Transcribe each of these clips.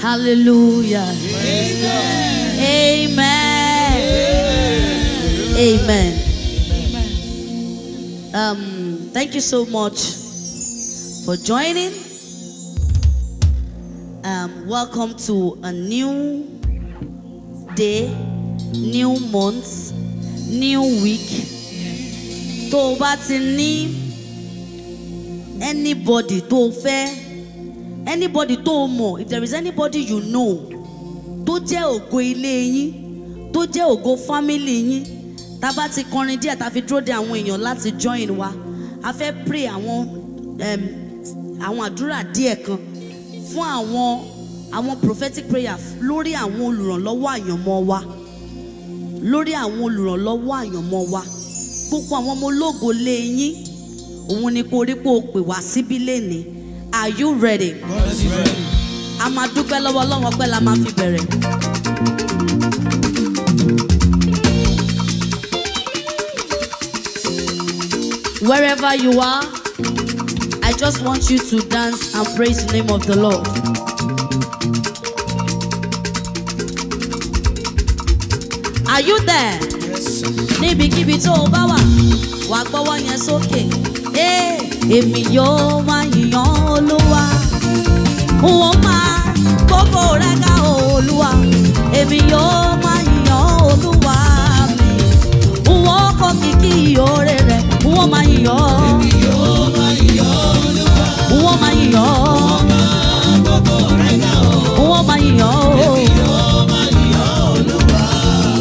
Hallelujah. Amen. Amen. Amen. Um, thank you so much for joining. Um, welcome to a new day, new month, new week. Tó o ní anybody tó fair? anybody tó mọ̀ if there is anybody you know tó jẹ́ ògo ilé yín tó jẹ́ ògo family yín tá a bá ti kọrin díẹ̀ tá fi dúró de àwọn èèyàn láti join wa a fẹ́ pray àwọn àwọn àdúrà díẹ̀ kan fún àwọn àwọn prophetic prayer lórí àwọn olùrànlọ́wọ́ àyànmọ́ wa lórí àwọn olùrànlọ́wọ́ àyànmọ́ wa gbogbo àwọn ọmọ ológo lé yín òun ni kò rí pé o pè wá síbí lénìí Are you ready? A máa dúpẹ́ lọ́wọ́ Ọlọ́run ọpẹ́ la máa fi bẹ̀rẹ̀. Wherever you are, I just want you to dance and praise the name of the Lord. Are you there? Níbikíbi tó o bá wà, wàá gbọ́wọ́ yẹn sókè. Hey! èmi yóò máa yìnyàn olúwa wọn máa gbogbo rẹ ga olúwa èmi yóò máa yìnyàn olúwa mi wọn kọ kìkì ìyóore rẹ wọn máa yìnyàn. èmi yóò máa yìnyàn olúwa wọn máa yìnyàn. wọn máa gbogbo rẹ ga olúwa wọn máa yìnyàn.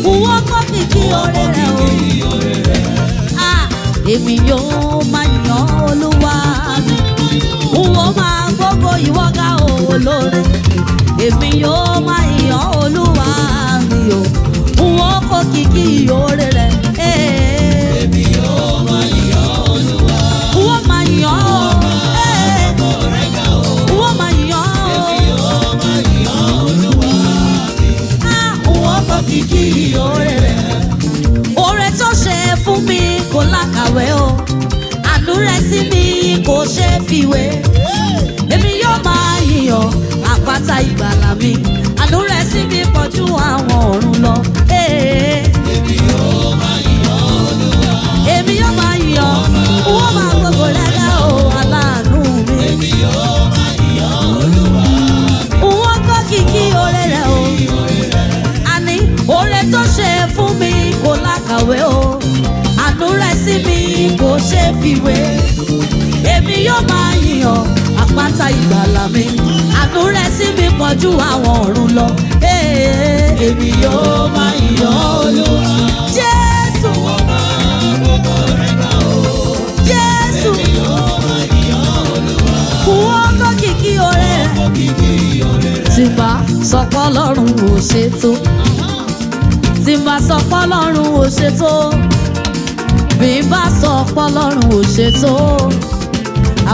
èmi kọ kìkì ìyóore rẹ o ah, èmi yóò máa yàn olúwa ìwọ ga olóore èmi yóò máa yàn olúwa mi o n ó kó kìkì ìyóore rẹ. èmi yóò máa yàn olúwa n ó máa yàn ah, ó. kìkì ìyóore rẹ. oore tó ṣe fún mi kò lákàwé o àánú rẹ̀ sí mi kò ṣe é àpáta ìgbàlà mi àánú rẹ̀ sí mi pọ̀ ju àwọn ọ̀run lọ. èmi yóò máa yìn ọ́ olúwa. èmi yóò máa yìn ọ́ owó máa gbogbo rẹ̀ dá o aláàánú mi. èmi yóò kọ́ kìkì oore rẹ̀ o. àní oore tó ṣe fún mi kò lákàwé o. àánú rẹ̀ mi kò ṣe é èmi yóò máa yìn àpáta ìgbàlà mi àánú rẹ̀ sí mi pọ̀ àwọn ọ̀run lọ. èmi yóò máa yọ Olúwa. Jésù. ọwọ́ máa gbogbo rẹ̀ ká o. Jésù. èmi yóò máa yọ Olúwa. kùwọ́ kókìkí oore rẹ̀. kókìkí oore rẹ̀. tí bá sọpọ́ lọ́rùn ò ṣe tó. tí bá sọpọ́ lọ́rùn ò ṣe tó. bí bá sọpọ́ lọ́rùn ò ṣe tó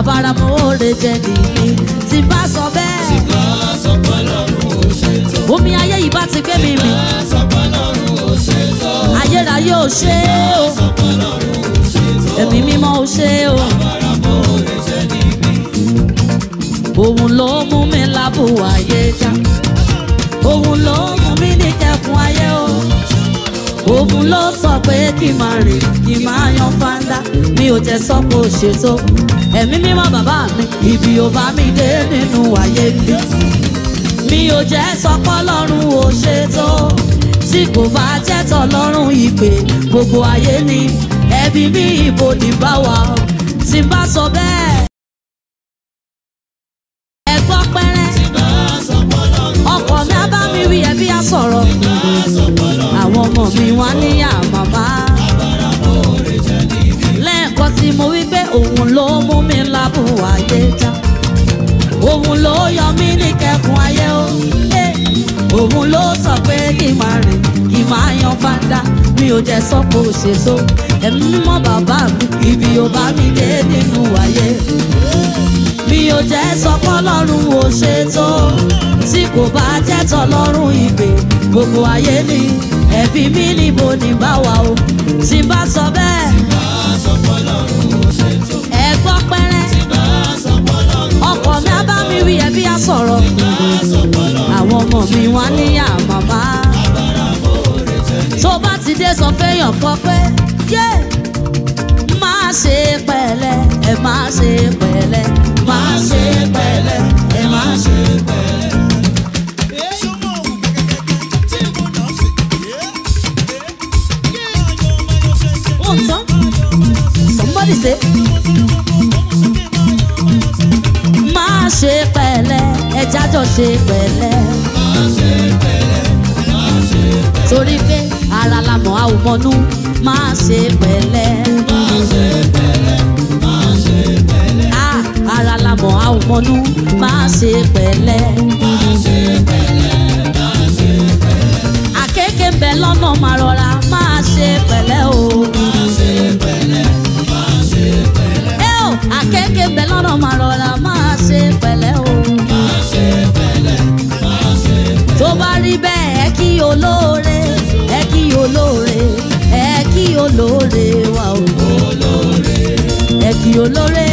abáramọ́wòrè jẹ́ nìyí tí bá sọ bẹ́ẹ̀. tí bá sọ pé lọ́rùn ò ṣe tó. omi ayé yìí bá ti gbé mi mì. tí bá sọ pé lọ́rùn ò ṣe tó. ayérayé ò ṣe o. tí bá sọ pé lọ́rùn ò ṣe tó. ẹ̀mí mímọ́ ò ṣe o. abáramọ́wòrè jẹ́ nìyí. òun ló mú mi lábò ayé já. òun ló mú mi ní kẹkùn ayé o. òun ló sọ pé kí n máa rìn kí n máa yan fáńdá mi ò jẹ́ sọ pé ó ṣe tó ẹ̀mí mímọ́ bàbá mi ibi ò bá mi dé nínú ayé mi mi ò jẹ́ sọpọ́ lọ́rùn ò ṣe tó tí kò bá jẹ́ tọ́lọ́rùn ìpè gbogbo ayé ni ẹbí mi ìbò dìbà wà tí n bá sọ bẹ́ẹ̀. mi á bá mi àwọn ọmọ mi wá níyà màmá ni mo wí pé òun ló mú mi lábù ayé já òun ló yọ mí ní kẹkùn ayé o òun ló sọ pé kí n máa rìn kí n máa yan fanda mi ò jẹ sọpọ òṣèso ẹ̀mí mímọ́ bàbá mi ibi ò bá mi dé nínú ayé mi ò jẹ sọpọ lọ́rùn òṣèso tí kò bá jẹ tọlọ́run ìgbè gbogbo ayé ni ẹbí mi níbo ní bá wa o tí n bá sọ bẹ́ẹ̀. wí ẹbí á sọ̀rọ̀ àwọn ọmọ mi wá níyà màmá tó bá ti dé sọ fẹ́yàn kan pé yé má ṣe pẹ̀lẹ́ ẹ má ṣe pẹ̀lẹ́ má ṣe pẹ̀lẹ́ ẹ má ṣe pẹ̀lẹ́. Somebody say ṣe pẹ̀lẹ́ ẹja jọ ṣe pẹ̀lẹ́. má ṣe pẹ̀lẹ́ má ṣe pẹ̀lẹ́. torí pé ara la mọ̀ a ò mọnú má ṣe pẹ̀lẹ́. ara la mọ̀ a ò mọnú má ṣe pẹ̀lẹ́. má ń bẹ lọ́nà máa rọra má ṣe pẹ̀lẹ́ o. kéékèèké bẹ̀ lọ́rọ̀ máa rọra máa ṣe pẹ̀lẹ́ o. máa ṣe pẹ̀lẹ́ máa ṣe pẹ̀lẹ́. tó bá rí bẹ́ẹ̀ ẹ kí olóore ẹ kí olóore ẹ kí olóore wa o. olóore. ẹ kí olóore.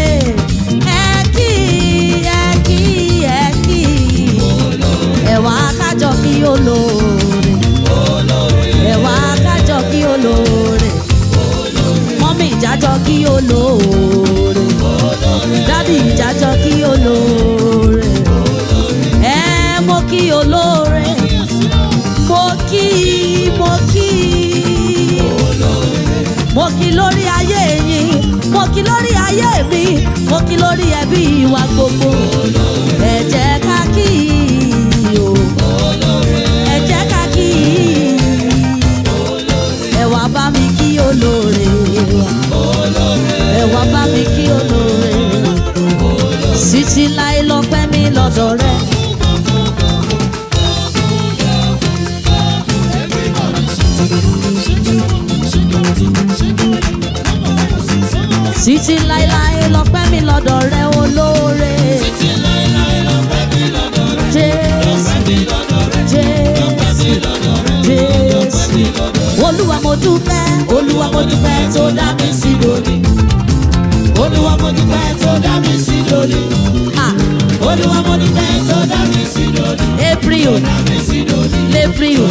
ẹ kí ẹ kí dádì ìjàjọ kí olóore ẹ mo kí olóore mo kí mo kí mo kí lórí ayé yín mo kí lórí ayé mi mo kí lórí ẹbí wa gbogbo ẹ jẹ́ ká kí. títí láéláé lọ́pẹ́ mi lọ́dọ̀ rẹ olóore. títí láéláé lọ́pẹ́ mi lọ́dọ̀ rẹ. jésù jésù jésù. olúwa mo dúpẹ́ olúwa mo dúpẹ́ tó dá mi sí lónìí. olúwa mo dúpẹ́ tó dá mi sí lónìí. olúwa mo dúpẹ́ tó dá mi sí lónìí. april april. april.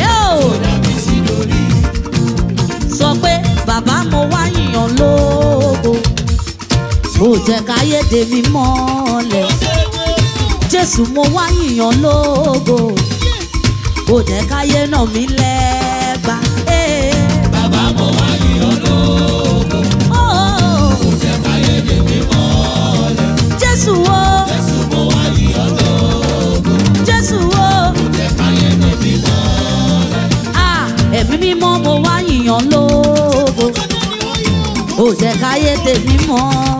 yóò bàbá mo wá yìnyàn lógo tó jẹ́ káyédè mi mọ́lẹ̀ Jésù mo wá yìnyàn lógo kò jẹ́ káyé náà mi lẹ́ẹ̀. jẹ́ káyé tèmi mọ́.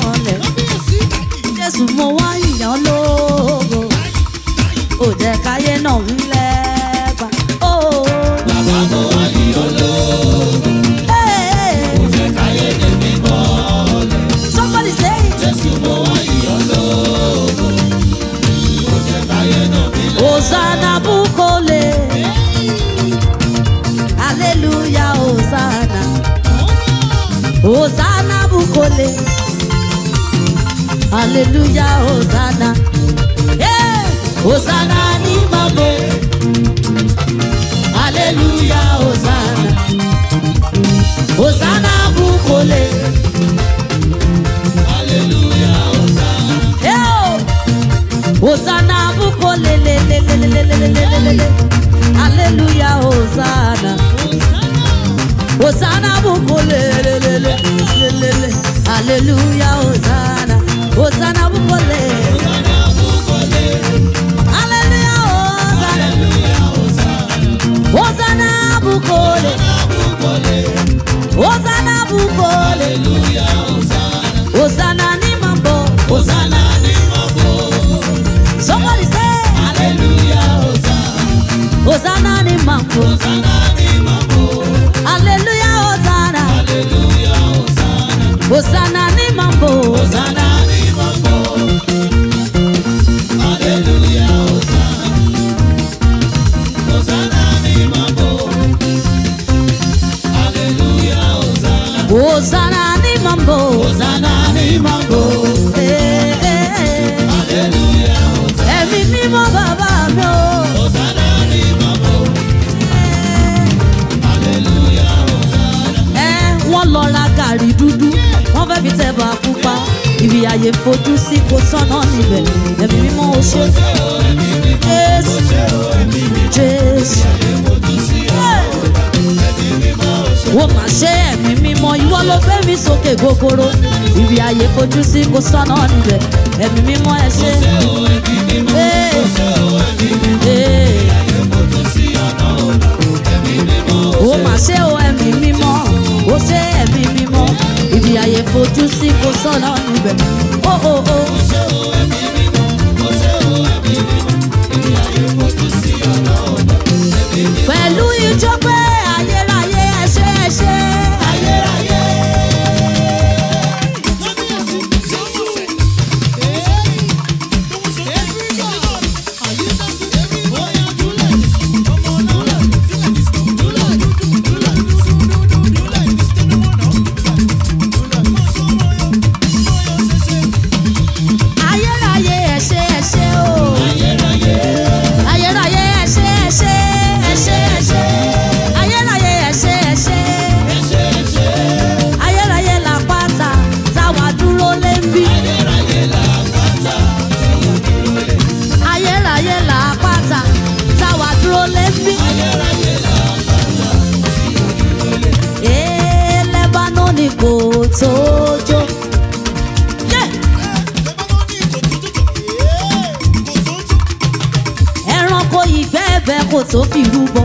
kò tó fìlú bọ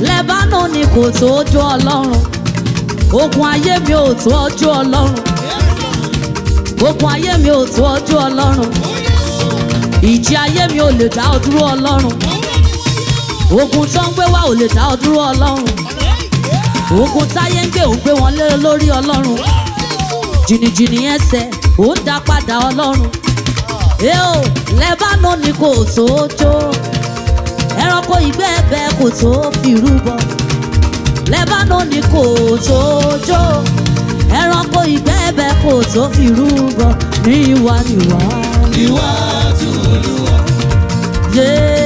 lẹ́bánà ni kò tó ọjọ́ ọlọ́run ogun ayé mi ò tó ọjọ́ ọlọ́run ogun ayé mi ò tó ọjọ́ ọlọ́run ìjì ayé mi ò lè dá ọ dúró ọlọ́run ogun tó ń gbé wá ò lè dá ọ dúró ogun táyé ń gbé ò gbé wọn lé lórí ọlọ́run jìnnìjìnnì ẹsẹ̀ ò ń dá padà ọlọ́run ẹ ò lẹ́bánà ni kò tó ọjọ́ ẹranko ìgbẹ́ ẹ̀bẹ̀ kò tó fi rúbọ lẹ́bánà ni kò tó jó ẹranko ìgbẹ́ ẹ̀bẹ̀ kò tó fi rúbọ ní ìwà níwà. ìwà tí olúwa. yéé.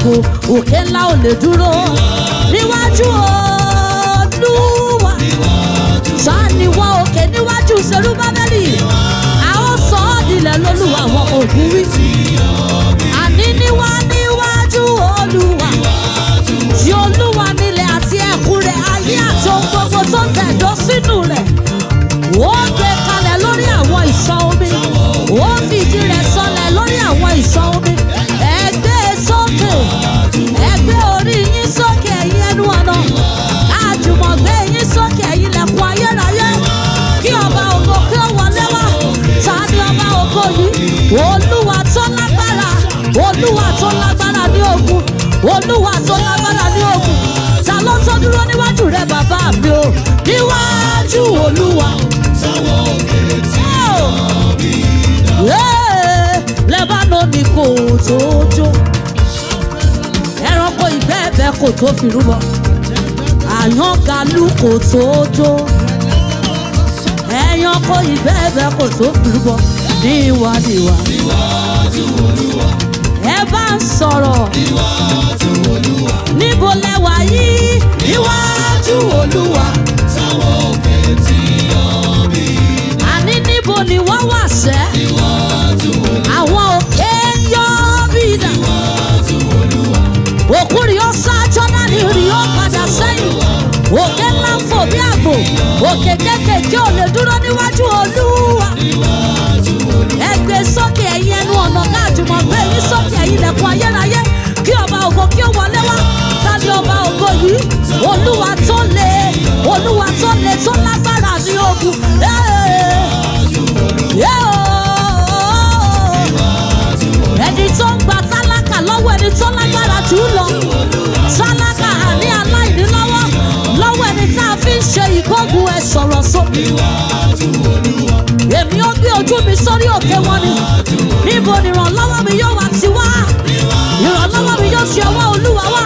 jago òkè ńlá ò lè dúró níwájú olúwa sániwọ òkè níwájú Serubábẹ́lì a ó sọ ọ́ dilẹ̀ lólúwa àwọn ògùn wí àní níwá níwájú olúwa tí olúwa nílẹ̀ àti ẹ̀kún rẹ̀ ayé àti ohun olúwa tó lágbára ní òkun ta ló tó dúró níwájú rẹ bàbá mi o níwájú olúwa. sáwọ òkè tí ọbí náà. lẹ́bánà ni kò tó jó ẹranko ìgbẹ́ ẹ̀bẹ̀ kò tó fi rúbọ àyàngalú kò tó jó ẹ̀yànko ìgbẹ́ ẹ̀bẹ̀ kò tó fi rúbọ níwájú olúwa máa sọ̀rọ̀. níwájú olúwa. níbo lẹ wà yìí. níwájú olúwa. sáwọn òkè tí ọbí. àní níbo ni wọ́n wà sẹ́. níwájú olúwa. àwọn òkè ń yọ bí dà. níwájú olúwa. òkú rí ó sá jọ́nà ní rí ó padà sẹ́yìn. òkè ńlá ń fò bí àgbò. òkè kékèké ò lè dúró níwájú olúwa. níwájú olúwa. ẹgbẹ́ sókè yín sókè ẹ̀yin lẹ̀kùn ayérayé kí ọba ògo kí ó wọlé wá ta ni ọba ògo yìí olúwa tó le olúwa tó le tó lágbára ní ogun. ẹni tó ń gba tálákà lọ́wọ́ ẹni tó lágbára jù lọ tálákà àní aláìní lọ́wọ́ lọ́wọ́ ẹni tá kọ́gun ẹ sọ̀rọ̀ sókè. èmi ó gbé ojú mi sórí òkè wọn ni níbo ni ìrànlọ́wọ́ mi yóò wá ti wá ìrànlọ́wọ́ mi yóò ṣe ọwọ́ olúwa wá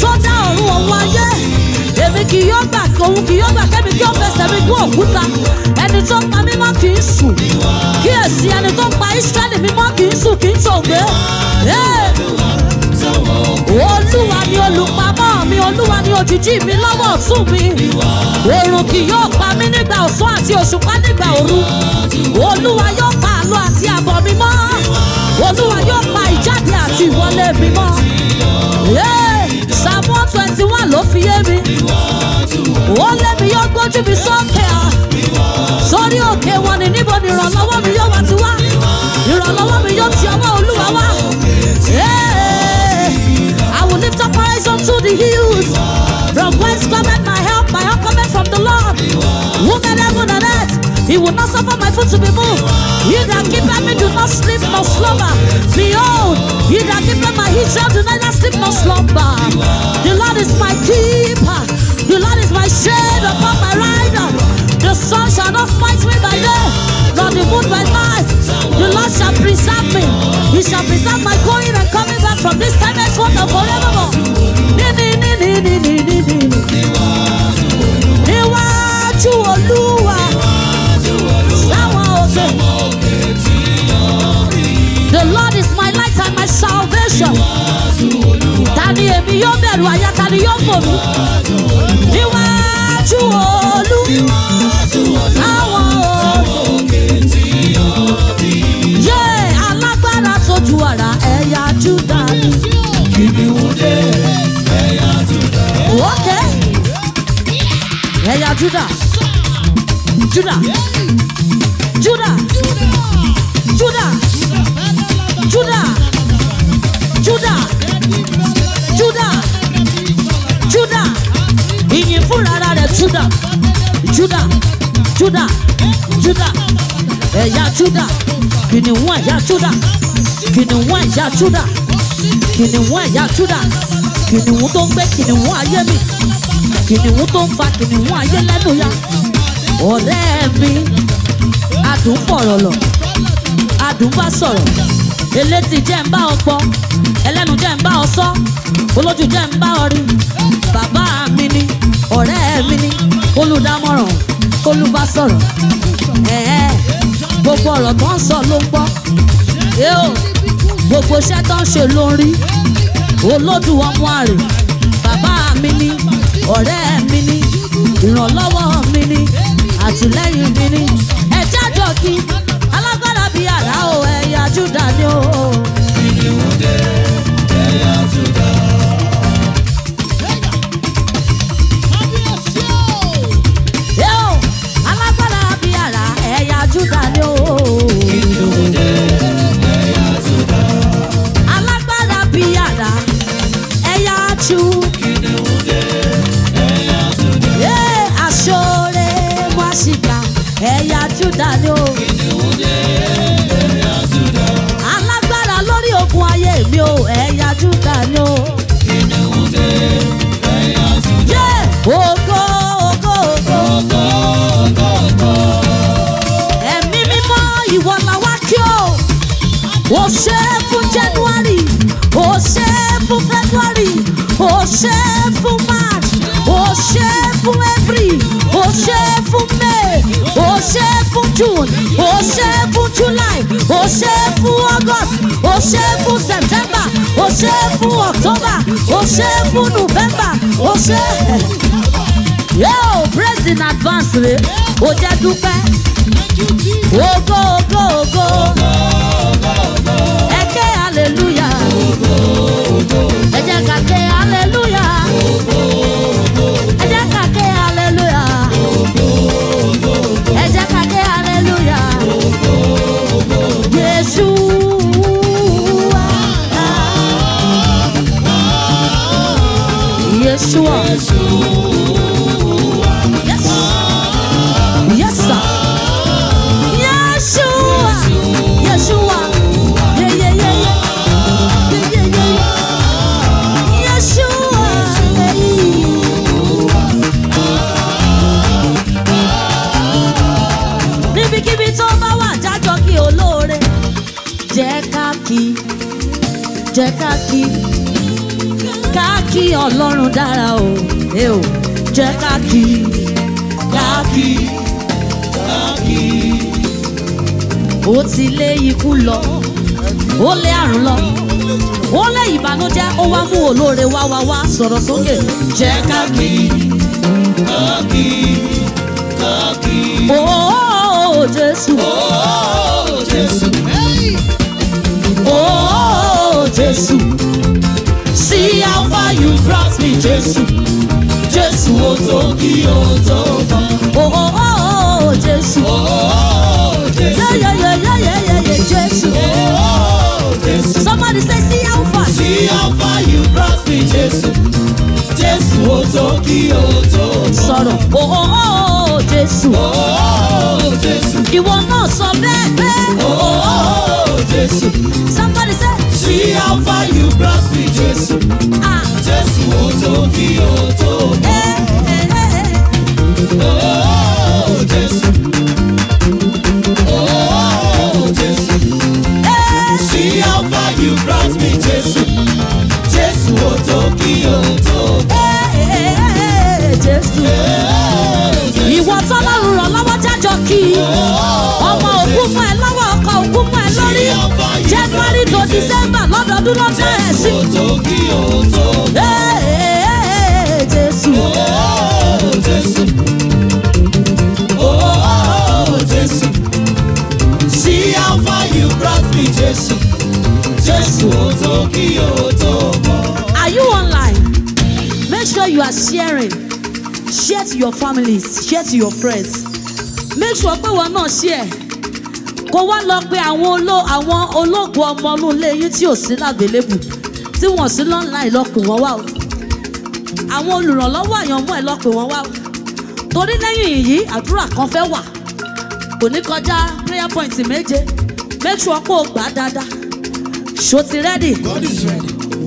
tó dá ọ̀run ọ̀run ayé èmi kì yóò gbà òun kì yóò gbà kẹ́mi kí ó fẹsẹ̀ mi gún òkúta ẹni tó pa mí mọ́ kì í sùn kíyèsí ẹni tó pa Ísírẹ́lì mi mọ́ kì í sùn kì í tòògbé lọ́wọ́. olúwa ni olùpamọ́ mi olúwa ni òjìji mi lọ́wọ́ ọ̀tún mi. oòrùn kì yóò pa mí nígbà ọ̀sán àti òṣùpá nígbà òru. olúwa yóò pa àlọ́ àti àbọ̀ mi mọ́. olúwa yóò pa ìjáde àti ìwọlé mi mọ́. Psalm twenty one ló fi yé mi. ó lé mi yóò gbójú mi sókè á. sórí òkè wọn ni níbo ni ìrànlọ́wọ́ mi yóò wá ti wá. to the hills. From whence cometh my help? My help cometh from the Lord. Who can heaven and earth? He will not suffer my foot to be moved. He that keepeth me do not sleep nor slumber. Behold, he that keepeth my he shall do neither sleep nor slumber. The Lord is my keeper. The Lord is my shade upon my rider. The sun shall not smite me by day. shall be moved by life. The Lord shall preserve me. He shall preserve my going and coming back from this time and quarter forevermore. Níwájú Olúwa, sáwọn oluwa. The Lord is my light and my salvation. Ta ni èmi yóò bẹ̀rù àyà ta ni yóò fò mí? Níwájú Olúwa, sáwọn. Judah, Judah. Judah. Judah. Judah. Judah. Judah. Judah. Judah. Ìyìn fúnra rẹ̀ Judah. Judah. Judah. Judah. Ẹ̀yà Judah. Kìnìún ẹ̀yà Judah. Kìnìún ẹ̀yà Judah. Kìnìún ẹ̀yà Judah. Kìnìún tó ń gbé kìnìún ayé mi kìnìún tó ń fa kìnìún ayé lẹ́nu ya ọ̀rẹ́ mi adùn fọ̀rọ̀ lọ adùn bá sọ̀rọ̀ elétí jẹ́ ń bá ọ gbọ́ ẹlẹ́nu jẹ́ ń bá ọ sọ olójú jẹ́ ń bá ọ rí bàbá mi ni ọ̀rẹ́ mi ni olùdámọ̀ràn olùbásọ̀rọ̀ ẹ̀ẹ́ gbogbo ọ̀rọ̀ tó ń sọ ló ń gbọ́ yóò gbogbo iṣẹ́ tó ń ṣe ló ń rí olódùn ọmọ àrè bàbá mi ni ọ̀rẹ́ mi ni ìrànlọ́wọ́ mi ni àtìlẹ́yìn mi ni ẹ jájọ alágbára bíi àrá o ẹ yájú dání o. kí ni wọ́n dé? chefu Max, o chefu Ebri, o chefu May, o chefu June, o chefu July, o chefu August, o chefu September, o chefu October, o chefu November, o chefu. Yo, praise in advance, o jẹ́ dúpẹ́. Ògo, go, ògo. go, ké go. Eke jẹ́ ká kake hallelujah. jẹ́ káàkì káàkì káàkì. ó ti lé ikú lọ ó lé àrùn lọ ó lé ìbànújẹ́ ó wá mú olóore wá wá wá sọ̀rọ̀ sókè jẹ́ káàkì káàkì káàkì. ó Jésù ó see how far you brought me Jesus jésù ó tó kí ó tó kàn. òhò ó jésù. òhò jésù. yẹ́yẹ́yẹ́yẹ́yẹ́ jésù. òhò jésù. somebody say see how far. see how far you brought me jésù. jésù ó tó kí ó tó kàn. sọ̀rọ̀ òhò oh, oh, oh, jésù. òhò jésù. ìwọ náà sọ bẹ́ẹ̀ bẹ́ẹ̀. òhò jésù. somebody say see how far you brought me Jesus. Jesus ó tó kí ó tó oh Jésù oh Jésù see how far you brought me Jésù Jésù ó tó kí ó tó Jésù oh, ìwọ tọ́lọ́run ràn lọ́wọ́ jájọ kí. Oh, December lọ́dọọdún ló fẹ́ ẹ̀ sí. Jésù tó oh, oh, See how far you brought me, Jésù. Jésù tó Are you online? Make sure you are sharing. Share to your families, share to your friends. Make sure pé wọn náà share kó wá lọ pé àwọn oló àwọn ológun ọmọ inú ilé yín tí ò sí lábẹ́lẹ́bù tí wọ́n sí lọ́nà ìlọ́pẹ̀ wọn wá o àwọn olùrànlọ́wọ́ àyànmọ́ ìlọ́pẹ̀ wọn wá o torí lẹ́yìn èyí àdúrà kan fẹ́ wà kò ní kọjá prayer point méje make sure gbà dáadáa ṣó ti rẹ́dì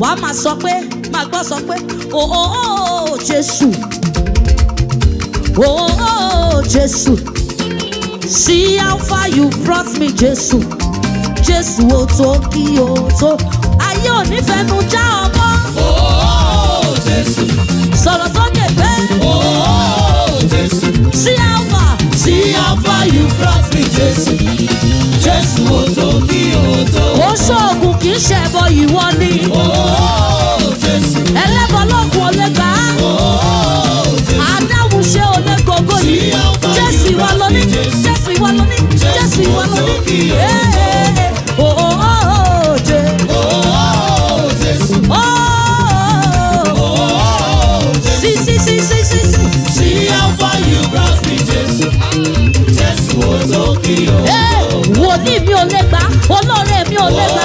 wà á máa sọ pé máa gbọ́ sọ pé òhòhò oh, oh, oh, Jésù òhòhò Jésù. See how far you brought me, Jésù. Jésù o tó kí o tó. Ayé ò ní fẹnu já ọmọ. Ooo oh, Jésù. Sọ̀rọ̀ sókè pé. Ooo oh, Jésù. See how far. See how far you brought me, Jésù. Jésù o tó kí o tó. Ó ṣòwò. wòlíì mi ò lè gbà olóore mi ò lè gbà.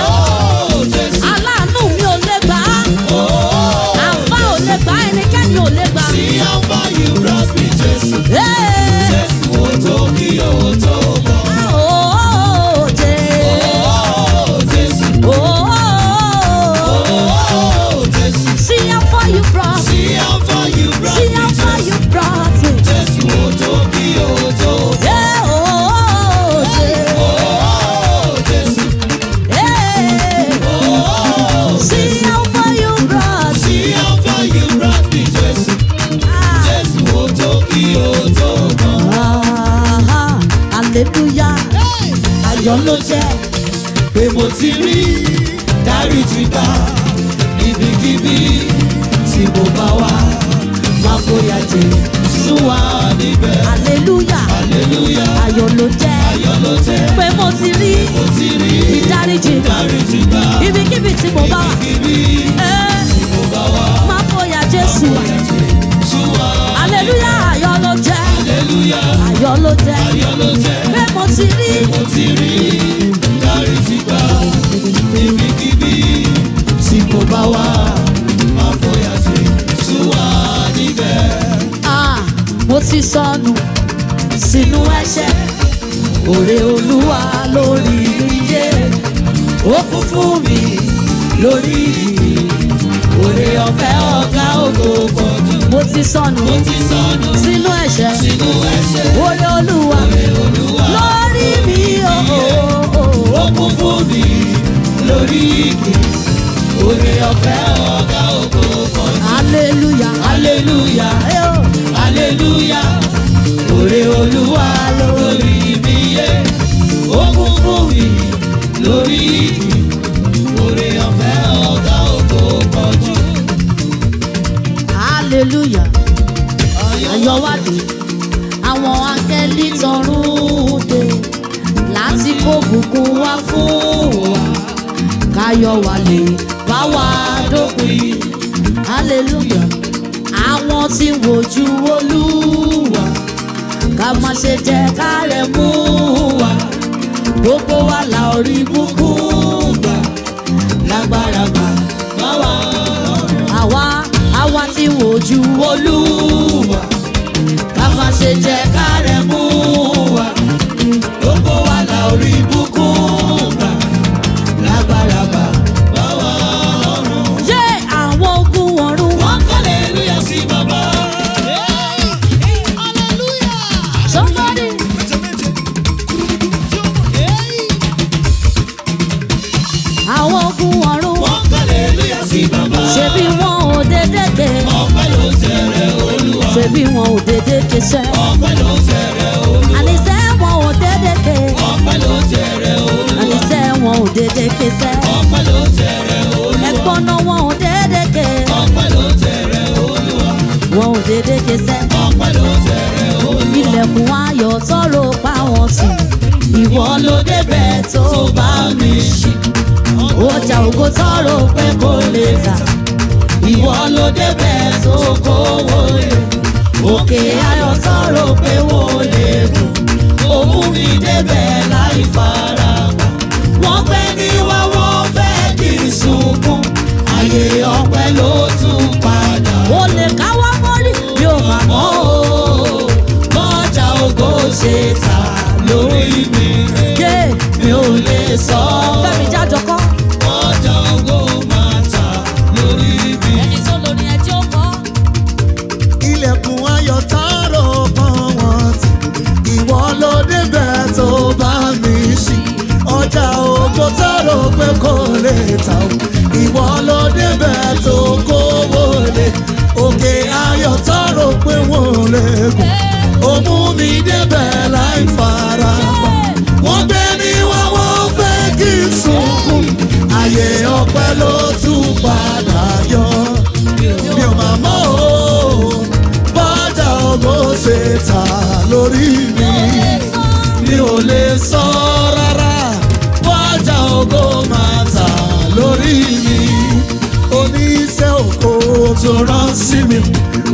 tó rán sí mi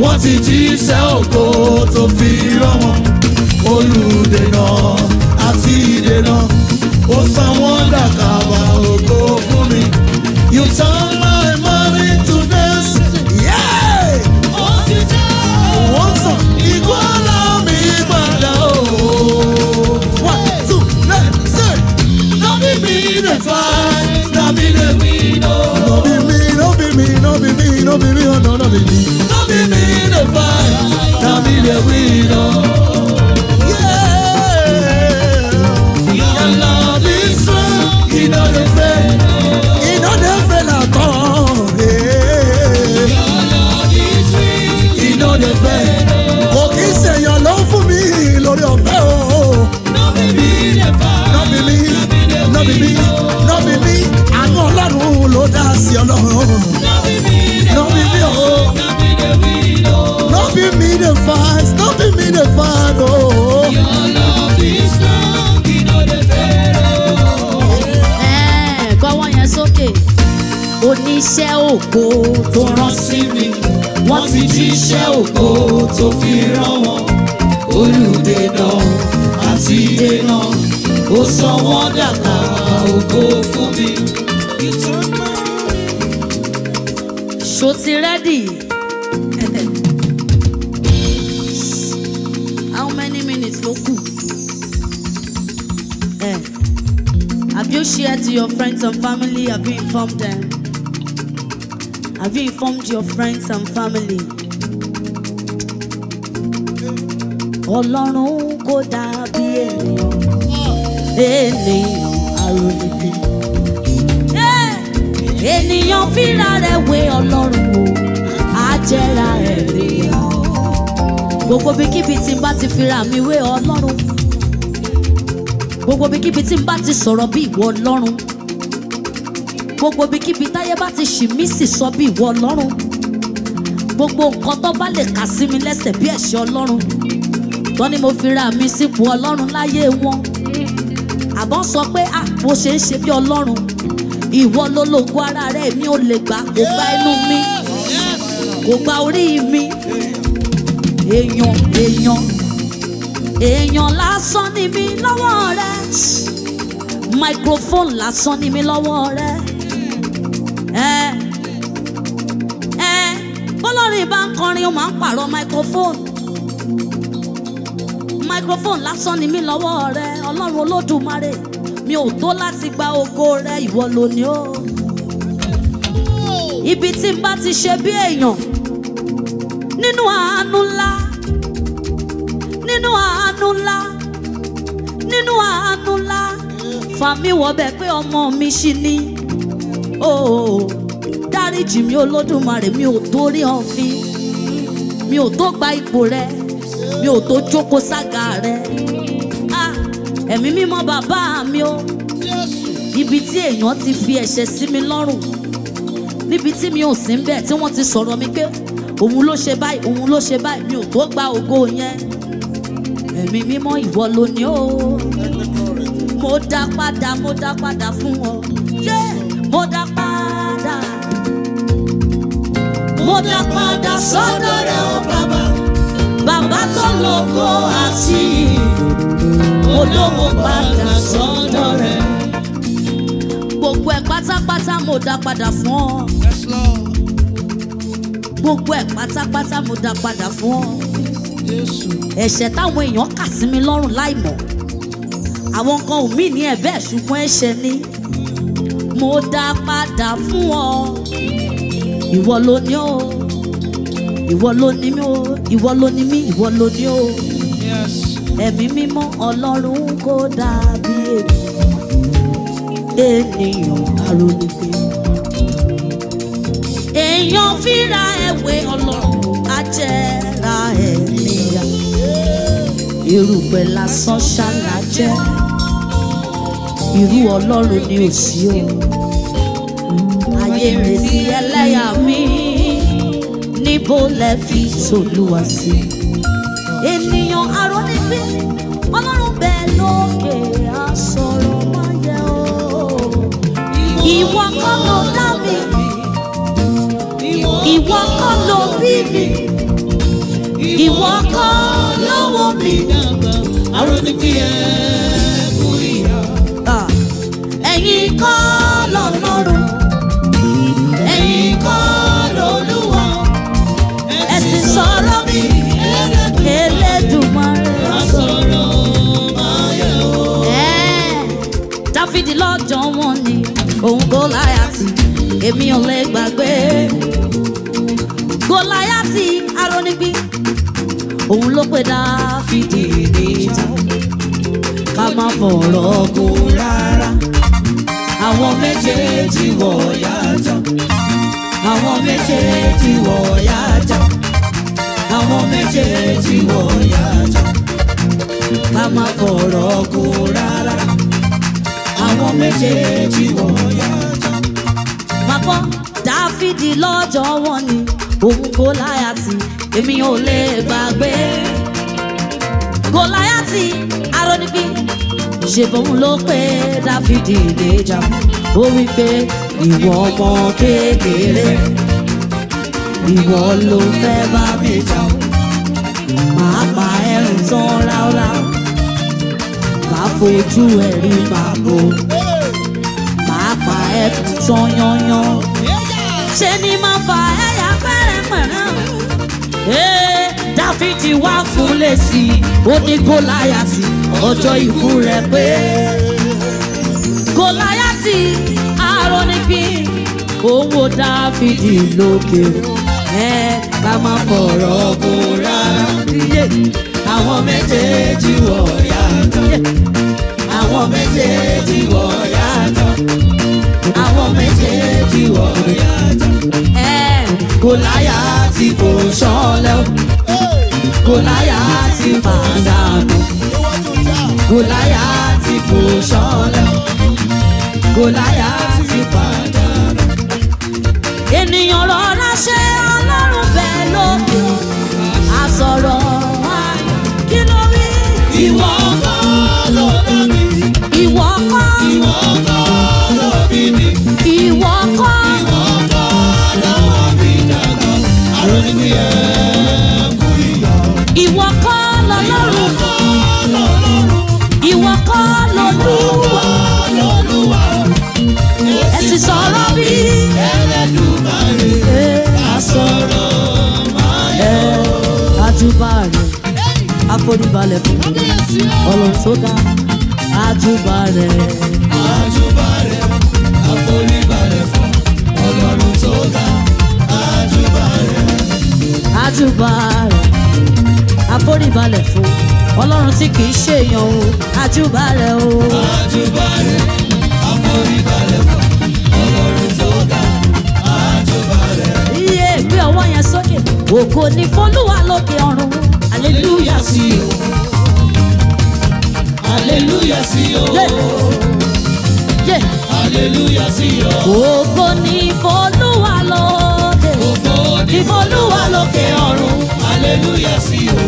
wọ́n ti jíṣẹ́ ògo tó fi rán wọn olùdènà àti ìdènà. no be me no, no be me. No be me no fire, no be the winner. dey fan your love is strong e eh, no dey fail o. kọ́wọ́ yẹn sókè oníṣẹ́ ògo tó rán sí mi wọ́n ti jíṣẹ́ ògo tó fi rán wọn olùdènà àti dènà ó sọ wọ́n dàgbà ògo fún mi. ṣó ti rẹ́dì. and family, have you informed them? Have you informed your friends and family? Ọlọ́run kò dàbí ènìyàn, ènìyàn àròlùkè. Ènìyàn fíra rẹ̀ wé Ọlọ́run o, àjẹra ẹ̀ rí ọ. Gbogbo bíkíbi tí n bá ti fira mi wé Ọlọ́run. Gbogbo bíkíbi tí n bá ti sọ̀rọ̀ bí ìwọ Ọlọ́run gbogbo ibikíbi táyé bá ti ṣì mí sì sọ bí ìwọ ọlọ́run gbogbo nǹkan tó bá lè kà sí mi lẹ́sẹ̀ bí ẹ̀ṣẹ̀ ọlọ́run tó ní mo fi ra mi sípò ọlọ́run láyé wọn àbọ̀ sọ pé à mo ṣe ń ṣe bí ọlọ́run ìwọ ló lògùn ara rẹ̀ mi ò lè gbà kò gba inú mi kò gba orí mi èèyàn èèyàn èèyàn lásán ni mi lọ́wọ́ rẹ̀ microphone lásán ni mi lọ́wọ́ rẹ̀. ní ó máa ń pààrọ̀ microphone microphone lásán ni mí lọ́wọ́ rẹ ọlọ́run olódùmarè mi ò tó láti gba ògo rẹ ìwọ lónìí o ibi tí n bá ti ṣe bí èèyàn nínú àánú ńlá nínú àánú ńlá nínú àánú ńlá fàmí wọbẹ pé ọmọ mi ṣì ní o dáríjì mi olódùmarè mi ò torí ọ̀fin mi ò tó gba ipò rẹ mi ò tó jókòó sága rẹ ah ẹ̀mí mímọ́ bàbá mi o ibi tí èèyàn ti fi ẹ̀ṣẹ̀ sí mi lọ́rùn níbi tí mi ò sí ń bẹ̀ tí wọ́n ti sọ̀rọ̀ mi pé òun ló ṣe báyìí òun ló ṣe báyìí mi ò tó gba ògo yẹn ẹ̀mí mímọ́ ìwọ ló o mo dá padà mo dá padà fún ọ mo dá mo pada sodore o rẹ̀ ó bàbá bàbá tó lógo àti mo lówó padà sọ́dọ̀ rẹ̀. gbogbo ẹ̀ pátápátá mo dá padà fún ọ. gbogbo ẹ̀ pátápátá mo dá padà fún ọ. ẹ̀ṣẹ̀ táwọn èèyàn kà sí mi lọ́rùn láì àwọn kan ò mí ní ẹ̀ ṣùgbọ́n ẹ̀ṣẹ̀ ni mo dá padà fún ọ ìwọ ló ní o ìwọ ló ní mi o ìwọ ló ní mi ìwọ ló ní o ẹ̀mí mímọ́ ọlọ́run kò dàbí ènìyàn arónìpé èèyàn fíra ẹ̀wẹ̀ ọlọ́run á jẹ́ra ẹ̀ níyà irúgbẹ́ lásán ṣálájẹ́ irú ọlọ́run ni ò sí béèrè sí ẹlẹ́yà mi níbo lẹ fi sòlúwa sí. ènìyàn arọ níbí ọlọ́run bẹ́ẹ̀ lókè àsọ̀rọ̀ máa yẹ o. ìwọ kọ́ ló dá mi ìwọ kọ́ ló bí mi ìwọ kọ́ ló wò mí. níbí ẹ kú ìyá. Ah. ẹ̀yin kọ́. lọ́jọ́ wọn ni òun Gòláyátì èmi ò lè gbàgbé Gòláyátì aróníbí òun ló pè Dáfídì níjà ká má fọ̀rọ̀ gùn rárá àwọn méjèèjì wọ̀ yájọ́ àwọn méjèèjì wọ̀ yájọ́ àwọn méjèèjì wọ̀ yájọ́ ká má fọ̀rọ̀ gùn rárá àwọn méjèèjì wọ̀nyá jọ. bàbá dáfídì lọ́jọ́ wọn ni òun gòláyàtì èmi ò lè gbàgbé. gòláyàtì arónibí ṣèbọn ló pé dáfídì lè jà ó wí pé ìwọ ọmọ kékeré ìwọ ló fẹ́ bá mi jà máa pa ẹrù tán ráúráú fojú ẹ̀ rí bàbò máa pa ẹ́ tán yányán ṣé ni máa fa ẹ̀yà pẹ́rẹ́ pẹ̀rẹ́ ee dáfídì wá fún lèsì ó ní gòláyàtì ọjọ́ ikú rẹ̀ pé gòláyàtì àárọ̀ níbí òun wo dáfídì lókè ẹ bá máa fọ̀rọ̀ kó rárá àwọn méjèèjì wọ̀ yàtọ̀ àwọn méjèèjì wọ̀ yàtọ̀ àwọn méjèèjì wọ̀ yàtọ̀ Gòláyátì kò ṣọ̀lẹ o Gòláyátì pàdánù Gòláyátì kò ṣọ̀lẹ o Gòláyátì pàdánù ènìyàn rọra ṣe é. ìwọ kọ́ ìwọ kọ́ ló bí mi ìwọ kọ́ ìwọ kọ́ lọ́wọ́ mi dàgbà àròyìnbí ẹ kú ìyá. ìwọ kọ́ lọ́lọ́run ìwọ kọ́ lọ́lúwa lọ́lúwa ẹ ti sọ̀rọ̀ bí ẹlẹ́dùnmáre àsọ̀rọ̀ máa yọ. ẹ àtúbà rẹ̀ àforíbalẹ̀ fún ọlọ́run tó dáa àtúbalẹ̀. àtúbalẹ̀ àforíbalẹ̀ fún ọlọ́run tó ga àtúbalẹ̀. àtúbalẹ̀ àforíbalẹ̀ fún ọlọ́run tí kì í ṣèyàn o àtúbalẹ̀ o. àtúbalẹ̀ àforíbalẹ̀ fún ọlọ́run tó ga àtúbalẹ̀. iye gbé ọwọ́ yẹn sókè ògo ni fọlúwa lókè ọ̀run hallelujah sí i hallelujah sí o. hallelujah sí o. ògo ni ìfọlúwa lóde. ògo ni ìfọlúwa lókè ọ̀run. hallelujah sí o.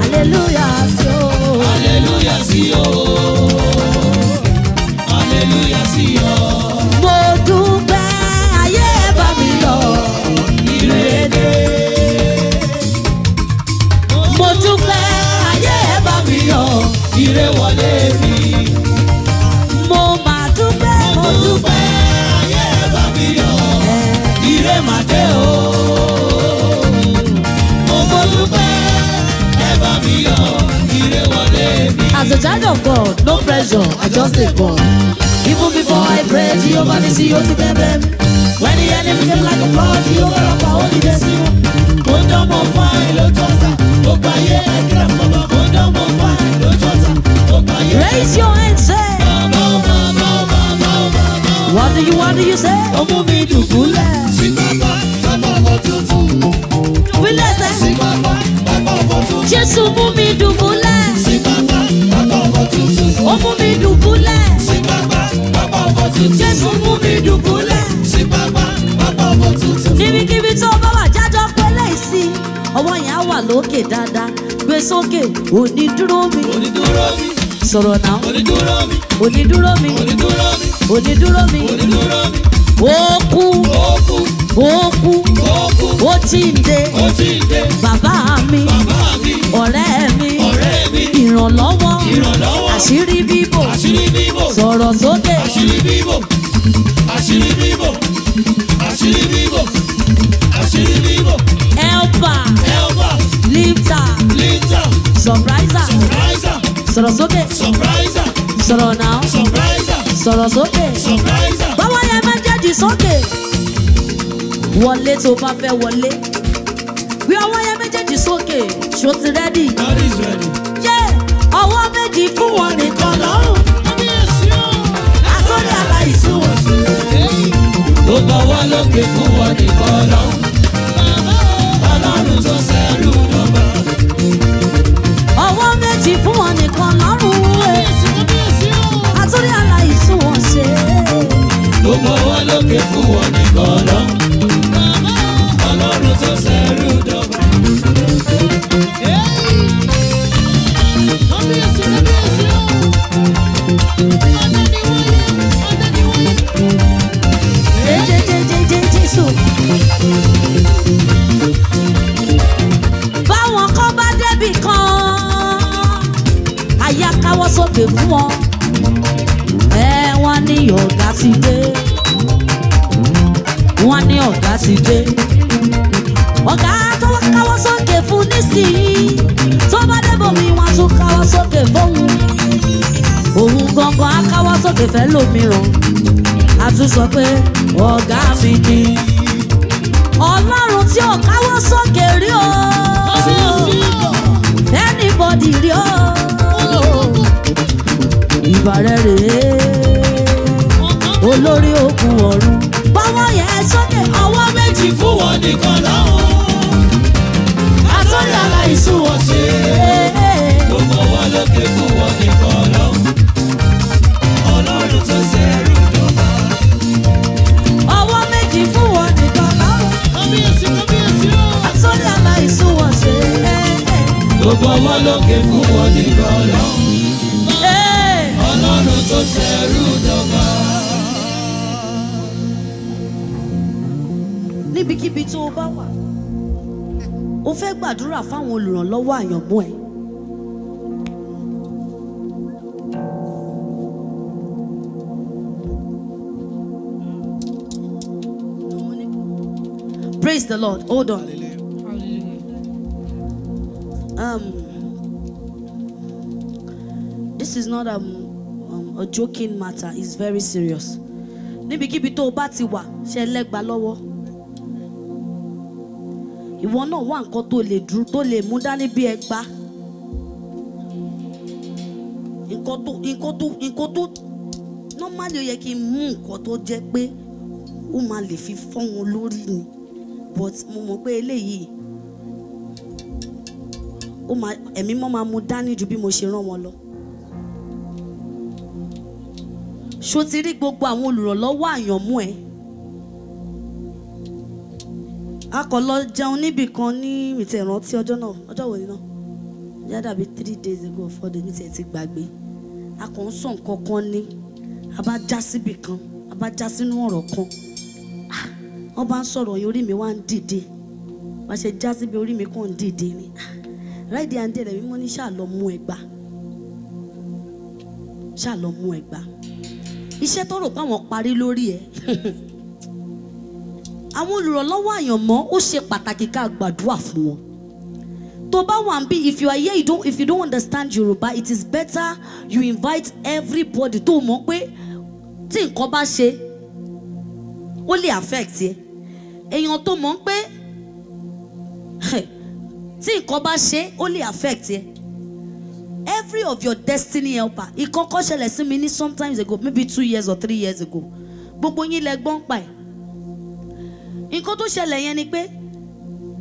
hallelujah sí o. hallelujah sí o. As a child of God, no pressure, I just dey born. Even before I pray, Jehovah Nissi yóò ti bẹ̀rẹ̀ mi. When the enemy came like a flood, Jehovah Rapha ó dìde sí wọn. Mo dán mo fún àyè lójú ọ̀sà, gbogbo ayé ẹ̀kẹ́rẹ́ fún bàbá. Mo dán mo fún àyè lójú ọ̀sà, gbogbo ayé Raise your hands, say. Bàbá bàbá. What do you, what do you say? Ọmú mi dùbúlẹ̀. Sí bàbá bàbá ọmọ tuntun. Dùbúlẹ̀ sẹ́. Sí bàbá bàbá ọmọ tuntun. Jésù mú mi dùbúlẹ̀. Sí bàbá bàbá ọmọ tuntun. Ọmú mi dùbúlẹ̀. Sí bàbá bàbá ọmọ tuntun. Jésù mú mi dùbúlẹ̀. Sí bàbá bàbá ọmọ tuntun. Níbikíbi tó bá wà jájọ́ pẹ́lẹ́ ìsí, ọwọ́ yẹn á wà lókè dáadáa. Gbé sókè, mi. Onídúró mi. Sọ̀rọ̀ náà. Onídúró mi. Onídúró mi. Onídúró mi onídúró mi ó kú ó kú ó ti dé bàbá mi ọ̀rẹ́ mi ìrànlọ́wọ́ àṣírí bíbò sọ̀rọ̀ sókè. àṣírí bíbò àṣírí surpriser surpriser sọ̀rọ̀ sókè sọ̀rọ̀ náà sọ̀rọ̀ sókè bọ́wọ́ yẹn méjèèjì sókè wọlé tó bá fẹ́ wọlé gbé ọwọ́ yẹn méjèèjì sókè ṣó ti rẹ́dì yé ọwọ́ méjì fún wọn nìkan lọ́rùn àsọ̀rí àlà ìsúwọ̀sùn tó gbọ́wọ́ lókè fún wọn nìkan lọ́rùn ọlọ́run tó ṣẹ́rù dọ́gba ọwọ́ méjì fún wọn nìkan. gbogbo wọn lókè fún wọn nìkan ọlọ́run ọlọ́run tó ṣẹ́rù dọ́gba. báwọn kọ́ bá débì kan àyà káwọ́ sókè fún wọn ẹ wọ́n ní ọ̀gá sí dé sì ọ̀gá tó káwọ́ sókè fún nísìnyí tó bá débò mi wọ́n tún káwọ́ sókè fóun. òun gangan á káwọ́ sókè fẹ́ lómìíràn a tún sọ pé ọ̀gá mi ni. ọlọ́run tí ò káwọ́ sókè rí o anybody rí o ìbàrẹ̀ rèé olórí òkun ọ̀run bọ́wọ́ yẹn sọ ti fún wọn nìkan láwọn. asọ́rẹ́ aláìsùn wọn ṣe gbogbo wọn ló ké fún wọn nìkan lọ́wọ́. ọlọ́run tó ṣẹ́rù dọ́gba. ọwọ́ méjì fún wọn nìkan láwọn. kábíyèsí kábíyèsí o. asọ́rẹ́ aláìsùn wọn ṣe. gbogbo wọn ló ké fún wọn nìkan lọ́wọ́. ọlọ́run tó ṣẹ́rù dọ́gba. tó o bá wà o fẹ́ gbàdúrà fáwọn olùrànlọ́wọ́ ẹ. Praise the Lord. Hold on. Um, this is not a, um, um, a joking matter. It's very serious. Níbikíbi tó o bá ti wà, ṣe lẹ́gbàá lọ́wọ́. ìwọ náà wá nǹkan tó lè dúró tó lè mú dání bí ẹgbá nǹkan tó nǹkan tó nǹkan tó normally ó yẹ kí n mú nǹkan tó jẹ́ pé ó máa lè fi fọ́n wọn lórí ni but mo mọ̀ pé eléyìí ó máa ẹ̀mí mọ́ máa mú dání ju bí mo ṣe rán wọn lọ. ṣó ti rí gbogbo àwọn olùrànlọ́wọ́ àyànmú ẹ̀ a kò lọ jẹun níbì kan ní ìtẹ̀ ìrántí ọjọ́ náà ọjọ́ wo ni náà yá dàbí three days ago or four days níta ẹ̀ ti gbàgbé a kò ń sọ nǹkan kan ní a bá já síbì kan a bá já sínú ọ̀rọ̀ kan ah! wọ́n bá ń sọ̀rọ̀ yẹn orí mi wá ń dìde wá ṣe já síbi orí mi kàn ń dìde ni ráìdì àǹdí rẹ̀ mímọ́ ní ṣáà lọ mú ẹgbà ṣáà lọ mú ẹgbà iṣẹ́ tó rò pé àwọn parí lórí ẹ̀ àwọn olùrànlọ́wọ́ àyànmọ́ ó ṣe pàtàkì ká gbàdúrà fún wọn. tó bá wà ń bí if you are here you don't, if you don't understand Yorùbá it is better you invite everybody tó mọ̀ pé tí nǹkan bá ṣe ó lè affect ẹ èèyàn tó mọ̀ pé tí nǹkan bá ṣe ó lè affect ẹ every of your destiny helper ìkọ́kọ́ ṣẹlẹ̀ sí mi ní sometimes ago maybe two years or three years ago gbogbo yín lẹ gbọ́n pa ẹ̀ nǹkan tó ṣẹlẹ̀ yẹn ni pé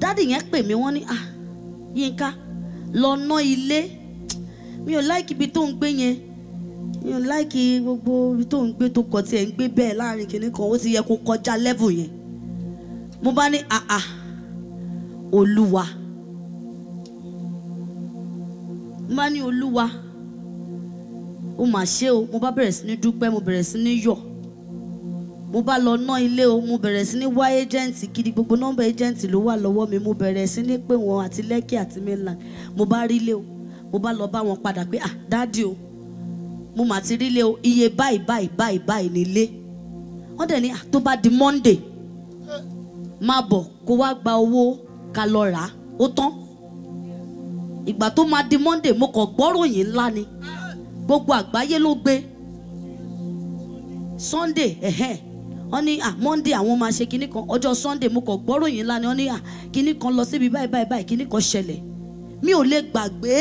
dádì yẹn pè mí wọ́n ní ah Yínká lọ ná ilé mi ò láìkí ibi tó ń gbé yẹn mi ò láìkí gbogbo ibi tó ń gbé tó kọ tiẹ̀ ń gbé bẹ́ẹ̀ láàrin kìnnì kan ó ti yẹ kó kọjá level yẹn mo bá ní ah ah olúwa mo bá ní olúwa ó mà ṣe o mo bá bẹ̀rẹ̀ sí ní dúpẹ́ mo bẹ̀rẹ̀ sí ní yọ̀ mo bá lọ ná ilé o mo bẹ̀rẹ̀ sí ní wá ẹ́jẹ̀ǹtì gidi gbogbo nọ́mbà ẹ́jẹ̀ǹtì ló wà lọ́wọ́ mi mo bẹ̀rẹ̀ sí ní pè wọ́n àti lẹ́kì àti mainland mo bá rí ilé o mo bá lọ bá wọn padà pé ah dáàdì o mo mà ti rí ilé o iye báyìí báyìí báyìí báyìí nílé wọ́n dẹ̀ ní ah tó bá di monday máa bọ̀ kó wá gba owó ká lọ rà á ó tán ìgbà tó máa di monday mo kàn gbọ́ròyìn ńlá ni gbogbo àgbáyé ló gbé sunday ẹ̀hẹ́n wọ́n ní à ah, Monday àwọn máa ṣe kinní kan ọjọ́ Sunday mo kàn gbọ́rò yín lánàá wọ́n ní à ah, kinní kan lọ síbi báyìí báyìí báyìí kinní kan ṣẹlẹ̀ mi ò lè gbàgbé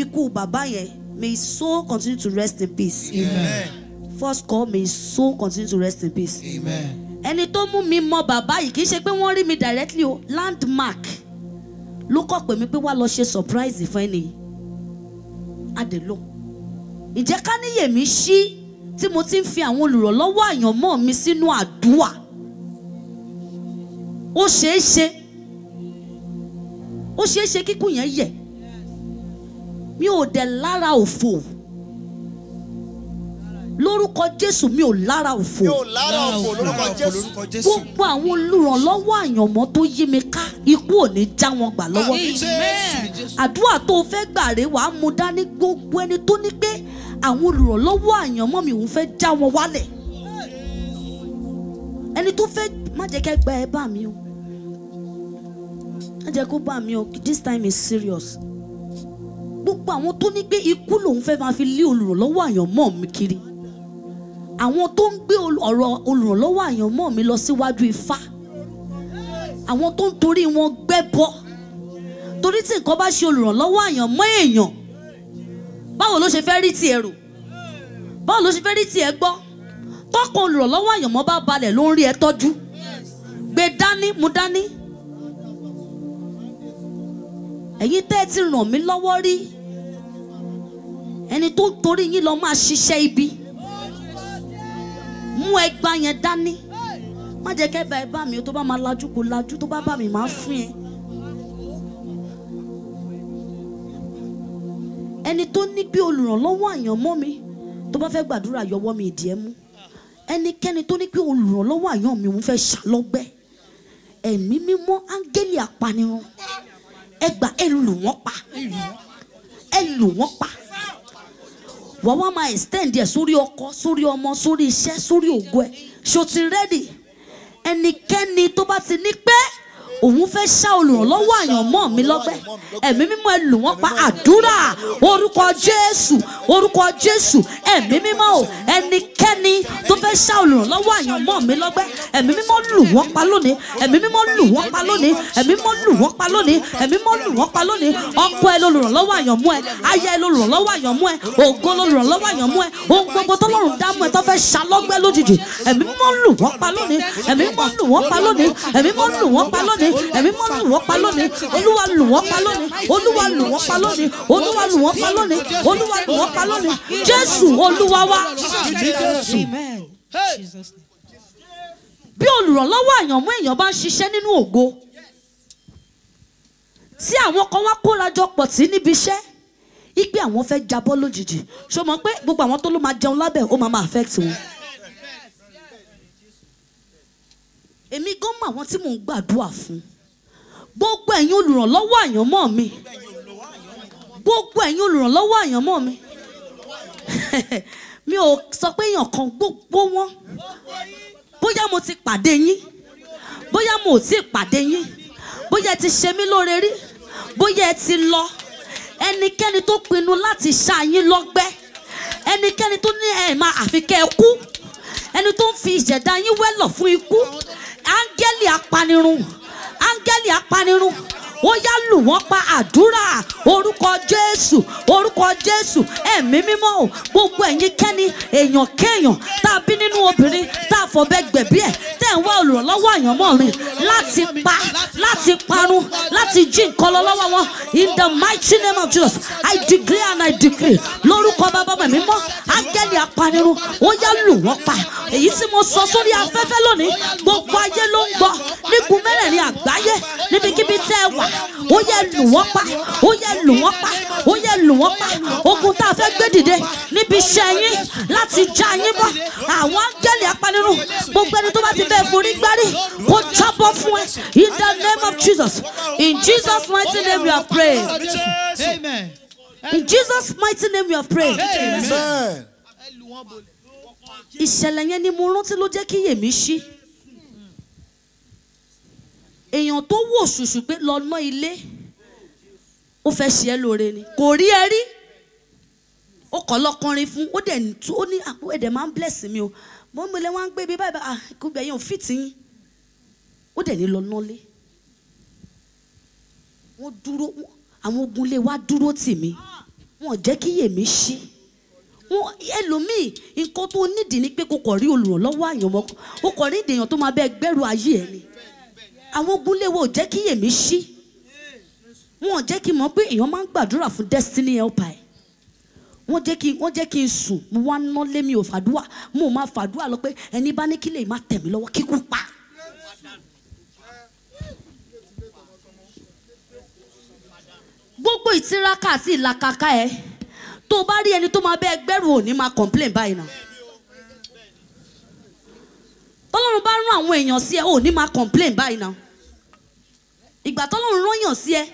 ikú bàbá yẹn may his soul continue to rest in peace. Amen. First call may his soul continue to rest in peace. Amen. ẹni tó mú mi mọ bàbá yìí kì í ṣe pé wọ́n rí mi directly o landmark ló kọ̀ pè mí pé wá lọ ṣe surprise fún ẹni adèlò ǹjẹ́ ká níyèmí ṣí tí mo ti ń fi àwọn olùrànlọ́wọ́ àyànmọ́ mi sínú àdúà ó ṣeé ṣe ó ṣeé ṣe kíkú yẹn yẹ mi ò dẹ̀ lára òfò lórúkọ Jésù mi ò lára òfò mi ò lára òfò lórúkọ Jésù gbogbo àwọn olùrànlọ́wọ́ àyànmọ́ tó yí mi ká ikú ò ní já wọn gbà lọ́wọ́ mi àdúrà tó o fẹ́ gbà rè wàá mú dání gbogbo ẹni tó ní pé àwọn olùrànlọ́wọ́ àyànmọ́ mi òun fẹ́ já wọn wálẹ̀ ẹni tó fẹ́ má jẹ́ kẹ́ gba ẹ bá mi o má jẹ́ kó bá mi o this time is serious gbogbo àwọn tó ní pé ikú lòun fẹ́ máa fi lé olùrànlọ́wọ́ àyànmọ́ mi kiri àwọn tó ń gbé ọ̀rọ̀ olùrànlọ́wọ́ àyànmọ́ mi lọ síwájú ifá àwọn tó ń torí wọn gbẹ́bọ torí tí nǹkan bá ṣe olùrànlọ́wọ́ àyànmọ́ èèyàn báwo ló ṣe fẹ́ rí tiẹ̀ rò báwo ló ṣe fẹ́ rí tiẹ̀ gbọ́ tọkàn olùrànlọ́wọ́ àyànmọ́ bá balẹ̀ ló ń rí ẹ tọ́jú gbé dání mú dání ẹ̀yin tẹ́ ẹ ti ràn mí lọ́wọ́ rí ẹni tó ń torí yín lọ máa ṣiṣẹ́ ibi mú ẹgbàá yẹn dání má jẹ́ kẹ́ bá ẹ bá mi o tó bá máa lajú kó lajú tó bá bá mi máa fún yẹn. ẹni tó ní bí olùrànlọ́wọ́ àyànmọ́ mi tó bá fẹ́ gbàdúrà yọwọ́ mi ìdí ẹ mú ẹnikẹ́ni tó ní bí olùrànlọ́wọ́ àyàn mi òun fẹ́ ṣàlọ́gbẹ́ ẹ̀mí mímọ́ áńgẹ́lì apanirun ẹ gbà wọ́n pa ẹ lù wọ́n pa wọ́n wá máa extend ẹ̀ sórí ọkọ sórí ọmọ sórí iṣẹ́ sórí ògo ẹ̀ ṣó ti rẹ́dì ẹnikẹ́ni tó bá ti ní pẹ́ òun fẹ́ ṣá olùrànlọ́wọ́ àyànmọ́ mi lọ́gbẹ́ ẹ̀mí mímọ́ ẹ lù wọ́n pa àdúrà orúkọ jésù orúkọ jésù ẹ̀mí mímọ́ o ẹnikẹ́ni tó fẹ́ ṣá olùrànlọ́wọ́ àyànmọ́ mi lọ́gbẹ́ ẹ̀mí mímọ́ lù wọ́n pa lónìí ẹ̀mí mímọ́ lù wọ́n pa lónìí ẹ̀mí mímọ́ lù wọ́n pa lónìí ẹ̀mí mímọ́ lù wọ́n pa lónìí ọkọ ẹ lolùrànlọ́wọ́ àyànmọ́ ẹ aya ẹ lolùrànlọ́wọ́ àyànmọ́ ẹ ògo lolùrànlọ́wọ́ àyànmọ́ ẹ ohun gbogbo tọ́lọ́run dámọ́ ẹ tó fẹ́ ṣá lọ́gbẹ́ lójijì ẹ̀mí mímọ́ lù wọ́n pa lónìí ẹ̀mí mọ́ lù wọ́n pa lónìí olúwa lù wọ́n pa lónìí olúwa lù wọ́n pa lónìí olúwa lù wọ́n pa lónìí olúwa lù wọ́n pa lónìí jésù olúwa wa jésù bí olùrànlọ́wọ́ èèyàn mú èèyàn bá ń ṣiṣẹ́ nínú ògo tí àwọn kan wá kórajọ pọ̀ sí níbi iṣẹ́ ipe àwọn fẹ́ jábọ́ lójijì ṣó mọ̀ pé gbogbo àwọn tó ló máa jẹun lábẹ́ ó máa máa affect wọn. èmi gan mọ àwọn tí mò ń gbàdúrà fún gbogbo ẹ̀yin olùrànlọ́wọ́ àyànmọ́ mi gbogbo ẹ̀yin olùrànlọ́wọ́ àyànmọ́ mi mi ò sọ pé èèyàn kan gbogbo wọn bóyá mo ti pàdé yín bóyá mo ò tí ì pàdé yín bóyá ẹ ti ṣe mí lóore rí bóyá ẹ ti lọ ẹnikẹ́ni tó pinnu láti ṣá yín lọ́gbẹ́ ẹnikẹ́ni tó ní ẹ̀ máa àfikẹ́ ẹ kú ẹni tó ń fi ìjẹ̀dá yín wẹ́lọ̀ fún ikú áńgẹ́lì apanirun áńgẹ́lì apanirun ó yá lù wọ́n pa àdúrà orúkọ Jésù orúkọ Jésù ẹ̀mí mímọ́ o gbogbo ẹ̀yin kẹ́ni èèyàn kéèyàn tá a bí nínú obìnrin tá a fọ̀bẹ gbẹ̀bí ẹ̀ tẹ̀ ń wá olùrànlọ́wọ́ àyànmọ́ rìn láti pa láti parun láti jí nǹkan lọ lọ́wọ́ wọn in the mighty name of Jesus I declare and I declare. lórúkọ bàbá mẹ̀mí mọ́ ángẹ́lì apanirun ó yá lù wọ́n pa èyí tí mo sọ sórí afẹ́fẹ́ lónìí gbogbo ayé ló ń gbọ́ nígun mẹ́rẹ̀ẹ̀rin àgbáyé níbikíbi tẹ́ ẹ wà pa ó yẹ lù wọ́n pa ó yẹ lù wọ́n pa ó yẹ lù wọ́n pa ogun tá a fẹ́ gbé dìde níbi iṣẹ́ yín láti já yín bọ́ àwọn áńgẹ́lì apanirun gbogbo ẹni tó bá ti bẹ́ẹ̀ forí gbárí kó jábọ́ fún ẹ in the name of Jesus in Jesus mighty name we are praying in Jesus mighty name we are praying. Amen. ìṣẹ̀lẹ̀ yẹn ni mo rántí ló jẹ́ kí yèmí ṣí èèyàn tó wò ṣùṣù pé lọ́nà ilé ó fẹ́ ṣe ẹ́ lóore ni kò rí ẹ rí ó kọ́ lọ́kùnrin fún ó dẹ̀ ó ní àpò ẹ̀dẹ̀ máa ń bless mi o mo ń gbélé wọn ń gbé bí báyìí báyìí àkúgbẹ̀ yẹn ò fi tì yín ó dẹ̀ ní lọ́nà lé wọ́n dúró àwọn ogun lé wa dúró tì mí wọ́n jẹ́ kí yèmí ṣí ẹlòmíì nǹkan tó nídìí ni pé kò kọ̀ rí olùrànlọ́wọ́ àyànmọ́ kò kọ̀ rí ìdèyàn tó máa bẹ́ẹ̀ gbẹ́rù ayé ẹ̀ ni àwọn ogunléwé ò jẹ́ kí yèmí ṣí wọn ò jẹ́ kí n mọ̀ pé èèyàn máa ń gbàdúrà fún destiny helper ẹ̀ wọ́n jẹ́ kí wọ́n jẹ́ kí n sùn mo wá ná lé mi ò fàdúrà mo máa fàdúrà lọ pé ẹni bá ní kí lè má tẹ̀ mí lọ́wọ́ kíkú pa. gbogbo ìtiraka àti ìlàkàkà ẹ tó bá rí ẹni tó máa bẹ ẹgbẹ́rù òní máa complain báyìí náà tọ́lọ́run bá rán àwọn èèyàn sí ẹ òní máa complain báyìí náà ìgbà tọ́lọ́run rányàn sí ẹ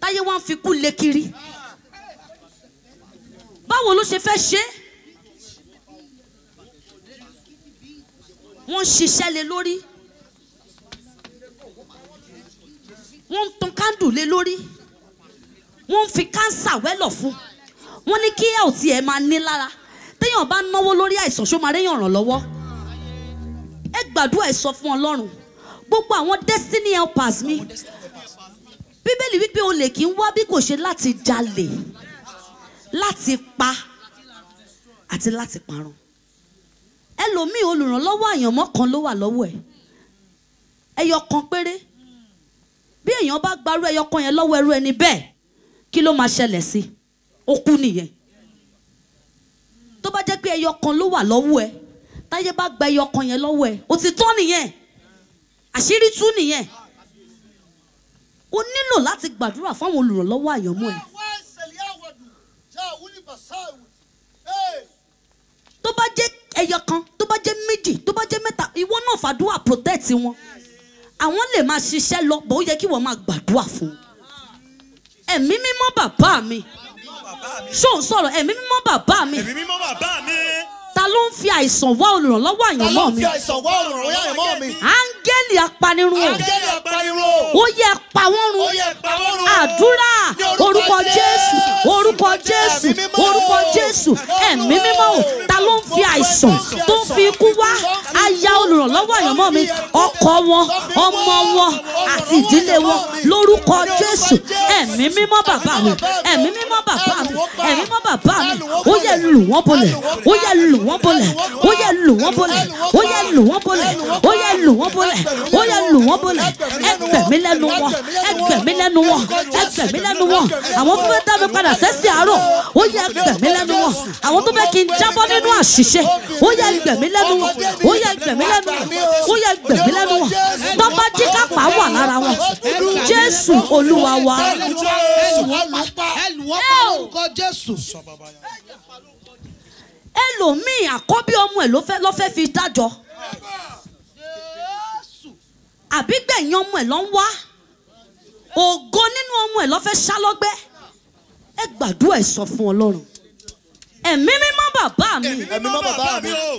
táyé wá ń fi kú lé kiri báwo ló ṣe fẹ́ ṣe é wọ́n ń ṣiṣẹ́ lé lórí wọ́n ń tan kándù lé lórí wọ́n ń fi kánsà wẹ́lọ̀ fún wọ́n ní kí health ẹ̀ máa ní lára téèyàn bá náwó lórí àìsàn ṣó máa réyàn ràn lọ́wọ́ ẹ gbàdúrà ẹ sọ fún Ọlọ́run gbogbo àwọn destiny helpers mi bíbélì wípé olè kì í wá bí kò ṣe láti jalè láti pa àti láti parun ẹlòmíì olùrànlọ́wọ́ àyànmọ́ kan ló wà lọ́wọ́ ẹ̀ ẹyọ kan péré bí èèyàn bá gbarú ẹyọ kan yẹn lọ́wọ́ ẹrú ẹni bẹ́ẹ̀ kí ló máa ṣẹlẹ̀ sí i ó kú nìyẹn tó bá jẹ́ pé ẹyọ kan ló wà lọ́wọ́ ẹ táyé bá gba ẹyọ kan yẹn lọ́wọ́ ẹ ó nìyẹn àṣírí tú nìyẹn o nílò láti gbàdúrà fáwọn olùrànlọ́wọ́ àyànmọ́ ẹ. tó bá jẹ́ ẹyọ kan tó bá jẹ́ méjì tó bá jẹ́ mẹ́ta ìwọ náà fàdúrà protect wọn àwọn lè máa ṣiṣẹ́ lọ bó yẹ kí wọ́n máa gbàdúrà fún un ẹ̀mí mímọ́ bàbá mi ṣó ń sọ̀rọ̀ ẹ̀mí mímọ́ bàbá mi ta ló ń fi àìsàn wá olùrànlọ́wọ́ àyànmọ́ mi áńgẹ́lì apanirun o orúkọ Jésù orúkọ jésù ẹ̀mí mímọ́ o ta ló ń fi àìsàn tó ń fi ikú wá aya olùrànlọ́wọ́ àyànmọ́ mi ọkọ wọn ọmọ wọn àti ìdílé wọn lórúkọ jésù ẹ̀mí mímọ́ bàbá mi ẹ̀mí mímọ́ bàbá mi ẹ̀mí mímọ́ bàbá mi ó yẹ lù wọ́n bolẹ̀ ó yẹ lù wọ́n bolẹ̀ ó yẹ lù wọ́n bolẹ̀ ó yẹ lù wọ́n bolẹ̀ ó yẹ lù wọ́n bolẹ̀ ó yẹ lù wọ́n bolẹ̀ ẹgbẹ̀mí lẹ́nu wọn ẹgbẹ̀mí lẹ́nu wọn ẹgbẹ̀mí lẹ́nu wọn àwọn fúnfẹ́ dá mi padà sẹ́sì àárọ̀ ó yẹ ẹgbẹ̀mí lẹ́nu wọn àwọn tó fẹ́ kí n jábọ́ nínú àṣìṣe ó yẹ gbẹ̀mí lẹ́nu wọn ó yẹ gbẹ̀mí lẹ́nu wọn ó yẹ gbẹ̀mí lẹ́nu wọn tó bá jí kápá wà lára wọn jésù olúwa wa. ẹlòmíì àkọ́bí ọmọ ẹ̀ ló fẹ́ fi dájọ́ àbí gbẹ̀yìn ọmọ ẹ̀ ló ń wá ògo nínú ọmọ ẹ̀ ló fẹ́ sá lọ́gbẹ́ ẹ gbàdúrà ẹ̀ sọ fún ọlọ́run ẹ̀mí mímọ́ bàbá mi. ẹ̀mí mímọ́ bàbá mi o.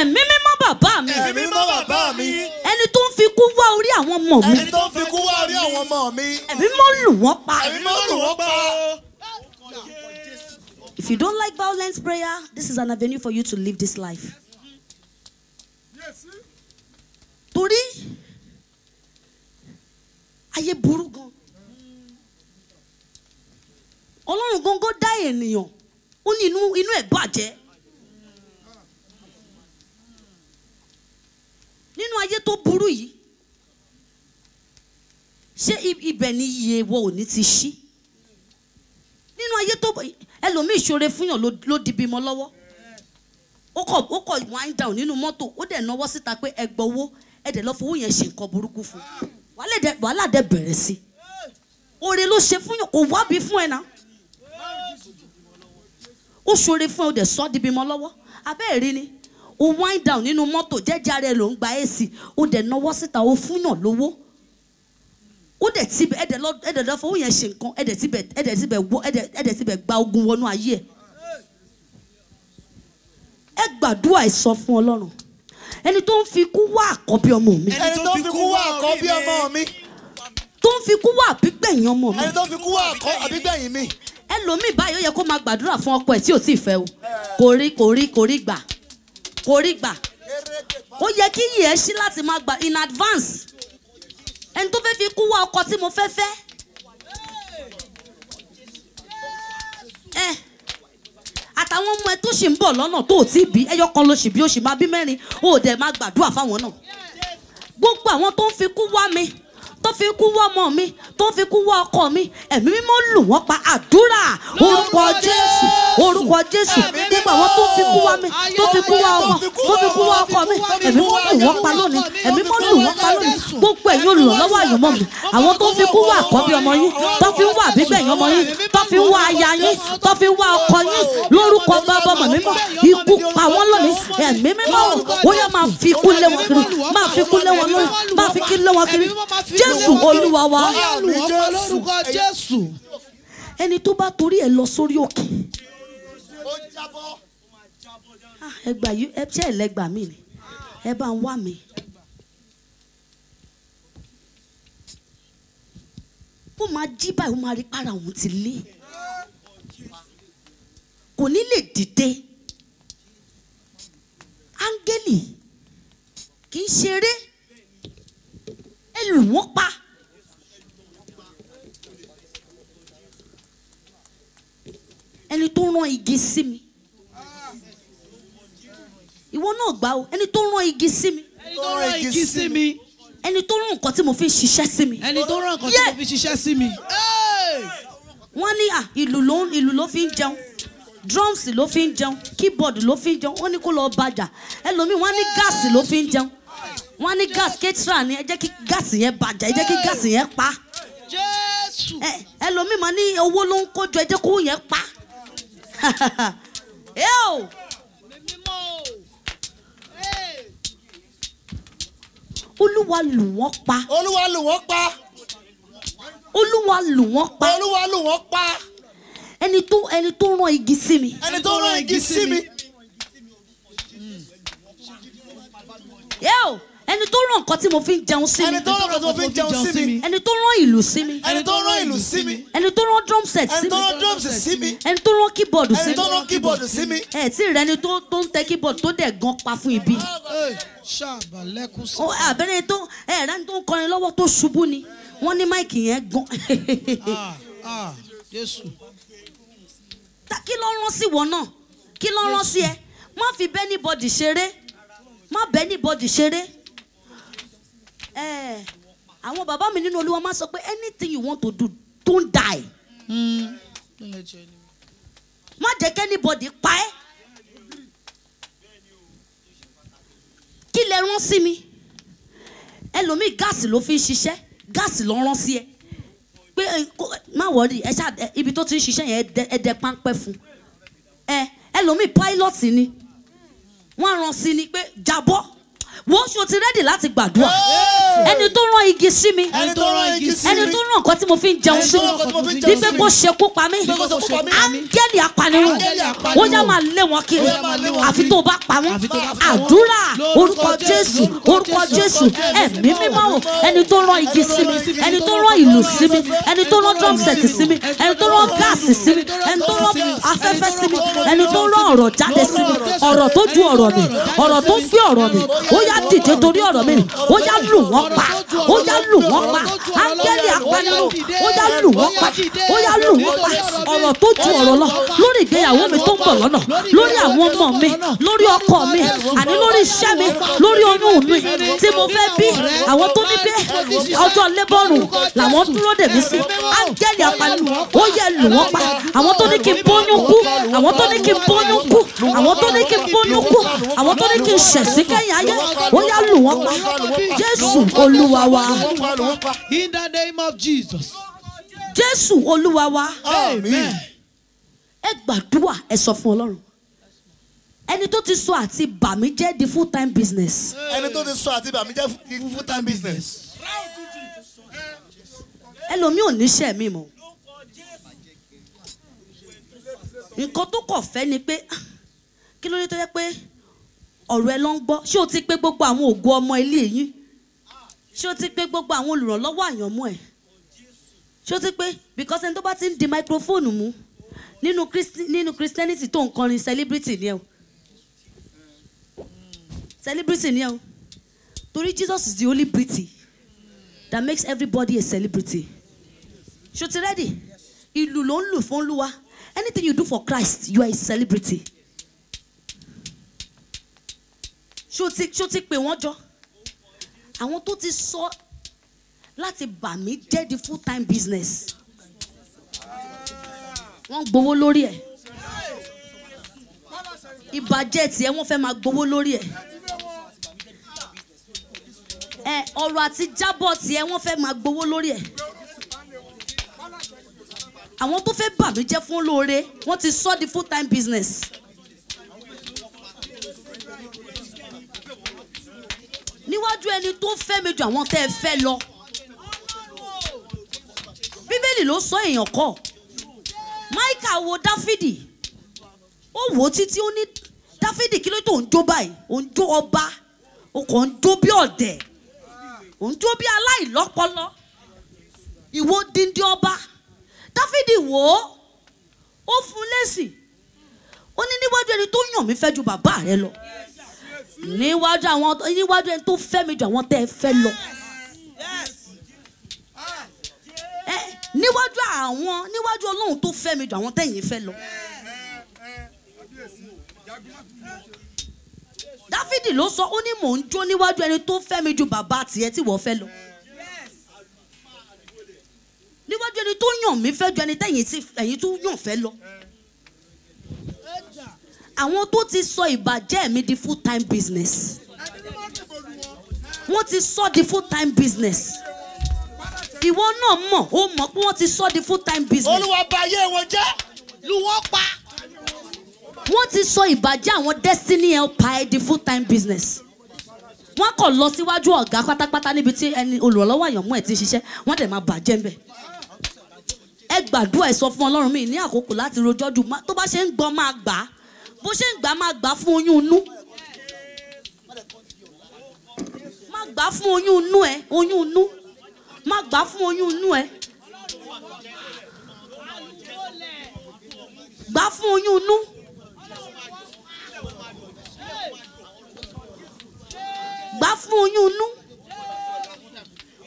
ẹ̀mí mímọ́ bàbá mi. ẹ̀mí mímọ́ bàbá mi. ẹni tó ń fi kú wá orí àwọn ọmọ mi. ẹni tó ń fi kú wá orí àwọn ọmọ mi. ẹ̀mí mímọ́ lù wọ́n pa. ẹ̀mí mímọ́ lù wọ́n pa. If you don't like violence prayer, this is an avenue for you to live this life. Torí ayé burú gan. Ọlọ́run góńgó dá ènìyàn ó ní inú inú ẹ̀ bàjẹ́ nínú ayé tó burú yìí ṣé ibẹ̀ ni iye wọ òní ti ṣí nínú ayé tó ẹlòmíì ṣoore fúnyàn ló di bímọ lọ́wọ́ ó kọ̀ ó kọ̀ wind down nínú mọ́tò ó dẹ̀ náwó síta pé ẹ gbowó ẹ dẹ̀ lọ fowó yẹn ṣe nǹkan burúkú fún wàhálà dẹ̀ bẹ̀rẹ̀ sí oore ló ṣe fúnyàn kò wábi fún ẹ náà ó ṣoore fún ẹ ó dẹ̀ sọ́ di bímọ lọ́wọ́ abẹ́ẹ̀ rí ni o wind down nínú mọ́tò jẹ́jẹ́ ara ẹ ló ń gba ac o dẹ̀ náwó síta o fún náà lówó ó dẹ̀ tibẹ̀ ẹ̀dẹ̀ lọ ẹ̀dẹ̀ lọ fowó yẹn ṣe nǹkan ẹ̀dẹ̀ tibẹ̀ ẹ̀dẹ̀ tibẹ̀ wọ ẹ̀dẹ̀ ẹ̀dẹ̀ tibẹ̀ gba ogun wọnú ayé ẹ̀ ẹ gbàdúrà ẹ sọ fún Ọlọ́run ẹni tó ń fi kú wá àkọ́bí ọmọ mi ẹni tó ń fi kú wá àkọ́bí ọmọ mi tó ń fi kú wá àbígbẹ̀yìn ọmọ mi ẹni tó ń fi kú wá àbígbẹ̀yìn mi ẹlòmíì báyìí ó yẹ kó máa gbàdúrà fún ọkọ ẹ̀ tí ò tí ì fẹ́ o kò rí kò rí kò rí gbà kò rí gbà ó yẹ kí yìí ẹ ṣí láti máa gbà in advance ẹni tó fẹ́ fi kú wá ọkọ tí mo fẹ́ fẹ́ ẹ àtàwọn ọmọ ẹ tó ṣì ń bọ̀ lọ́nà tó ò tí ì bí ẹyọ kan ló ṣì bí ó ṣì máa bí mẹ́rin ó dẹ̀ máa gbàdúrà fáwọn náà gbogbo àwọn tó ń fi kú wá mi tó fi kú wọ́ ọmọ mi tó fi kú wọ́ ọkọ mi ẹ̀mí mímọ́ lù wọ́n pa àdúrà orúkọ Jésù orúkọ jésù nígbà wọn tó fi kú wa mi tó fi kú wa ọmọ tó fi kú wa ọkọ mi ẹ̀mí mọ́ lù wọ́n pa lónìí ẹ̀mí mọ́ lù wọ́n pa lónìí gbogbo ẹ̀yin olùrànlọ́wọ́ àyànmọ́ mi àwọn tó fi kú wa àkọ́bí ọmọ yín tó fi ń wá àbígbẹ̀yìn ọmọ yín tó fi ń wá aya yín tó fi ń wá ọkọ yín lórúkọ bàbá ọmọ mímọ́ ikú pa wọ́n lónìí ẹ̀mí mímọ́ ó yẹ máa fi ikú lé wọn kiri máa fi ikú lé wọn lórí máa fi ikú lé wọn kiri jésù olúwa wa ẹni tó bá torí ẹ̀ lọ sórí òkè ó jábọ́. Ah, ẹ gbà yí ẹ tí ẹ lẹgbàá mi ni ẹ bá ń wá mi. ó máa jí báyìí ó máa rí para òun ti lé kò ní lè dìde áńgẹ́lì kì í ṣeré ẹ lù wọ́n pa. rán igi sí mi ìwọ náà gbà o ẹni tó rán igi sí mi ẹni tó rán igi sí mi ẹni tó rán nǹkan tí mo fi ń ṣiṣẹ́ sí mi ẹni tó rán nǹkan tí mo fi ń ṣiṣẹ́ sí mi wọ́n ní à ìlù ló ìlù ló fi ń jẹun drums ló fi ń jẹun keyboard ló fi ń jẹun ó ní kó lọ bàjà ẹlòmíì wọ́n ní gas ló fi ń jẹun wọ́n ní gáàsì kẹtìrà ni ẹ jẹ́ kí gáàsì yẹn bàjà ẹ jẹ́ kí gáàsì yẹn pa ẹlòmíì máa ní owó ló ń kójọ ẹ jẹ́ kó yẹn pa. Yo! olúwa lù wọ́n pa. olúwa lù wọ́n pa. olúwa lù wọ́n pa. olúwa lù wọ́n pa. ẹni tó ẹni tó rán igi sí mi. ẹni tó rán igi sí mi. Yo! ẹni tó rán nǹkan tí mo fi ń jẹun sí mi ẹni tó rán nǹkan tí mo fi ń jẹun sí mi ẹni tó rán ìlú sí mi ẹni tó rán ìlú sí mi ẹni tó rán drum set sí mi ẹni tó rán drum set sí mi ẹni tó rán keyboard sí mi ẹni tó rán keyboard sí mi ẹ tí rẹ ni tó tó ń tẹ keyboard tó dẹ̀ gan pa fún ibi. àbẹ̀rẹ̀ tó ẹ̀ rẹ́ni tó ń kọrin lọ́wọ́ tó ṣubú ni wọ́n ní máìkì yẹn gan. Ah, ah, kí ló rán sí wọn náà kí ló rán sí ẹ má fi bẹ́ẹ̀ ní bọ́dì ṣeré má bẹ́ẹ̀ ní bọ́dì ṣeré. Eh, àwọn bàbá mi nínú olúwa máa sọ pé anything you want to do don't die. Hmm, má jẹ́ kí anybody pa ẹ́. kí lẹ rán sí mi ẹlòmíì gáàsì ló fi ń ṣiṣẹ́ gáàsì ló rán sí ẹ pé eh, má wọrí ẹ ṣáà ibi tó ti ń ṣiṣẹ́ yẹn ẹ dẹ páńpẹ́ fún ẹ eh, ẹlòmíì pilot ni wọ́n rán sí ni pé jábọ́ wọ́n ṣo ti rẹ́dì láti gbàdúrà ẹni tó rán igi sí mi ẹni tó rán nǹkan tí mo fi ń jẹun sí mi bí pé kó ṣe kó pa mí áńgẹ́lì apanirun wọ́n yá máa lé wọn kiri àfi tó bá pa wọ́n àdúrà orúkọ Jésù orúkọ Jésù ẹ̀mí mímọ́ o ẹni tó rán igi sí mi ẹni tó rán ìlú sí mi ẹni tó rán drum set sí mi ẹni tó rán gáàsì sí mi ẹni tó rán afẹ́fẹ́ sí mi ẹni tó rán ọ̀rọ̀ jáde sí mi ọ̀rọ̀ tó ju ọ̀rọ̀ mi ọ̀rọ̀ tó gbé ọ̀rọ̀ mi ó yá dìde torí ọ̀rọ̀ mi ni ó yá lù wọ́n pa ó yá lù wọ́n pa áńgẹ́lì apanirun ó yá lù wọ́n pa ó yá lù wọ́n pa ọ̀rọ̀ tó ju ọ̀rọ̀ lọ lórí ìgbéyàwó mi tó ń bọ̀ lọ́nà lórí àwọn ọmọ mi lórí ọkọ mi àní lórí iṣẹ́ mi lórí oyún mi tí mo fẹ́ bí àwọn tó ní bẹ́ẹ̀ ọjọ́ lébọ̀rù làwọn dúró dè mí sí áńgẹ́lì apanirun ó yẹ lù wọ́n pa àwọn tó ní kí n bóyún kú àwọn tó ní kí n bóyún kú àwọn tó ní kí n bóyún kú àwọn tó ní kí n ṣẹ̀sí kẹ́yìn ayé ó yá lù wọ́n pa Jésù Olúwa wa. In the name of Jesus. Jésù Olúwa wa. Amen. Ẹ gbàdúrà ẹ sọ fún Ọlọ́run ẹni tó ti sọ àti bàmíjẹ́ di full time business. ẹni tó ti sọ àti bàmíjẹ́ di full time business. ẹlòmíì ò níṣẹ́ mi mọ́ nǹkan tó kọ̀ fẹ́ ni pé ah, kí ló dé tó yẹ pé ọ̀rọ̀ ẹ ló ń gbọ́ ṣé o ti pé gbogbo àwọn ògo ọmọ ilé yín ṣé o ti pé gbogbo àwọn olùrànlọ́wọ́ àyànmọ́ ẹ̀ ṣé o ti pé because ẹni tó bá ti ń di microphone mú nínú nínú christianity tó ń kọrin celebrity ni ẹ o celebrity ni ẹ o torí Jesus is the only beauty that makes everybody a celebrity ṣé o ti ready ìlú ló ń lù fún Olúwa anything you do for Christ you are a celebrity. ṣó ti ṣó ti pè wọ́n jọ àwọn tó ti sọ láti bà mí jẹ́ di full time business wọ́n ń gbowó lórí ẹ̀ ìbàjẹ́ tiẹ̀ wọ́n fẹ́ máa gbowó lórí ẹ̀ ẹ ọ̀rọ̀ àti jábọ̀ tiẹ̀ wọ́n fẹ́ máa gbowó lórí ẹ̀ àwọn tó fẹ́ bà mí jẹ́ fún lóore wọ́n ti sọ di full time business. níwájú ẹni tó fẹ́ mi ju àwọn tẹ́ ẹ fẹ́ lọ bíbélì ló sọ èèyàn kọ́ máìkà wo dáfídì ó wò ó títí ó ní dáfídì kí ló tó ń jó báyìí ó ń jó ọba ó kàn ń jó bí ọ̀dẹ̀ ó ń jó bí aláìlọ́pọlọ ìwọ díndí ọba dáfídì wò ó ó fún lésì ó ní níwájú ẹni tó yàn mí fẹ́ ju bàbá rẹ lọ. Yes níwájú àwọn níwájú ẹni tó fẹ́ mi ju àwọn tẹ́ ẹ fẹ́ lọ. níwájú àwọn níwájú ọlọ́run tó fẹ́ mi ju àwọn tẹ́yìn fẹ́ lọ. dáfídì ló sọ ó ní mò ń jó níwájú ẹni tó fẹ́ mi ju bàbá tiẹ̀ tí wọ́n fẹ́ lọ. níwájú ẹni tó yàn mí fẹ́ ju ẹni tẹ́yìn tí ẹ̀yin tó yàn fẹ́ lọ. Yeah àwọn tó ti sọ ìbàjẹ́ mi di full time business wọ́n ti sọ di full time business ìwọ náà mọ̀ ó mọ̀ pé wọ́n ti sọ di full time business. olúwa bà ayé wọn jẹ́ lu wọn pa. wọ́n ti sọ ìbàjẹ́ àwọn destiny helper di full time business wọ́n kàn lọ síwájú ọ̀gá pátápátá níbi tí ẹni olùrànlọ́wọ́ àyànmọ́ ẹ̀ ti ṣiṣẹ́ wọ́n dẹ̀ máa bàjẹ́ ńbẹ̀ ẹ gbàdúrà ẹ sọ fún ọlọ́run mi ní àkókò láti rojọ́ tó bá ṣe ń gbọ́n máa gbà bó ṣe ń gbà máa gbà fún oyún inú máa gbà fún oyún inú ẹ oyún inú máa gbà fún oyún inú ẹ gbà fún oyún inú. gbà fún oyún inú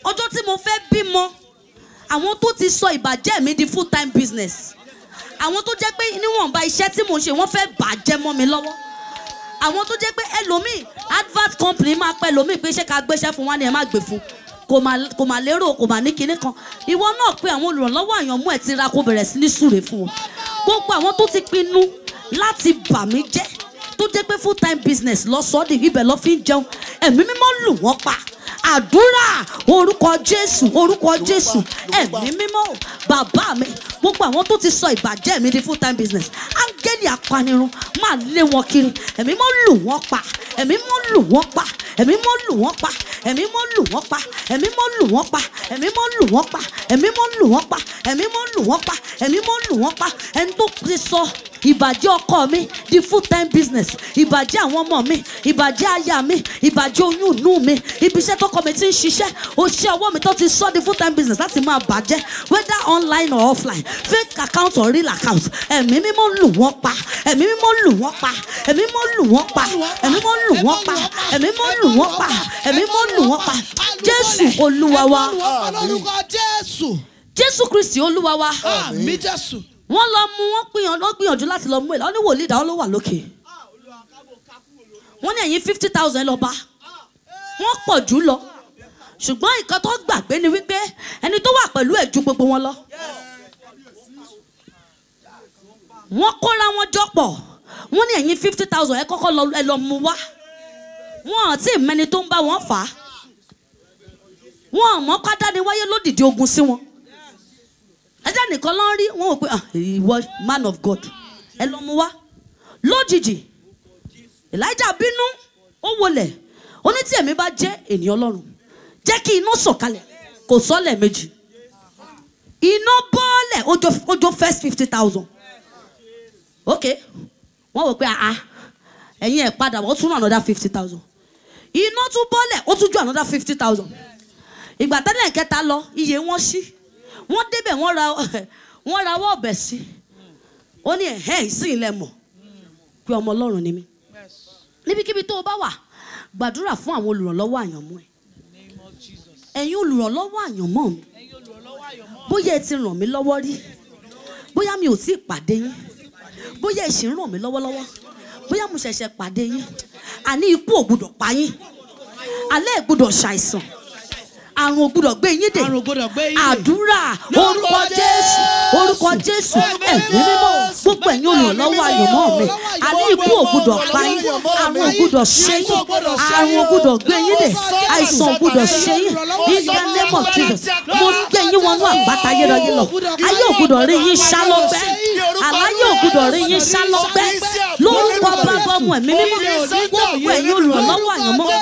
ọjọ́ tí mo fẹ́ bímọ àwọn tó ti sọ ìbàjẹ́ mi di full time business àwọn tó jẹ́ pé níwọ̀nba iṣẹ́ tí mò ń ṣe wọ́n fẹ́ bàjẹ́ mọ́ mi lọ́wọ́ àwọn tó jẹ́ pé ẹlòmíì advert company máa pẹ́ ẹlòmíì pé iṣẹ́ ká gbéṣẹ́ fún wa ni ẹ má gbé fún kò mà lérò kò mà ní kinní kan ìwọ náà pé àwọn olùrànlọ́wọ́ àyànmú ẹ̀ ti ra kó bẹ̀rẹ̀ sí ní súre fún wọn gbogbo àwọn tó ti pinnu láti bà mí jẹ́ tó jẹ́ pé full time business lọ́sọ̀ọ́dì ibẹ̀ lọ́ fi ń jẹun ẹ̀mí mímọ́ lù wọ́n pa àdúrà orúkọ jésù orúkọ jésù ẹ̀mí mímọ́ bàbá mi gbogbo àwọn tó ti sọ ìbàjẹ́ mi di full time business áńgẹ́lì apanirun máa lé wọn kiri ẹ̀mí mọ́ lù wọ́n pa ẹ̀mí mọ́ lù wọ́n pa ẹ̀mí mọ́ lù wọ́n pa ẹ̀mí mọ́ lù wọ́n pa ẹ̀mí mọ́ lù wọ́n pa ẹ̀mí mọ́ lù wọ́n pa ẹ̀mí mọ́ lù wọ́n pa ẹ̀mí mọ́ lù wọ́n pa ẹ̀mí mọ́ lù wọ́n pa ẹni tó ti sọ ìbàjẹ́ ọkọ mi di full time business ìbàjẹ́ àwọn ọmọ mi ìbàjẹ́ aya mi ìbàjẹ́ oyún inú mi ibiṣẹ́ iṣẹ́ tọkọ mi ti ń ṣiṣẹ́ òṣìṣẹ́ ọwọ́ mi tó ti sọ di full time business láti máa bàjẹ́ whether online or offline fake account or real account ẹ̀mí mímọ́ lù wọ́n pa ẹ̀mí mímọ́ lù wọ́n pa ẹ̀mí mímọ́ lù wọ́n pa ẹ̀mí mímọ́ lù wọ́n pa ẹ̀mí mímọ́ lù wọ́n pa ẹ̀mí mímọ́ lù wọ́n pa Jésù Olúwa wa Jésù Kristi Olúwa wa wọ́n lọ mú wọ́n gbìyànjú láti lọ mú ẹ̀ lọ́ní wòlíì dáwọ́ ló wà lókè wọ́n ní ẹ̀yìn fifty thousand lọ́ba wọ́n pọ̀ jù lọ ṣùgbọ́n nǹkan tó gbàgbé ni wípé ẹni tó wà pẹ̀lú ẹ̀ ju gbogbo wọn lọ. wọ́n kóra wọn jọ pọ̀ wọ́n ní ẹ̀yin fifty thousand ẹ kọ́kọ́ lọ ẹ lọ mú wá wọn ò tí ì mẹni tó ń bá wọn fà á wọn ò mọ kádá ni wáyé lódìdí ogun sí wọn ẹjẹ nìkan ló rí wọn ò pé ah, ìwọ man of God ẹ lọ mú wá lójijì Elijah bínú ó wọlẹ̀ ó ní tí èmi bá jẹ́ ènìyàn ọlọ́run jẹ́ kí iná sọ̀kalẹ̀ kò sọ́lẹ̀ méjì iná bọ́ọ̀lẹ̀ ó first fifty thousand ok wọ́n wò pé àá ẹ̀yin ẹ̀ padà wọ́n tún another fifty thousand iná tún bọ́ọ̀lẹ̀ ó tún ju another fifty thousand ìgbà tẹ́lẹ̀ kẹta lọ iye wọn sí wọ́n débẹ̀ wọ́n ra wọ́n ra wọ́ ọ̀bẹ̀ sí ó ní ẹ̀hẹ́ ìsìn ilẹ̀ mọ̀ pé ọmọ ọlọ́run ni mí níbikíbi tó o bá wà gbàdúrà fún àwọn olùrànlọ́wọ́ àyànmọ́ ẹ ẹ̀yin olùrànlọ́wọ́ àyànmọ́ mi bóyá ẹ ti ràn mí lọ́wọ́ rí bóyá mi ò tí ì pàdé yín bóyá ẹ ṣì ń ràn mí lọ́wọ́lọ́wọ́ bóyá mo ṣẹ̀ṣẹ̀ pàdé yín àní ikú ò gbúdọ̀ pa yín alẹ́ ò gbúdọ̀ ṣàìsàn àrùn ò gbọdọ̀ gbé yín dè àdúrà orúkọ jésù orúkọ jésù ẹ̀mí mímọ́ gbogbo ẹ̀yin olùrànlọ́wọ́ àyọ̀mọ́ mi àní ikú ò gbọdọ̀ pa yín àrùn ò gbọdọ̀ ṣe yín àrùn ò gbọdọ̀ gbé yín dè àìsàn ò gbọdọ̀ ṣe yín ìyá lẹ́mọ̀ kìlọ̀ mo gbé yín wọnú àgbàtà yẹ́rọ yín lọ ayé ò gbọdọ̀ rí yín ṣá lọ́gbẹ́ aláyé ògùdọ̀ rí yín sá lọ́gbẹ́ lórúkọ bàbá ọmọ ẹ̀mí mímọ́ gbogbo ẹ̀yin olùrànlọ́wọ́ àyànmọ́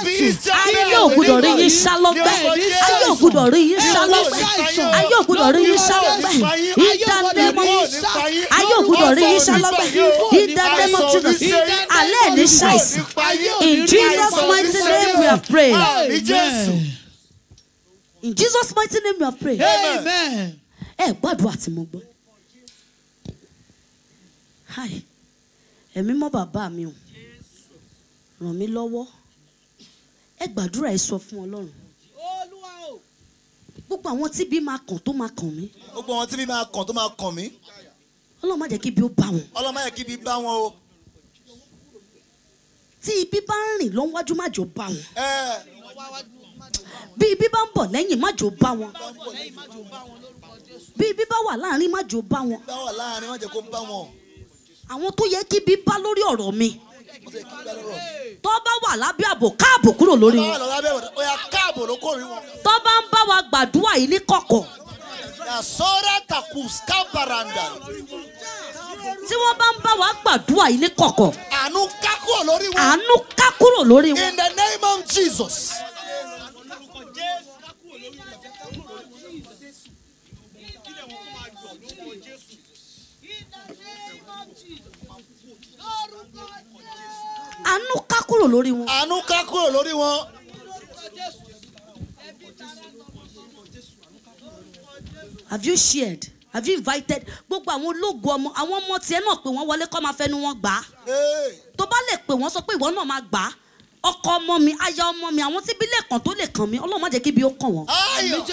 ayé ògùdọ̀ rí yín sá lọ́gbẹ́ ayé ògùdọ̀ rí yín sá lọ́gbẹ́ ayé ògùdọ̀ rí yín sá lọ́gbẹ́ ìdánimọ̀ ayé ògùdọ̀ rí yín sá lọ́gbẹ́ ìdánimọ̀ jùlọ alẹ́ ní ṣàìsàn in Jesus mighty name we are praying. In Jesus' mighty name we are praying. Amen. Ẹ gbàdúrà tí mo káì ẹ̀mí mọ́ bàbá mi o ràn mí lọ́wọ́ ẹ gbàdúrà ẹ sọ fún ọlọ́run gbogbo àwọn tí bí máa kàn tó máa kàn mí. gbogbo àwọn tí bí máa kàn tó máa kàn mí. ọlọ́run má jẹ́ kí ibi ó bá wọn. ọlọ́run má jẹ́ kí ibi bá wọn o. tí ibi bá ń rìn lọ́wọ́jú má jò bá wọn. bí ibi bá ń bọ̀ lẹ́yìn má jò bá wọn. bí ibi bá wà láàrin má jò bá wọn. bí ibi bá wà láàrin má jẹ́ kó bá wọn àwọn tó yẹ kí bí bá lórí ọ̀rọ̀ mi tó bá wà lábẹ́ ààbò káàbò kúrò lórí wọn tó bá ń bá wa gbàdúrà yìí ní kọ̀kọ̀. tí wọ́n bá ń bá wa gbàdúrà yìí ní kọ̀kọ̀. àánú ká kúrò lórí wọn. in the name of Jesus. àánú ká kúrò lórí wọn. àánú ká kúrò lórí wọn. have you shared have you invited gbogbo àwọn ológun ọmọ àwọn ọmọ tiẹ̀ náà pé wọ́n wọlé kó máa fẹnu wọn gbà á tó bá lè pè wọ́n sọ pé ìwọ náà máa gbà á ọkọ ọmọ mi aya ọmọ mi àwọn tí bí lè kàn tó lè kàn mí ọlọ́run má jẹ́ kí ibi ó kàn wọ́n. ayọ̀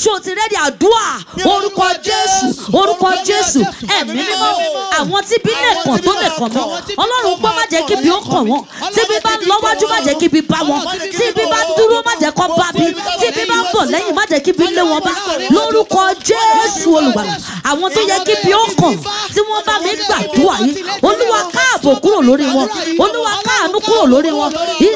ṣé o ti rẹ́dí àdúrà orúkọ jésù orúkọ jésù ẹ̀mí mímọ́ àwọn tí bí lè kàn tó lè kàn mí ọlọ́run gbọ́ má jẹ́ kí ibi ó kàn wọ́n tí ibi bá lọ́wọ́jú má jẹ́ kí ibi bá wọn tí ibi bá dúró má jẹ́ kó bá bí tí ibi bá bọ̀ lẹ́yìn má jẹ́ kí ibi lé wọn bá lórúkọ jésù olùgbàlà àwọn tó yẹ kí ibi ó kàn tí wọ́n bá mi gbàdúrà yìí olúwa káàbò kúrò lórí wọn olúwa káàánú kúrò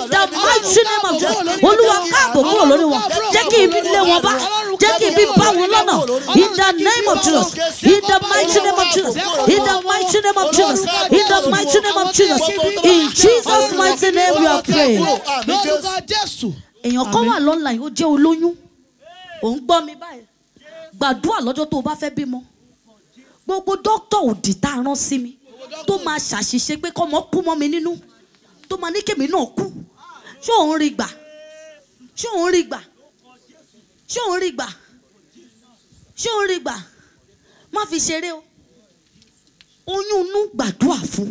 in the mighty name of Jesus olúwa káàbò kúrò lórí wọn jẹ́ kí ibi lé wọn bá jẹ́ kí ibi bá wọn lọ́nà in the name of Jesus in the mighty name of Jesus in the mighty name of Jesus in the mighty name of Jesus in Jesus mighty name we are praying. èèyàn kan wà lọ́nà ó jẹ́ olóyún òun gbọ́ mi báyìí gbàdúrà lọ́jọ́ tó o bá fẹ́ bímọ gbogbo dókítà òdì tá a rán sí mi tó máa ṣàṣìṣe pé kọ́mọ kú mọ́ mi nínú tó máa ní kèmí náà kú ṣé òun rí gbà ṣé òun rí gbà ṣé òun rí gbà ṣé òun rí gbà má fi ṣeré o oyún inú gbàdúrà fún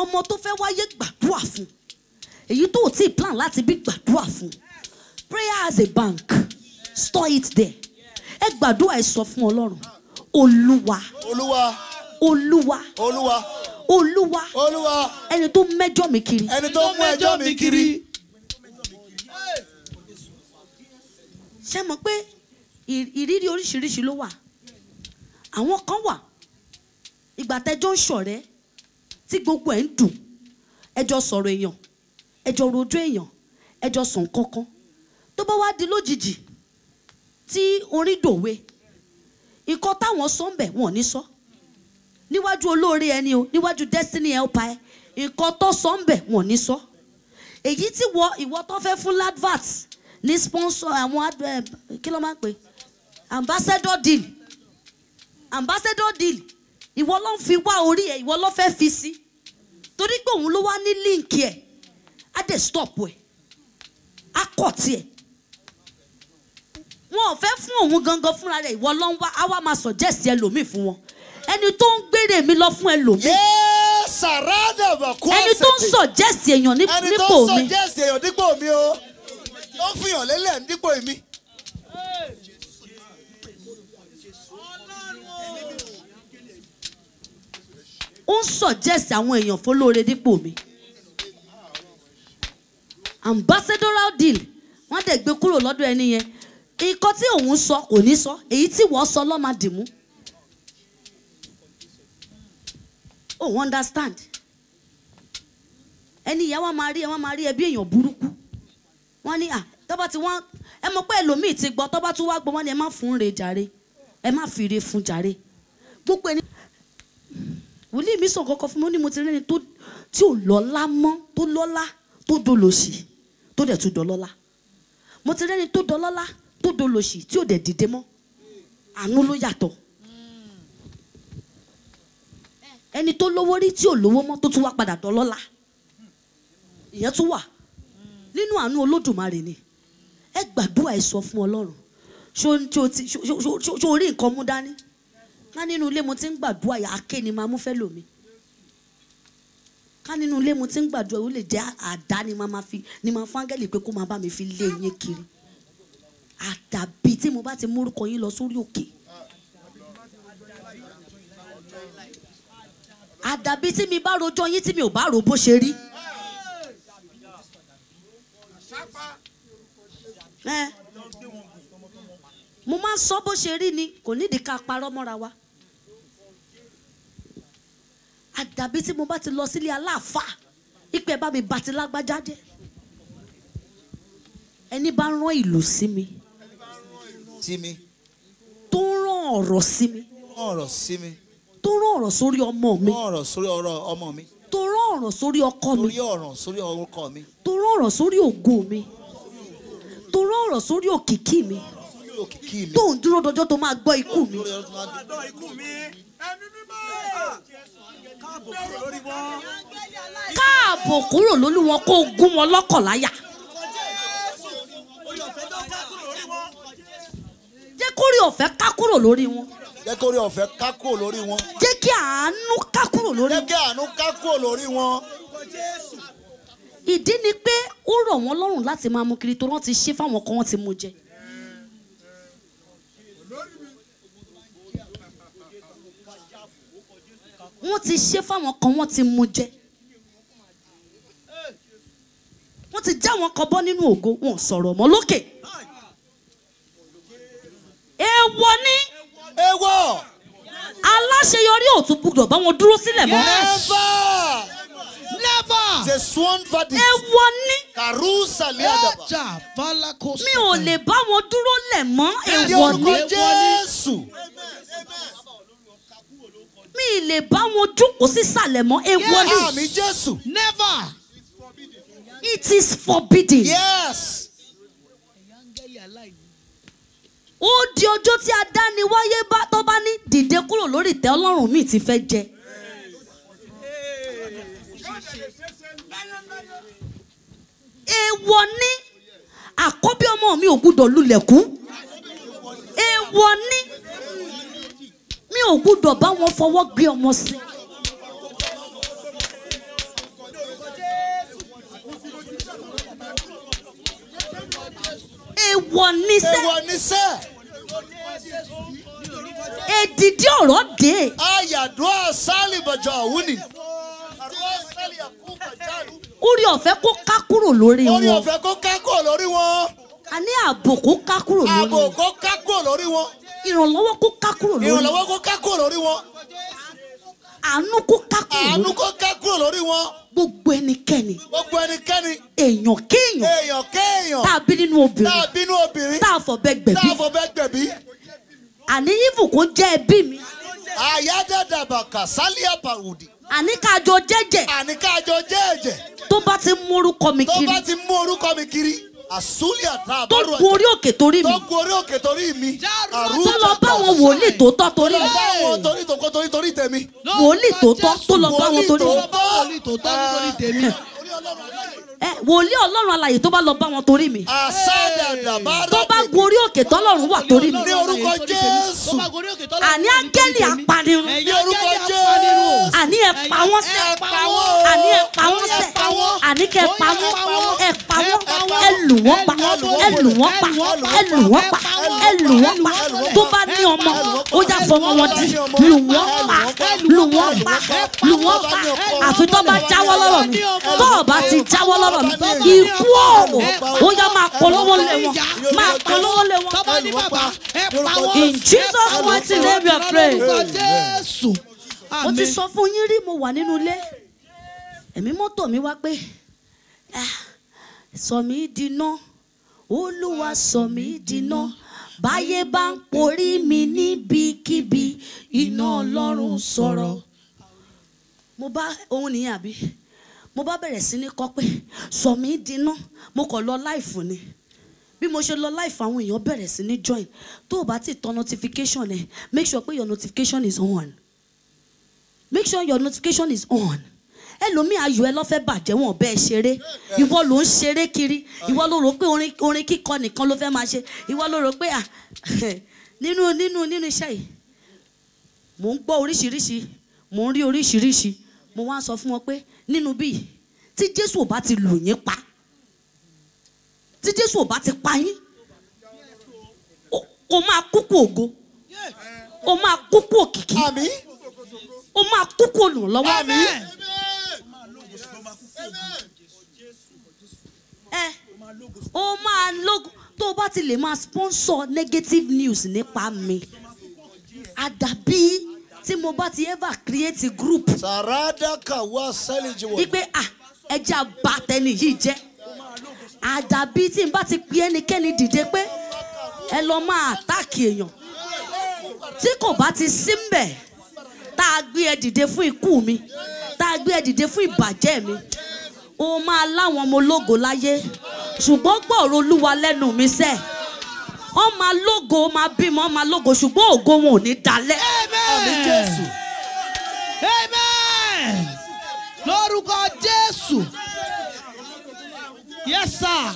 ọmọ tó fẹ́ wáyé gbàdúrà fún èyí tó ti plan láti bí gbàdúrà fún prayer as a bank store it there ẹ gbàdúrà ẹ sọ fún Ọlọ́run olúwa olúwa olúwa olúwa olúwa olúwa ẹni tó mẹ́jọ mi kiri ẹni tó mú ẹjọ́ mi kiri. ṣé mọ̀ pé ìrírí oríṣiríṣi ló wà àwọn kan wà ìgbà tẹ́jọ́ ń ṣọ̀rẹ́ tí gbogbo ẹ̀ ń dùn ẹjọ́ sọ̀rọ̀ èèyàn ẹjọ́ rojú èèyàn ẹjọ́ sàn kankan tó bá wá di lójijì tí orí dòwe nǹkan táwọn sọ ń bẹ̀ wọ́n ní sọ. So níwájú olóore ẹni o níwájú destiny helper ẹ nǹkan tó sọ ń bẹ̀ wọ́n ní sọ èyí tí wọ ìwọ tó fẹ́ fún ladvat ní sponsor àwọn eh, kí ló máa ń pè ambassador deal ambassador deal ìwọ ló ń fi wá orí ẹ ìwọ ló fẹ́ fi sí torí pé òun ló wá ní líǹkì ẹ á dẹ̀ stop ẹ á kọ̀ tiẹ̀ wọn ò fẹ́ fún òun gangan fúnra rẹ̀ ìwọ ló ń wá á wá máa suggest ẹlòmíì fún wọn ẹni tó ń gbére mi lọ fún ẹlòmíì. ẹni tó ń sọ̀jẹ́sì èèyàn nípò mi. ẹni tó ń sọ̀jẹ́sì èèyàn nípò mi o ó ń fihàn lélẹ̀ nípò mi. ó ń sọ̀jẹ́sì àwọn èèyàn fọlóore dípò mi. ambassadorial deal wọ́n dẹ̀ gbé kúrò lọ́dọ̀ ẹni yẹn nǹkan tí òun sọ kò ní sọ èyí tí wọ́n sọ ló máa dìmú. Oh, understand ẹni ìyá wa máa rí ẹ wọn máa rí ẹ bí èèyàn burúkú wọn ní à tọ́ba tí wọ́n ẹ mọ̀ pé ẹlòmíì ti gbọ́ tọ́ba tún wá gbọ́ wọn ni ẹ má fún re jàre ẹ má fi re fún jàre gbogbo ẹni. wòlíì mi sọ kọkọ fún mi ó ní mo ti rí ẹni tí ò lọ́lá mọ́ tó lọ́lá tó dolòṣì tó dẹ̀ tún dọlọ́lá mo ti rí ẹni tó dọlọ́lá tó dolòṣì tí ò dẹ̀ dìde mọ́ àánú ló yàtọ̀ ẹni tó lówó rí tí ò lówó mọ́ tó tún wá padà dọ́lọ́lá ìyẹn tún wà nínú àánú olódùmarè ni ẹ gbàdúrà ẹ sọ fún ọlọ́run ṣó rí nǹkan mú dání ká nínú ilé mo ti ń gbàdúrà yà áké ni máa mú fẹ́ lòmí ká nínú ilé mo ti ń gbàdúrà ó lè jẹ́ àdá ni máa fi ni máa fún áńgẹ́lì pé kó máa bá mi fi lé yín kiri àdàbí tí mo bá ti múrúkọ yín lọ sórí òkè. Okay àdàbí tí mi bá rojọ́ yín tí mi ò bá rò bó ṣe rí. mo máa ń sọ bó ṣe rí ni kò nídìí ká parọ́ mọ́ra wa. àdàbí tí mo bá ti lọ sílé aláàfáà ìpè bá mi bàtí lágbájá jẹ́ ẹni bá rán ìlú sí mi tó rán ọ̀rọ̀ sí mi. ọ̀rọ̀ sí mi tó rán ọ̀rọ̀ sórí ọmọ mi. rán ọ̀rọ̀ sórí ọ̀rọ̀ ọmọ mi. tó rán ọ̀rọ̀ sórí ọkọ mi. torí ọ̀rọ̀ sórí ọkọ mi. tó rán ọ̀rọ̀ sórí ògo mi. tó rán ọ̀rọ̀ sórí òkìkí mi. tó ń dúró dọjọ́ tó máa gbọ́ ikú mi. káàbò kúrò lólúwọn kó gún wọn lọ́kọ̀ kórè ọ̀fẹ́ ká kúrò lórí wọn. jẹ́ kórè ọ̀fẹ́ ká kúrò lórí wọn. jẹ́ kí àánú ká kúrò lórí wọn. jẹ́ kí àánú ká kúrò lórí wọn. ìdí ni pé ó rọ̀ wọ́n lọ́rùn láti máa mu kiri tó wọ́n ti ṣe fáwọn kan wọ́n ti mu jẹ. wọ́n ti ṣe fáwọn kan wọ́n ti mu jẹ wọ́n ti já wọn kan bọ́ nínú ògo wọn sọ̀rọ̀ mọ́ lókè èèwọ̀ ni. èèwọ̀. aláṣeyọrí ò tún gbọdọ̀ bá wọn dúró sílẹ̀ mọ́. never never. the sworn verdict. èèwọ̀ ni. kàrúsà lè àdàbà. ọjà falakosa. mi ò lè bá wọn dúró lẹ̀ mọ́ èèwọ̀ ni. èèwọ̀ ni jésù mi lè bá wọn jókòó sísàlẹ̀ mọ́ èèwọ̀ ni. àmì jésù. never. it is forbidden. yes. ó di ọjọ́ tí adániwáyé bá tó bá ní dìde kúrò lórí ìtẹ́ ọlọ́run mi ti fẹ́ jẹ. èèwọ̀ ni àkọ́bí ọmọ mi ò gbúdọ̀ lulẹ̀ èèwọ̀ ni mi ò gbúdọ̀ bá wọn fọwọ́ gbé ọmọ sí. èèwọ̀ ni sẹ́ èdìdí ọ̀rọ̀ dé. ayàdúrà sálì bàjọ́ àwùnì. orí ọ̀fẹ́ kó ká kúrò lórí wọn. orí ọ̀fẹ́ kó ká kúrò lórí wọn. a ní ààbò kó ká kúrò lórí wọn. ààbò kó ká kúrò lórí wọn. ìrànlọ́wọ́ kó ká kúrò lórí wọn. ìrànlọ́wọ́ kó ká kúrò lórí wọn. àánú kó ká kúrò lórí wọn. àánú kó ká kúrò lórí wọn gbogbo ẹnikẹ́ni. gbogbo ẹnikẹ́ni. èèyàn kéèyàn. èèyàn kéèyàn. tá a bí nínú obìnrin. tá bí nínú obìnrin. tá a fọ̀bẹ gbẹ̀bí. tá a fọ̀bẹ gbẹ̀bí àní ìfù kó jẹ́ ẹbí mi. àyádàdàbàkà sálíà pàwùdì. àní kájọ jẹ́jẹ́. àní kájọ jẹ́jẹ́. tó bá ti mú orúkọ mi kiri. tó bá ti mú orúkọ mi kiri àsúlì àtà àbárò àjà. tó gun orí òkè torí mi. tó gun orí òkè torí mi. àrùn tó lọ bá wọn wòlíì tó tọ́ torí mi. tó lọ bá wọn torí tó kọ́ torí torí tèmi. wòlíì tó tọ́ tó lọ bá wọn torí mi. wòlíì tó tọ́ torí tèmi wòlíì ọlọ́run alààyè tó bá lọ bá wọn torí mi. tó bá gorí òkè tọ́lọ́run wà torí mi. ní orúkọ jésù. àní áńgẹ́lì apanirun. ní orúkọ jésù. àní ẹ pa wọ́n sẹ́. àní ẹ pa wọ́n sẹ́. àní kẹ́ pa wọ́n. ẹ pa wọ́n. ẹ lù wọ́n pa. ẹ lù wọ́n pa. ẹ lù wọ́n pa. ẹ lù wọ́n pa. tó bá ní ọmọ ó já fọmọ wọn di. lù wọ́n pa. lù wọ́n pa. lù wọ́n pa. àfi tó bá jáwọ́ lọ́rọ̀ mi. tó o bá ti jáwọ́ lọ́rọ̀ sọ̀rọ̀ mi ikú ọ̀rọ̀ ó yá máa polówó lé wọn máa polówó lé wọn. in Jesus mighty name we pray. mo ti sọ fún yín rí mo wà nínú ilé ẹ̀mí mọ́tò mi wá pé ah, sọ mí olúwa sọ mí báyé bá ń porí mi níbikíbi iná ọlọ́run sọ̀rọ̀ mo bá òun nìyẹn mo bá bẹ̀rẹ̀ sí ní kọ́ pé sọ̀mí dínà mo kàn lọ láìfù ni bí mo ṣe lọ láìfù àwọn èèyàn bẹ̀rẹ̀ sí ní join tó o bá ti tan notification ẹ make sure pé your notification is on make sure your notification is on ẹlòmíì ayọ̀ ẹ lọ́fẹ́ bàjẹ́ wọn bẹ́ẹ̀ ṣeré ìwọ ló ń ṣeré kiri ìwọ ló rò pé orin kíkọ nìkan ló fẹ́ máa ṣe ìwọ ló rò pé à ah, nínú nínú nínú iṣẹ́ yìí mò ń gbọ́ oríṣiríṣi mò ń rí oríṣiríṣi mo wá sọ fún wọn pé nínú bíi tí jésù ò bá ti lù yín pa tí jésù ò bá ti pa yín o máa kúkú ògo o máa kúkú òkìkí o máa kúkú olùrànlọ́wọ́ ẹ o máa lógo tó o bá ti lè máa sponsor negative news nípa mi àdàbí tí mo bá ti ever create group. sàràdàkà wá sẹ́lẹ̀jì wọ̀. wípé à ẹja bá yìí jẹ́ àdàbí tí n bá ti pe ẹnikẹ́ni dìde pé ẹ lọ máa àtàkì èèyàn tí kò bá ti sí mbẹ̀ tá a gbé ẹ dìde fún ikú mi tá a gbé ẹ dìde fún ìbàjẹ́ mi o máa láwọn ọmọ ológo láyé ṣùgbọ́n gbọ́ọ̀rọ̀ olúwa lẹ́nu mi sẹ́ẹ̀ wọ́n máa lógo máa bímọ máa lógo ṣùgbọ́n ògo wọn ò ní dalẹ̀. Hey! ní Jésù. Amen. Lórúkọ Jésù. Yes, sir.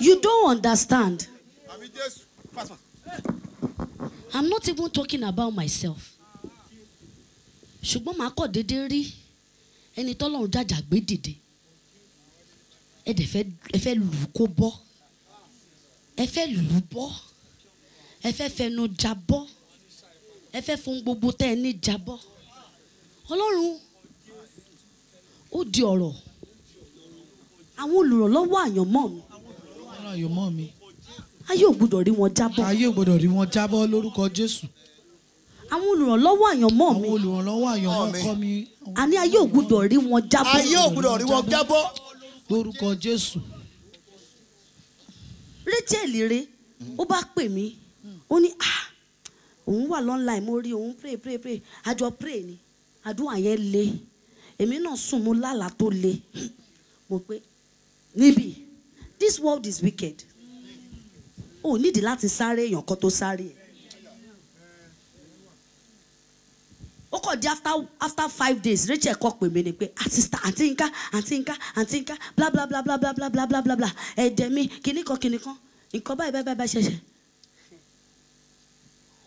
You don't understand. I'm not even talking about myself. Ṣùgbọ́n màá kọ̀ déédé rí ẹni tọ́lọ́run jàjà gbé dìde. Ẹ dẹ̀ fẹ́ lù ú kó bọ́. Ẹ fẹ́ lù ú bọ́. Ẹ fẹ́ fẹnu já bọ́ ẹ fẹ́ fún gbogbo tẹ́ ẹ ní jábọ́ ọlọ́run ó di ọ̀rọ̀ àwọn olùrànlọ́wọ́ àyànmọ́ mi. àyànmọ́ mi. ayé ò gbọdọ̀ rí wọn jábọ́. ayé ò gbọdọ̀ rí wọn jábọ́ lórúkọ Jésù. àwọn olùrànlọ́wọ́ àyànmọ́ mi. àwọn olùrànlọ́wọ́ àyànmọ́ kọ́ mi. àní ayé ò gbọdọ̀ rí wọn jábọ́. ayé ò gbọdọ̀ rí wọn jábọ́. lórúkọ Jésù. Rachel rè ó bá pè mí ó ní ah òun wà lọ́nláì mo rí òun pray pray pray àjọ pray ni àdúrà yẹn le èmi náà sùn mo lálà tó le mo pé níbi this world is wicked o nídìí láti sáré èèyàn kan tó sáré ẹ ó kọ̀ di after after five days Rachel kọ́ pè mí ni pé àtìsítà àti nká àti nká àti nká bla bla bla bla bla bla bla bla bla ẹ̀ẹ́dẹ̀ mi kìnnìkan kìnnìkan nǹkan báyìí báyìí báyìí ṣẹ̀ṣẹ̀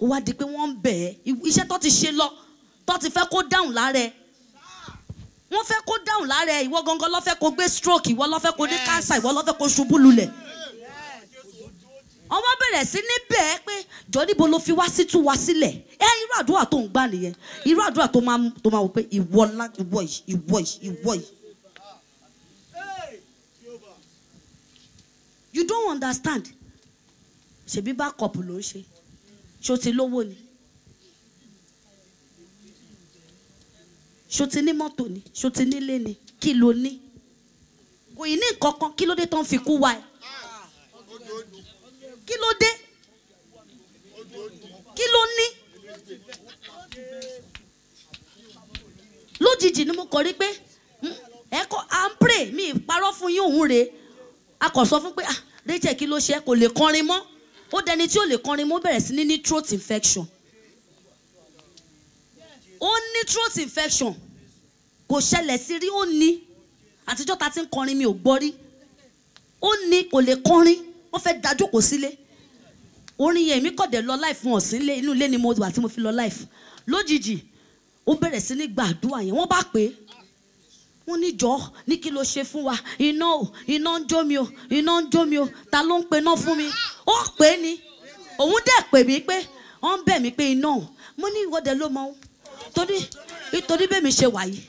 ó wá di pé wọ́n ń bẹ̀ ẹ́ iṣẹ́ tó ti ṣe lọ tó ti fẹ́ kó dáhùn lára wọ́n fẹ́ kó dáhùn lára ìwọ gangan ló kó gbé stroke ìwọ ló fẹ́ kó ní cancer ìwọ ló fẹ́ kó ṣubú lulẹ̀ ọmọ bẹ̀rẹ̀ sí ní bẹ́ẹ̀ pé jọ níbo ló fi wá sí tú wá sílẹ̀ ẹ irú àdúrà tó ń gbà nìyẹn irú àdúrà tó máa tó máa wò pé ìwọ ńlá ìwọ yìí ìwọ yìí ìwọ yìí. you don't understand ṣèbí bá kọ̀pù ló ń ṣe ṣó ti lówó ni ṣó ti ní mọ́tò ni ṣó ti nílé ni kí ló ní kò yìí ní nǹkan kan kí ló dé tó ń fi kú wa ẹ kí ló dé kí ló ní lójijì ni mo kọ rí pé ẹ kọ à ń pray mi parọ́ fún yín òun rèé a kò sọ fún pé ah rachel kí ló ṣe kò lè kọrin mọ́ ó dẹni tí ó lè kọrin mọ́ bẹ̀rẹ̀ sí ní ní throat infection ó ní throat infection kò ṣẹlẹ̀ sí rí ó ní àtijọ́ ta ti ń kọrin mi ò gbọ́ rí ó ní kò lè kọrin wọ́n fẹ́ dájú kò sílé orin yẹn èmi kọ̀dẹ̀ lọ láì fún ọ̀sìn lé inú ilé ni mo wà tí mo fi lọ láì fún lójijì ó bẹ̀rẹ̀ sí ní gbàdúrà yẹn wọ́n bá pè é wọ́n ní jọ́ ní kí ló ṣe fún wa iná o iná ń jó mi o iná ń jó mi o ta ló ń pe iná fún mi ó pè é ni òun dẹ̀ pè mí pé wọ́n ń bẹ̀ mí pé iná o mo ní ìwọ́de ló mọ ohun torí nítorí bẹ́ẹ̀ mi ṣe wà yìí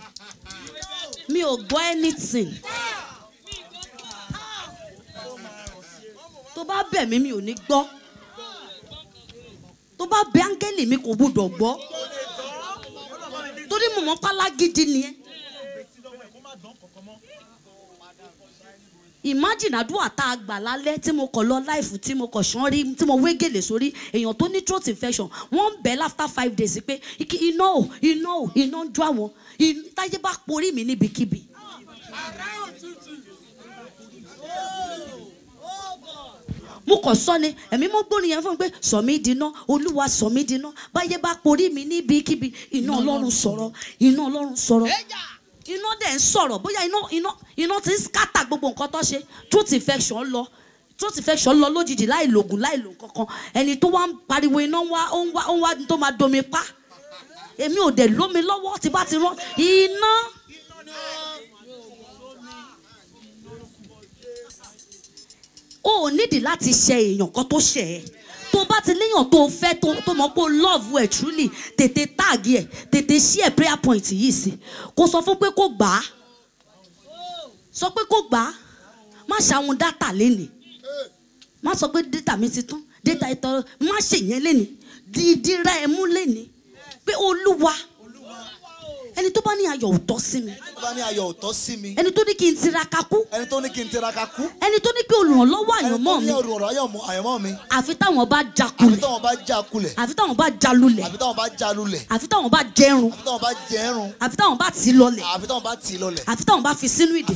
mi ò gbọ́ anything tó bá bẹ̀ mí mi ò ní gbọ́ tó bá bẹ áńgẹ́lì mi kò gbúdọ̀ gbọ́ torí mo mọ̀ pálágídí ni ẹ́. imagine àdúrà tá a gbà lálẹ́ tí mo kọ̀ lọ láìfù tí mo kọ̀ sán rí tí mo wé sórí èèyàn tó ní throat infection wọ́n ń bẹ̀ after five days pé iná ò iná ò iná ń jó àwọn táyé bá porí mi níbikíbi. mo kàn sọ ni ẹ̀mí mo gbórin yẹn fún mi pé sọ̀mí dínà olúwa sọ̀mí dínà báyé bá porí mi níbikíbi iná ọlọ́run sọ̀rọ̀ iná ọlọ́run sọ̀rọ̀ iná dẹ̀ ń sọ̀rọ̀ bóyá iná iná iná ti ń skátà gbogbo nǹkan tó ṣe truth infection lọ truth infection lọ lójijì láì lògùn láì lò kankan ẹni tó wá ń pariwo iná ń wá ó ń wá ó ń wá tó máa domi pa èmi ò dẹ̀ lómi lọ́wọ́ tí bá ti rán iná. o nídìí láti ṣe èèyàn kan tó ṣe é tó bá ti léyàn tó fẹ́ tó mọ̀ pé love ẹ̀ truly tètè tag ẹ̀ tètè share prayer point yìí sí kó sọ fún pé kó gbà á sọ pé kó gbà á má ṣàwọn dátà lẹ́nìí má sọ pé data. mi ti tán dátà ìtọ́ má ṣèyẹn lẹ́nìí dídí rẹ̀ mú lẹ́nìí pé olúwa ẹni tó bá ní ayọ̀ ò sí mi. ẹni tó bá ní ayọ̀ ò tọ́ sí mi. ẹni tó ní kí n tiraka kú. ẹni tó ní kí n tiraka kú. ẹni tó ní kí olùrànlọ́wọ́ àyànmọ́ mi. ẹni tó ní olùrànlọ́wọ́ àyànmọ́ mi. àfi táwọn bá já kulẹ̀. àfi táwọn bá já kulẹ̀. àfi táwọn bá já lulẹ̀. àfi táwọn bá já lulẹ̀. àfi táwọn bá jẹrun. àfi táwọn bá jẹrun. àfi táwọn bá tì lọlẹ̀. àfi táwọn bá tì lọlẹ̀.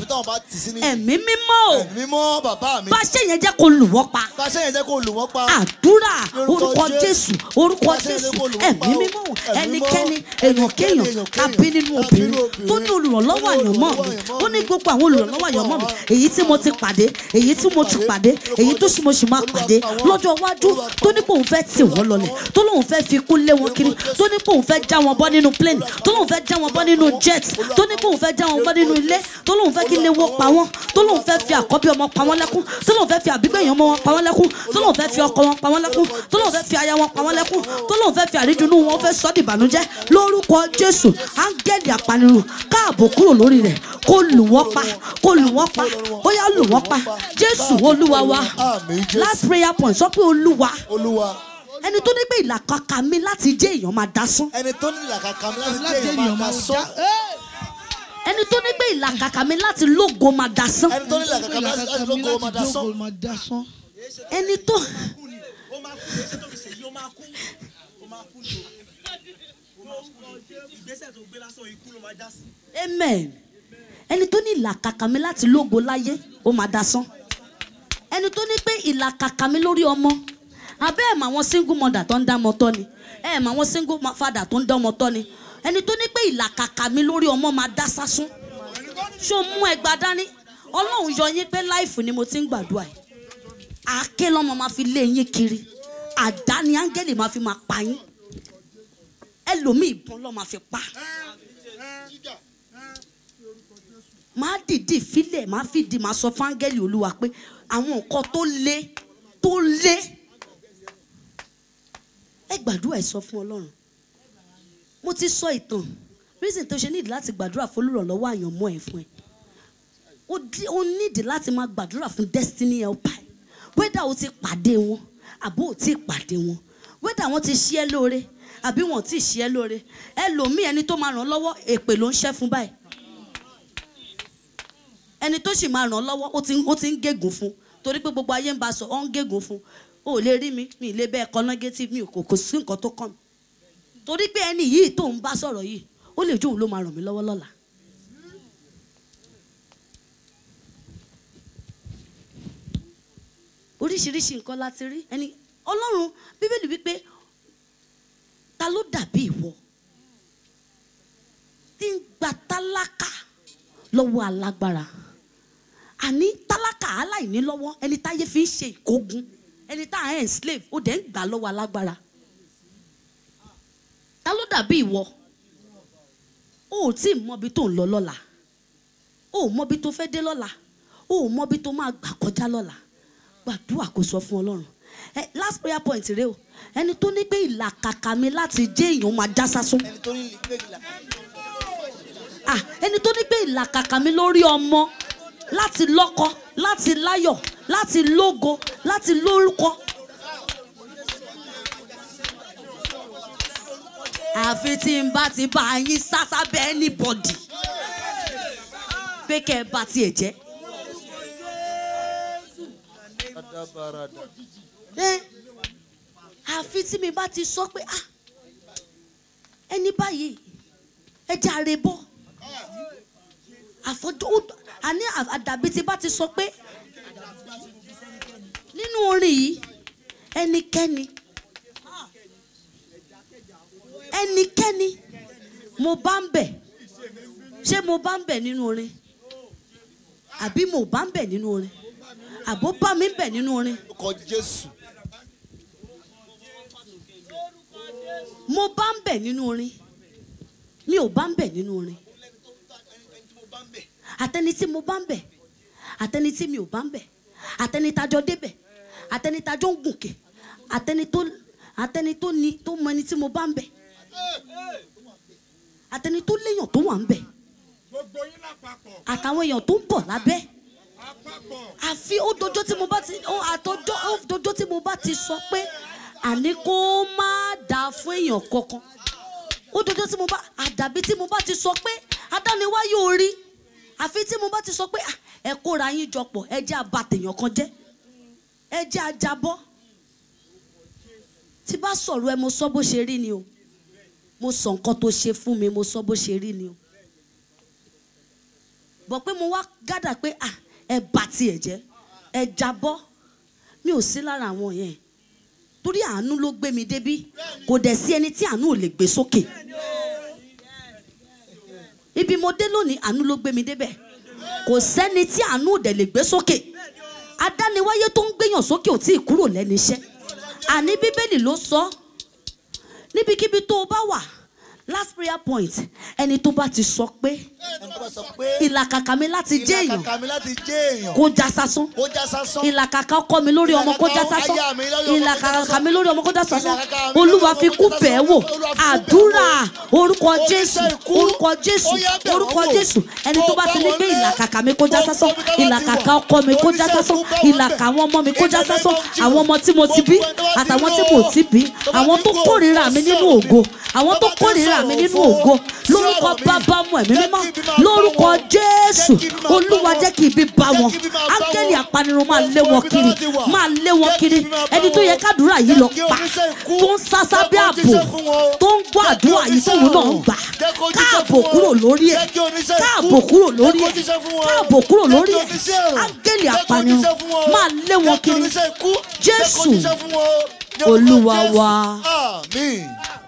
àfi mi nínú obìnrin tó ní olùrànlọ́wọ́ àyànmọ́ mi ó ní gbogbo àwọn olùrànlọ́wọ́ àyànmọ́ mi èyí tí mo ti pàdé èyí tí mo ti pàdé èyí tó sì mo sì máa pàdé lọ́jọ́ iwájú tó ní pé òun fẹ́ tì wọ́n lọlẹ̀ tó lóun fẹ́ fi ikú lé wọn kiri tó ní pé òun fẹ́ já wọn bọ́ nínú plane tó lóun fẹ́ já wọn bọ́ nínú jet tó ní pé òun fẹ́ já wọn bọ́ nínú ilé tó lóun fẹ́ kí ilé wó pa wọn tó lóun fẹ́ fi àkọ́bí ọmọ pa wọn lẹ́kún tó lóun fẹ́ fi àbígbẹ̀yìn ọmọ wọn pa wọn lẹ́kún tó lóun fẹ́ fi ọkọ wọn pa wọn lẹ́kún tó lóun fẹ́ fi aya wọn pa wọn lẹ́kún tó lóun fẹ́ fi àrídùnnú wọn fẹ́ sọ́dìbànújẹ́ lórúkọ Jésù áng áńgẹ́lì apanirun káàbò kúrò lórí rẹ̀ kó lù wọ́n pa kó lù wọ́n pa bóyá lù wọ́n pa jésù olúwa wa last prayer point sọ pé olúwa ẹni tó ní pé ìlàkàkà mi láti jẹ́ èèyàn máa dasán. ẹni tó ní ìlàkàkà mi láti jẹ́ èèyàn máa dasán ẹni tó ní pé ìlàkàkà mi láti lógo máa dasán. ẹni tó ní ìlàkàkà mi láti lógo máa dasán. ẹni tó. ó máa kú ó ṣe tó fi ṣèyí ó máa kú ó máa kú lò amen ẹni tó ní ìlàkàkà mi láti lógo láyé ó máa dasán ẹni tó ní pé ìlàkàkà mi lórí ọmọ abẹ́ ẹ̀ mà wọn single mother tó ń dá ọmọ tọ́ ni ẹ̀ mà wọn single father tó ń dá ọmọ tọ́ ni ẹni tó ní pé ìlàkàkà mi lórí ọmọ máa dá sásún ṣó mú ẹgbàá dání ọlọ́run yọ yín pé láìfù ni mo ti ń gbàdúrà yìí àáké lọ́mọ máa fi lé yín kiri àdá ni áńgẹ́lì máa fi máa pa yín ẹlòmíì ìbọn lọ́ọ́ máa fi pa máa dìdì filẹ̀ máa fìdí máa sọ fáńgẹ́lì olúwa pé àwọn nǹkan tó le tó le ẹ gbàdúrà ẹ sọ fún ọlọ́run mo ti sọ ìtàn reason tó ṣe nídìí láti gbàdúrà fún olùrànlọ́wọ́ àyànmọ́ ẹ fún ẹ o nídìí láti máa gbàdúrà fún destiny helper ẹ wẹ́dà o ti pàdé wọn àbó o ti pàdé wọn wẹ́dà wọn ti ṣí ẹ lóore àbí wọn tí ì ṣe é lóore ẹlòmíì ẹni tó máa ràn lọ́wọ́ èpè ló ń ṣẹ́ fún báyìí ẹni tó sì máa ràn lọ́wọ́ ó ti ń gégùn fún torí pé gbogbo ayé ń bá sọ ó ń gégùn fún ó lè rí mi mi lè bẹ́ẹ̀ kọ́ nọ́gẹ́tìfì mi kò kò sí nǹkan tó kàn mí torí pé ẹni yìí tó ń bá sọ̀rọ̀ yìí ó lè jóun ló máa ràn mí lọ́wọ́ lọ́la. oríṣiríṣi nǹkan la ti rí ẹni ọlọ́run bíbélì wípé ta ló dàbí ìwọ tí ń gba tálákà lọ́wọ́ alágbára àní tálákà aláìní lọ́wọ́ ẹni táyé fi ń ṣe ìkógun ẹni tá à ń enslave ó dẹ̀ ń gbà lọ́wọ́ alágbára ta ló dàbí ìwọ o ò tí ì mọbi tó ń lọ lọ́la o mọbi tó fẹ́ dé lọ́la o mọbi tó máa gbà kọjá lọ́la gbàdúrà kó sọ fún ọlọ́run last prayer point rẹ o ẹni tó ní pé ìlàkàkà mi láti jẹ́ èèyàn máa já sásún. ẹni tó ní pé ìlàkàkà mi lórí ọmọ láti lọ́kọ láti láyọ̀ láti lógo láti lórúkọ. àfi tí n bá ti bá yín sásá bẹ́ẹ̀ ní bọ́dì pé kẹ́ ẹ bá tiẹ̀ jẹ́. Eh, àfi tí mi bá ti sọ pé ah, ẹni báyìí ẹ jàre bọ́ àfọjọ́ àní àdàbí tí bá ti sọ pé nínú orin yìí ẹnikẹ́ni ẹnikẹ́ni mo bá ń bẹ̀ ṣé mo bá ń bẹ̀ nínú orin àbí mo bá ń bẹ̀ nínú orin àbó bá mi bẹ̀ nínú orin. orúkọ Jésù. mo bá ń bẹ̀ nínú orin mi ò bá ń bẹ̀ nínú orin àtẹni tí mo bá ń bẹ̀ àtẹni tí mi ò bá ń bẹ̀ àtẹni tajọ débẹ̀ àtẹni tajọ ń gùnkè àtẹni tó àtẹni tó ni tó mọ ẹni tí mo bá ń bẹ̀ àtẹni tó léèyàn tó wà ń bẹ̀ àtàwọn èèyàn tó ń bọ̀ lábẹ́ àfi ó dojó tí mo bá ti ó àtọjọ́ ó dojó tí mo bá ti sọ pé àní kó má dáa fún èèyàn kankan ó dojó tí mo bá àdàbí tí mo bá ti sọ pé adániwáyé orí àfi tí mo bá ti sọ pé ah, ẹ kóra yín jọpọ̀ ẹ jẹ́ àbàtèèyàn kan jẹ́ ẹ jẹ́ ajabọ́ tí bá sọ̀rọ̀ ẹ mo sọ bó ṣe rí ni o mo sọ nǹkan tó ṣe fún mi mo sọ bó ṣe rí ni o bọ̀ pé mo wá gádà pé ah ẹ bà tiẹ̀ jẹ́ ẹ jábọ́ mi ò sí lára àwọn yẹn torí àánú ló gbé mi débí kò dẹ̀ sí ẹni tí àánú ò lè gbé sókè ibi mo dé lónìí àánú ló gbé mi débẹ̀ kò sẹ́ni tí àánú ò dẹ̀ lè gbé sókè adániwáyé tó ń gbéyàn sókè ò tí ì kúrò lẹ́nu iṣẹ́ àní bíbélì ló sọ níbikíbi tó o bá wà last prayer point ẹni tó bá ti sọ pé ìlàkàkà mi láti jẹ́ èèyàn kó já sásán ìlàkàkà ọkọ mi lórí ọmọ kó já sásán ìlàkàkà mi lórí ọmọ kó já sásán olúwa fi kú bẹ́ẹ̀ wò àdúrà orúkọ jésù orúkọ jésù orúkọ jésù ẹni tó bá ti ní pé ìlàkàkà mi kó já sásán ìlàkàkà ọkọ mi kó já sásán ìlàkà àwọn ọmọ mi kó já sásán àwọn ọmọ tí mo ti bí àtàwọn tí mo ti bí àwọn tó kórìíra mi nínú ògo àwọn tó kórìíra aya mi nínú ògo lórúkọ bàbá ọmọ ẹ̀mí mímọ́ lórúkọ jésù olúwa jẹ́ kí ibi bá wọn áńgẹ́lì apanirun máa lé wọn kiri máa lé wọn kiri ẹni tó yẹ kádùúrà yìí lọ pa tó ń sásá bí ààbò tó ń gbọ́ àdúrà yìí tóun náà ń gbà káàbò kúrò lórí ẹ̀ káàbò kúrò lórí ẹ̀ káàbò kúrò lórí ẹ̀ áńgẹ́lì apanirun máa lé wọn kiri jésù olúwa wa. Àmín. Ah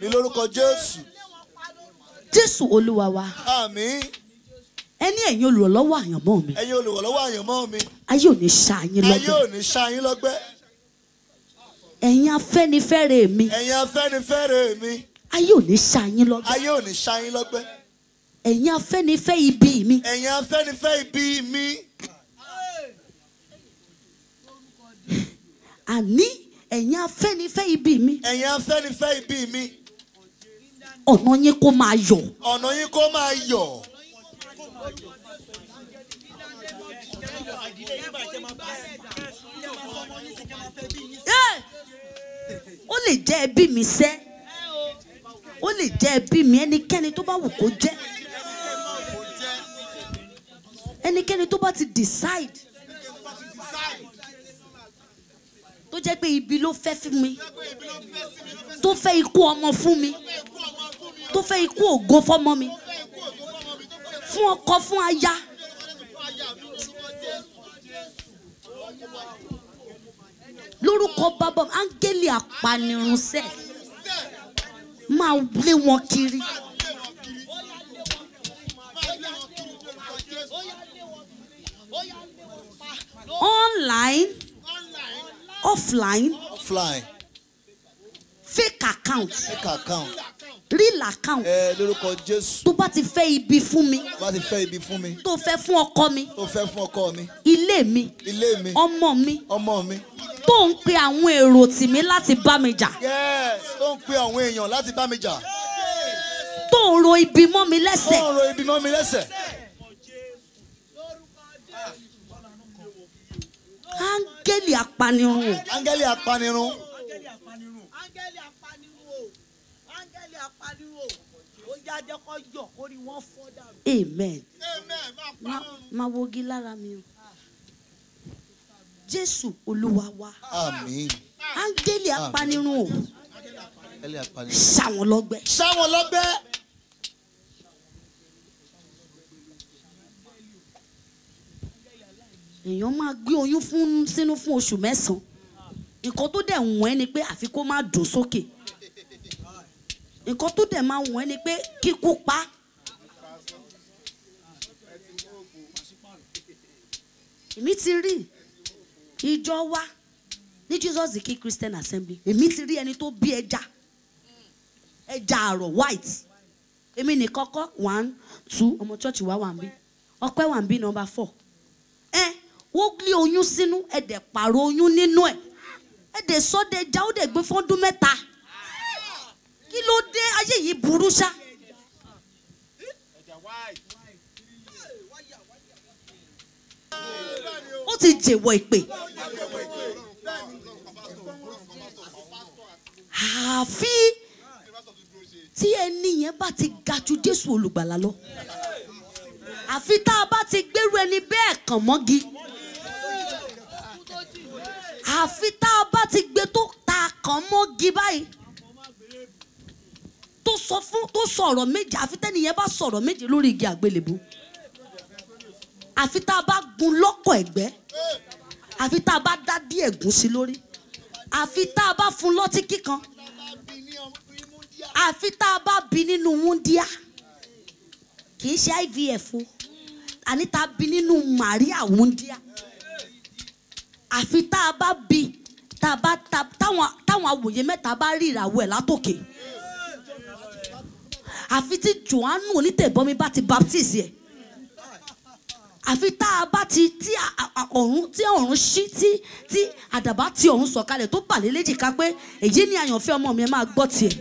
ní lórúkọ Jésù. Jésù Olúwa wa. Àmín ẹni ẹ̀yin olùrànlọ́wọ́ àyànmọ́ mi. ẹ̀yin olùrànlọ́wọ́ àyànmọ́ mi. ayé ò ní ṣá yín lọ́gbẹ́. ayé ò ní ṣá yín lọ́gbẹ́. ẹ̀yin afẹ́nifẹ́re mi. ẹ̀yin afẹ́nifẹ́re mi. ayé ò ní ṣá yín lọ́gbẹ́. ayé ò ní ṣá yín lọ́gbẹ́. ẹ̀yin afẹ́nifẹ́ ibi mi. ẹ̀yin afẹ́nifẹ́ ibi mi. àní ẹ̀yin afẹ́nifẹ́ ibi mi. ẹ̀yin afẹ́nifẹ́ ibi mi ọ̀nà yín kó máa yọ̀. ọ̀nà yín kó máa yọ̀. ó lè jẹ́ ẹbí mi sẹ́ ó lè jẹ́ ẹbí mi ẹnikẹ́ni tó bá wù kó jẹ́ ẹnikẹ́ni tó bá ti decide. tó jẹ́ pé ibi ló fẹ́ fún mi tó fẹ́ ikú ọmọ fún mi tó fẹ́ ikú ògo fọ́mọ mi fún ọkọ fún aya. lórúkọ bàbá áńgẹ́lì apanirunṣẹ́ máa lé wọn kiri. online offline. offline. fake account. fake account. real account. ẹ eh, lórúkọ jésù. tó bá ti fẹ́ ibi fún mi. tó bá ti fẹ́ ibi fún mi. tó fẹ́ fún ọkọ mi. tó fẹ́ fún ọkọ mi. ilé mi. ilé mi. ọmọ mi. ọmọ mi. tó ń pe àwọn èrò tì mí láti bá mi jà. yes tó ń pe àwọn èèyàn láti bá mi jà. tó ń ro ibi mọ́ mi lẹ́sẹ̀. tó ń ro ibi mọ́ mi lẹ́sẹ̀. áńgẹ́lì apanirun. áńgẹ́lì apanirun. áńgẹ́lì apanirun. áńgẹ́lì apanirun. áńgẹ́lì apanirun. ó jáde kọ́ yọ̀ kó rí wọ́n fọ́ dàrú. amen. amen. máa wogi lára mi o. jésù olúwa wa. àmín. áńgẹ́lì apanirun o. áńgẹ́lì apanirun. ṣá wọn lọ́gbẹ́. ṣá èèyàn máa gbé oyún fún sínú fún oṣù mẹ́sàn-án nǹkan tó dẹ̀ wọ̀n ẹ́ ni pé àfi kó má dùn sókè nǹkan tó dẹ̀ máa wọ̀n ẹ́ ni pé kíkú pa. èmi ti rí ìjọ wa ní Jesus the King Christian Assembly èmi ti rí ẹni tó bí ẹja ẹja àrọ̀ white èmi nìkan one two ọmọ church wa wà ń bí ọpẹ́ wà ń bí number four eh? wọ́n gbé oyún sínú ẹ̀ dẹ̀ pààrọ̀ oyún nínú ẹ̀ ẹ̀ dẹ̀ sọ́dẹ̀já ó dẹ̀ gbé fọ́dún mẹ́ta kí ló dé ayé yìí burú ṣá. ó ti jẹ̀wọ̀ ìpè. àfi tí ẹni yẹn bá ti ga ju Jésù olùgbàlà lọ àfi tá a bá ti gbérú ẹni bẹ́ẹ̀ kàn mọ́gi àfi tá a bá ti gbé tó ta kàn mọ́gi báyìí tó sọ fún tó sọ ọ̀rọ̀ méje àfi tẹ́nìyẹn bá sọ ọ̀rọ̀ méje lórí igi àgbélébùú àfi tá a bá gun lọ́kọ̀ ẹ̀gbẹ́ àfi tá a bá dá díẹ̀ gún sí lórí àfi tá a bá fún lọ́tí kíkan àfi tá a bá bí nínú wúndíá kì í ṣe IVF o àní tá a bí nínú Màríà wúndíá. Yeah àfi tá a bá bi tá a bá táwọn awòye mẹ́ta bá rí ìràwọ̀ ẹ̀ látòkè àfi tí Jòhánù onítẹ̀bọmi bá ti baptise ẹ̀ àfi tá a bá ti tí ọ̀run tí ọ̀run ṣí tí tí àdàbà tí ọ̀run sọ̀kalẹ̀ tó bà lé léjìká pé èyí ni àyànfẹ́ ọmọ mi ẹ máa gbọ́ tiẹ̀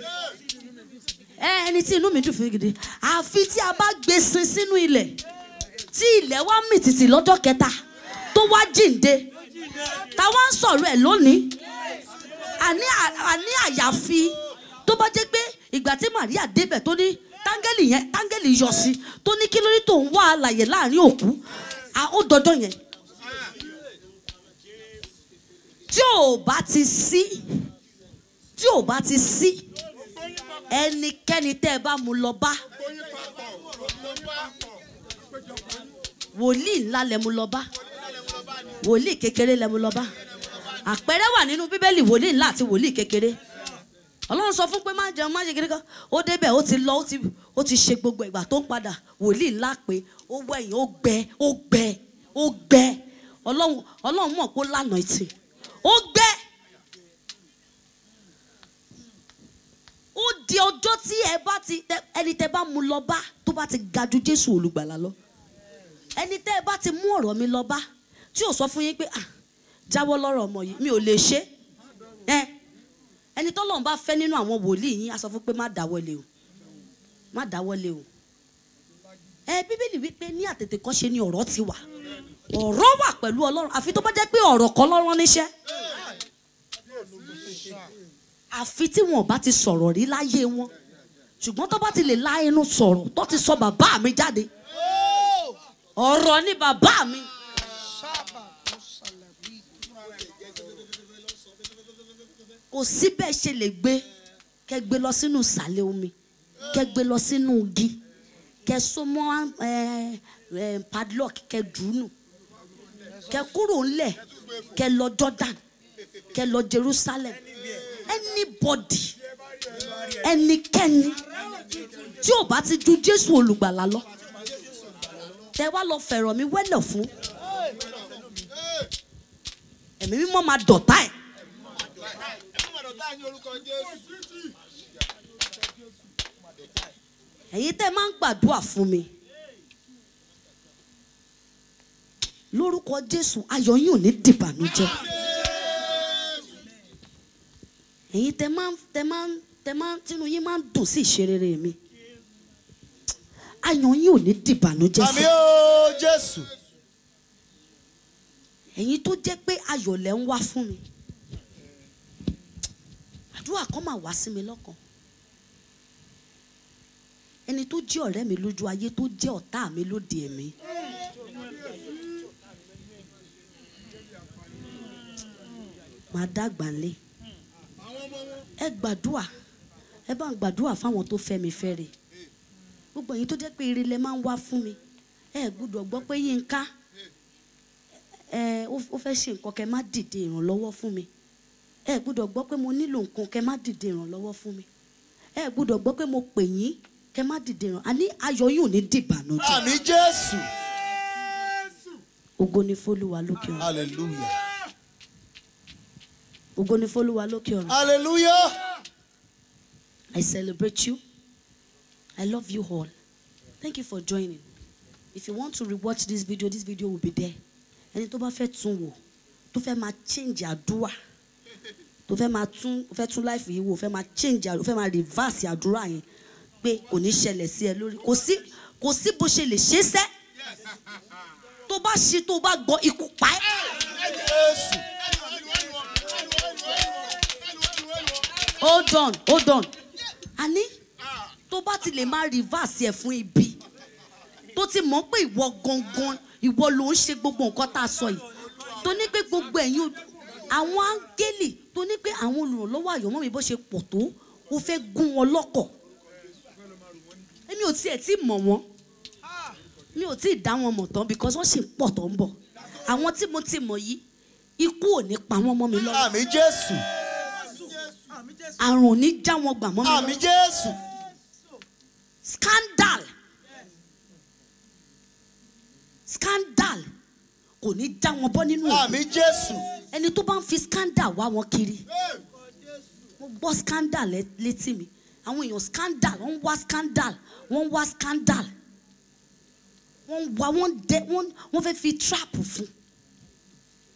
ẹni tí inú mi dùn fún gidi àfi tí a bá gbé sin sínú ilẹ̀ tí ilẹ̀ wá mì tìtì lọ́jọ́ kẹta tó wá jíǹde táwa ń sọ̀rọ̀ ẹ̀ lónìí àní àyàfi tó bá jẹ́ pé ìgbà tí Màríà débẹ̀ tó ní táńgẹ́lì yẹn táńgẹ́lì yọ sí tó ní kí lórí tó ń wá àlàyé láàrin òkú ó dọjọ́ yẹn tí ò bá ti sí tí ò bá ti sí ẹnikẹ́ni tẹ́ ẹ bá mú lọ bá wòlíì ńlá lẹ lọ bá wòlíì kékeré lẹ́mu lọ́ba àpẹẹrẹ wà nínú bíbélì wòlíì ńlá àti wòlíì kékeré ọlọ́run sọ fún pé má jẹun má ṣe kiri kan ó débẹ̀ ó ti lọ ó ti ṣe gbogbo ìgbà tó ń padà wòlíì ńlá pé ó wẹ̀yìn ó gbẹ ó gbẹ ó gbẹ ọlọ́run mọ̀ pé ó lànà ìtì ó gbẹ ó di ọjọ́ tí ẹ bá ti ẹni tẹ bá mu lọ tó bá ti ga ju Jésù olùgbàlà lọ ẹni tẹ bá ti mú ọ̀rọ̀ mi lọ tí ò sọ fún yín pé ah jáwọ́ lọ́rọ̀ ọmọ yìí mi ò lè ṣe ẹ ẹni tọ́lọ́run bá fẹ́ nínú àwọn wòlíì yín a fún pé má dáwọ́lé o má dáwọ́lé o ẹ bíbélì wípé ní àtètèkọ́ṣe ni ọ̀rọ̀ ti wà ọ̀rọ̀ wà pẹ̀lú ọlọ́run àfi tó bá jẹ́ pé ọ̀rọ̀ kọ́ lọ́rán níṣẹ́ àfi tí wọn bá ti sọ̀rọ̀ rí láyé wọn ṣùgbọ́n tó bá ti lè la ẹnu sọ̀rọ̀ tó ti sọ bàbá mi jáde ọ̀rọ̀ ni bàbá mi. kò sí bẹ́ẹ̀ ṣe lè gbé kẹ gbé lọ sínú ìsàlẹ̀ omi kẹ gbé lọ sínú igi kẹ so mọ́ padlock kẹ dùnú kẹ kúrò ńlẹ̀ kẹ lọ Jordan kẹ lọ Jerusalem anybody ẹnikẹ́ni tí ò bá ti ju Jésù olùgbàlà lọ tẹ wá lọ fẹ̀rọ̀ mi wẹ́lẹ̀ fún ẹ̀mí mímọ́ máa dọ̀tá ẹ̀ sọ̀rọ̀ tá à ní orúkọ Jésù. ẹ̀yin tẹ́ máa ń gbàdúrà fún mi lórúkọ Jésù ayọ̀ yín ò ní dìbànújẹ́ ẹ̀yin tẹ́ máa ń tẹ́ máa ń tẹ́ máa ń tínú yín máa ń dùn sí ìṣerere mi ayọ̀ yín ò ní dìbànújẹ́ sí. àmì ó Jésù. ẹ̀yin tó jẹ́ pé ayọ̀ lẹ ń wá fún mi àdúrà kan máa wá sí mi lọ́kàn ẹni tó jẹ́ ọ̀rẹ́ mi lójú ayé tó jẹ́ ọ̀tá mi lóde ẹ̀mí. màá dàgbà lé ẹ gbàdúà ẹ bá ń gbàdúà fáwọn tó fẹ́ mi fẹ́ re gbogbo ẹ̀yin tó jẹ́ pé ire máa ń wá fún mi ẹ gbọ́dọ̀ gbọ́ pé Yínká ẹ ó fẹ́ ṣe nǹkan kẹ má dìde ìrànlọ́wọ́ fún mi ẹ gbọ́dọ̀ gbọ́ pé mo nílò nǹkan kẹ má dìde ìrànlọ́wọ́ fún mi ẹ gbọ́dọ̀ gbọ́ pé mo pè yín kẹ má dìde ìràn àní ayọ̀ yìí ò ní dìbànú jù. àmì jésù. ògo ni fólúwa lókè ọ̀run. hallelujah. ògo ni fólúwa lókè ọ̀run. hallelujah. I celebrate you. I love you all. Thank you for joining. If you want to rewatch this video, this video will be there. Ẹni tó bá fẹ́ tún wò tó fẹ́ máa change àdúrà tó fẹ́ máa tún o fẹ́ tún life yìí wò o fẹ́ máa change o fẹ́ máa reverse àdúrà yẹn pé kò ní ṣẹlẹ̀ sí ẹ lórí kò sí kò sí bó ṣe lè ṣe sẹ́ tó bá ṣe tó bá gbọ́ ikú pa ẹ́. hold on hold on Ani, tó bá ti lè máa reverse ẹ fún ibi tó ti mọ̀ pé ìwọ gangan ìwọ ló ń ṣe gbogbo nǹkan tá a sọ yìí tó ní pé gbogbo ẹ̀yin àwọn áńgẹ́lì tó ní pé àwọn olùrànlọ́wọ́ àyọ̀mọ́ mi bó ṣe pọ̀ tó ó fẹ́ gún wọn lọ́kọ̀ èmi ò tiẹ̀ tí mọ̀ wọ́n mi ò tí ì dá wọn mọ̀ tán because wọ́n sì pọ̀ tó ń bọ̀ àwọn tí mo ti mọ̀ yìí ikú ò ní pa wọ́n mọ́ mi lọ́wọ́. àmì jésù. àrùn ò ní já wọn gbà mọ́ mi lọ́wọ́. àmì jésù. scandal scandal kò ní já wọn bọ́ nínú òkú. àmín jésù. ẹni tó bá ń fi scandal wá wọn kiri mo gbọ́ scandal létí mi àwọn èèyàn scandal wọ́n ń wá scandal wọ́n ń wá scandal wọ́n ń wá wọ́n dẹ wọ́n fẹ́ fi trap fún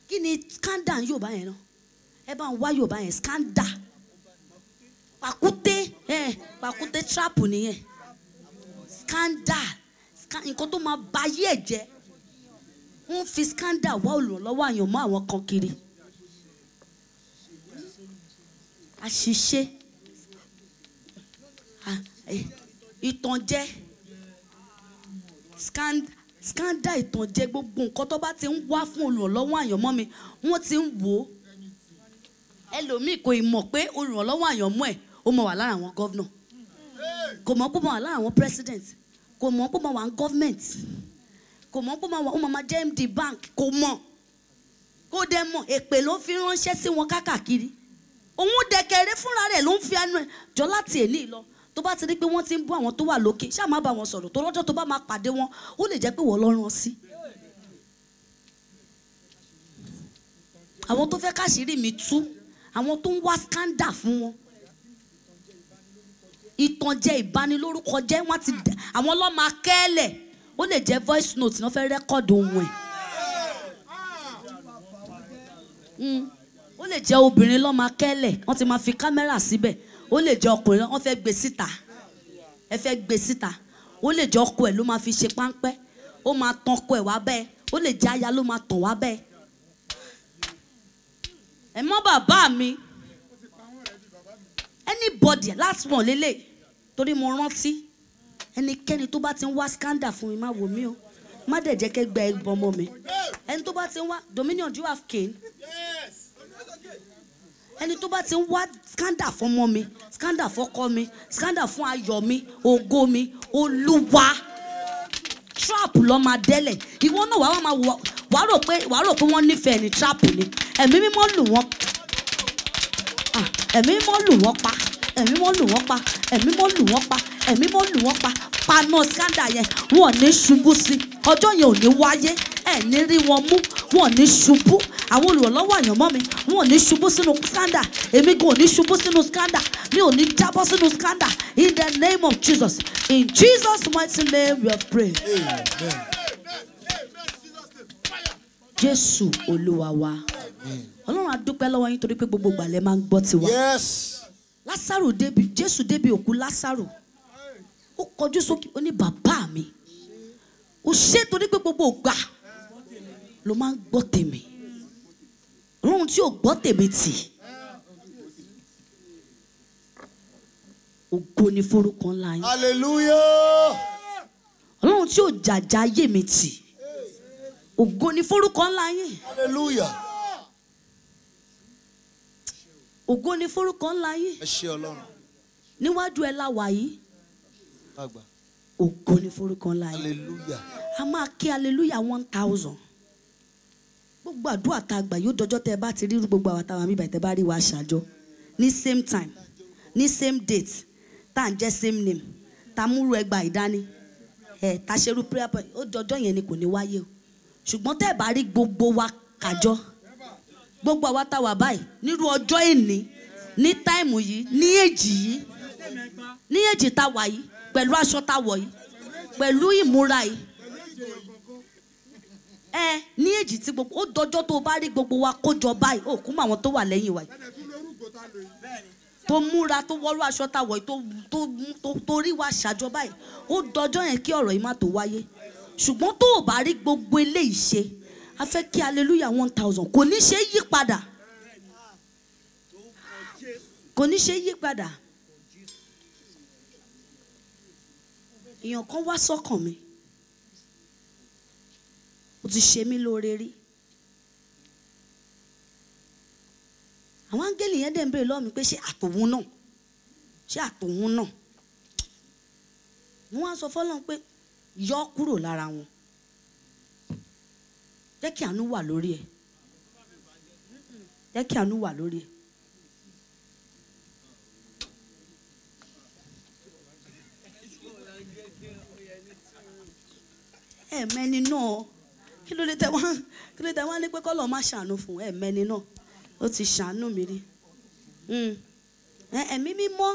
kí ni scandal ń Yorùbá yẹn náà ẹ bá ń wá Yorùbá yẹn scandal pàkúté ẹ pàkúté trap nìyẹn scandal nǹkan tó máa ba ayé ẹ̀ jẹ́ ń fi scandal wá olùrànlọ́wọ́ àyànmọ́ àwọn kan kiri àṣìṣe ìtànjẹ scandal ìtànjẹ gbogbo nǹkan tó bá ti ń wá fún olùrànlọ́wọ́ àyànmọ́ mi wọ́n ti ń wò ó ẹlòmíì kò mọ̀ pé olùrànlọ́wọ́ àyànmọ́ ẹ̀ ó mọ̀ wà lára àwọn gọ́vnà kò mọ̀ pé mọ̀ wà lára àwọn president kò mọ̀ pé mọ̀ wà ní gọ́fmẹ̀ntì kò mọ̀ pé wọ́n máa jẹ́ MD bank kò mọ̀ kó dẹ̀ mọ̀ èpè ló fi ránṣẹ́ sí wọn káàkiri òun dẹ̀kẹ̀rẹ́ fúnra rẹ̀ ló ń fi ẹnu ẹ̀ jọ láti èní lọ tó bá ti rí pé wọ́n ti ń bú àwọn tó wà lókè ṣáà má bá wọn sọ̀rọ̀ tó lọ́jọ́ tó bá máa pàdé wọn ó lè jẹ́ pé wọ́n lọ́rùn sí. àwọn tó fẹ́ káṣírí mi tú àwọn tó ń wá scandal fún wọn ìtànjẹ ìbanilórúkọjẹ́ wọn ti àwọn ọlọ́mọ akẹ́lẹ̀ ó lè jẹ́ voice note náà fẹ́ rẹ́kọ̀dù ohun ẹ̀ hmm. ó lè jẹ́ obìnrin ló máa kẹ́lẹ̀ wọ́n ti máa fi kámẹ́rà síbẹ̀ ó lè jẹ́ ọkùnrin wọ́n fẹ́ gbé síta ẹ fẹ́ gbé síta ó lè jẹ́ ọkọ ẹ̀ ló máa fi ṣe páńpẹ́ ó máa tan ọkọ ẹ̀ wá bẹ́ẹ̀ ó lè jẹ́ aya ló máa tàn wá bẹ́ẹ̀ ẹ mọ̀ bàbá mi anybody last one lélẹ̀ torí mo rántí ẹnikẹ́ni tó bá ti ń wá scandal fún mi má wò mí o má dẹ̀ jẹ́ kẹ́ gba ẹgbọ́n ọmọ mi ẹni tó bá ti ń wá dominion do you have cane ẹni tó bá ti ń wá scandal fún ọmọ mi scandal fún ọkọ mi scandal fún ayọ̀ mi ògo mi olúwa trap lọ máa dẹ́lẹ̀ ìwọ náà wàá máa wàá rò pé wàá rò pé wọ́n nífẹ̀ẹ́ ní trap ni ẹ̀mí mímọ́ lù wọ́n ah, ẹ̀mí mímọ́ lù wọ́n pa ẹ̀mí mímọ́ lù wọ́n pa ẹ̀mí mímọ́ lù wọ́n pa ẹ̀mí mọ́ lù wọ́n pa paná skanda yẹn wọn ní ṣubú sí ọjọ́ yẹn ò ní wáyé ẹ̀ ní rí wọn mú wọn ní ṣubú àwọn olùrànlọ́wọ́ àyànmọ́ mi wọn ní ṣubú sínú skanda èmi kò ní ṣubú sínú skanda mi ò ní jábọ́ sínú skanda in the name of Jesus in Jesus mighty name we have prayed. Jésù Olúwa wa Ọlọ́run a dúpẹ́ lọ́wọ́ yín torí pé gbogbo ìgbà lẹ máa ń gbọ́ tiwa Lásàrò débi Jésù débi òkú Lásàrò ó kọjú sókè ó ní bàbá mi ó ṣe é torí pé gbogbo ògbà ló máa ń gbọ́ tèmi lóhun tí ò gbọ́ tèmi tì ògo ni forúkọ ńlá yín. hallelujah. tí ò jàjà ayé mi tì ògo ni forúkọ ńlá yín. ògo ni forúkọ ńlá yín. níwájú ẹ la wà yìí ògo ni forúkọ ńlá yìí a máa kí aleluya one thousand gbogbo àdúrà tá a gbà yóò dọjọ́ tẹ́ ẹ bá ti rírú gbogbo àwọn àtàwọn àmì bá rí wa ṣàjọ ní same time ní same date tá à ń jẹ́ same name tá múrú ẹgbà ìdání ẹ tá ṣerú prayer point ó dọjọ́ yẹn ni kò ní wáyé o ṣùgbọ́n tẹ́ ẹ bá rí gbogbo wa kàjọ gbogbo àwa tá a wà báyìí nírú ọjọ́ èní ní táìmù yìí ní èjì yìí ní èjì tá yìí pẹ̀lú aṣọ tá wọ̀ yìí pẹ̀lú ìmúra yìí ẹ ní èjì tí gbogbo ó dọjọ́ tó bá rí gbogbo wa kójọ báyìí ó kún mọ́ àwọn tó wà lẹ́yìn wa yìí tó múra tó wọ́rú aṣọ tá wọ̀ yìí tó rí wa ṣàjọ báyìí ó dọjọ́ yẹn kí ọ̀rọ̀ yìí má tó wáyé ṣùgbọ́n tó o bá rí gbogbo eléyìí ṣe a fẹ́ kí hallelujah one thousand kò ní ṣe yí padà kò ní ṣe yí padà èèyàn kan wá sọ́kàn mi ó ti ṣe mí lóore rí àwọn áńgẹ́lì yẹn dẹ̀ ń béèrè lọ́wọ́ mi pé ṣé àtòhun náà ṣé àtòhun náà wọ́n á sọ fọ́lọ́n pé yọ kúrò lára wọn jẹ́ kí àánú wà lórí ẹ̀ jẹ́ kí àánú wà lórí ẹ̀ ẹ̀mẹ́ni náà kí ló dé tẹ wọ́n kí ló dé tẹ wọ́n ní pé kọ́lọ̀ má ṣàánú fún ẹ̀mẹ́ni náà ó ti ṣàánú mi rí hmm. ẹ̀mí mímọ́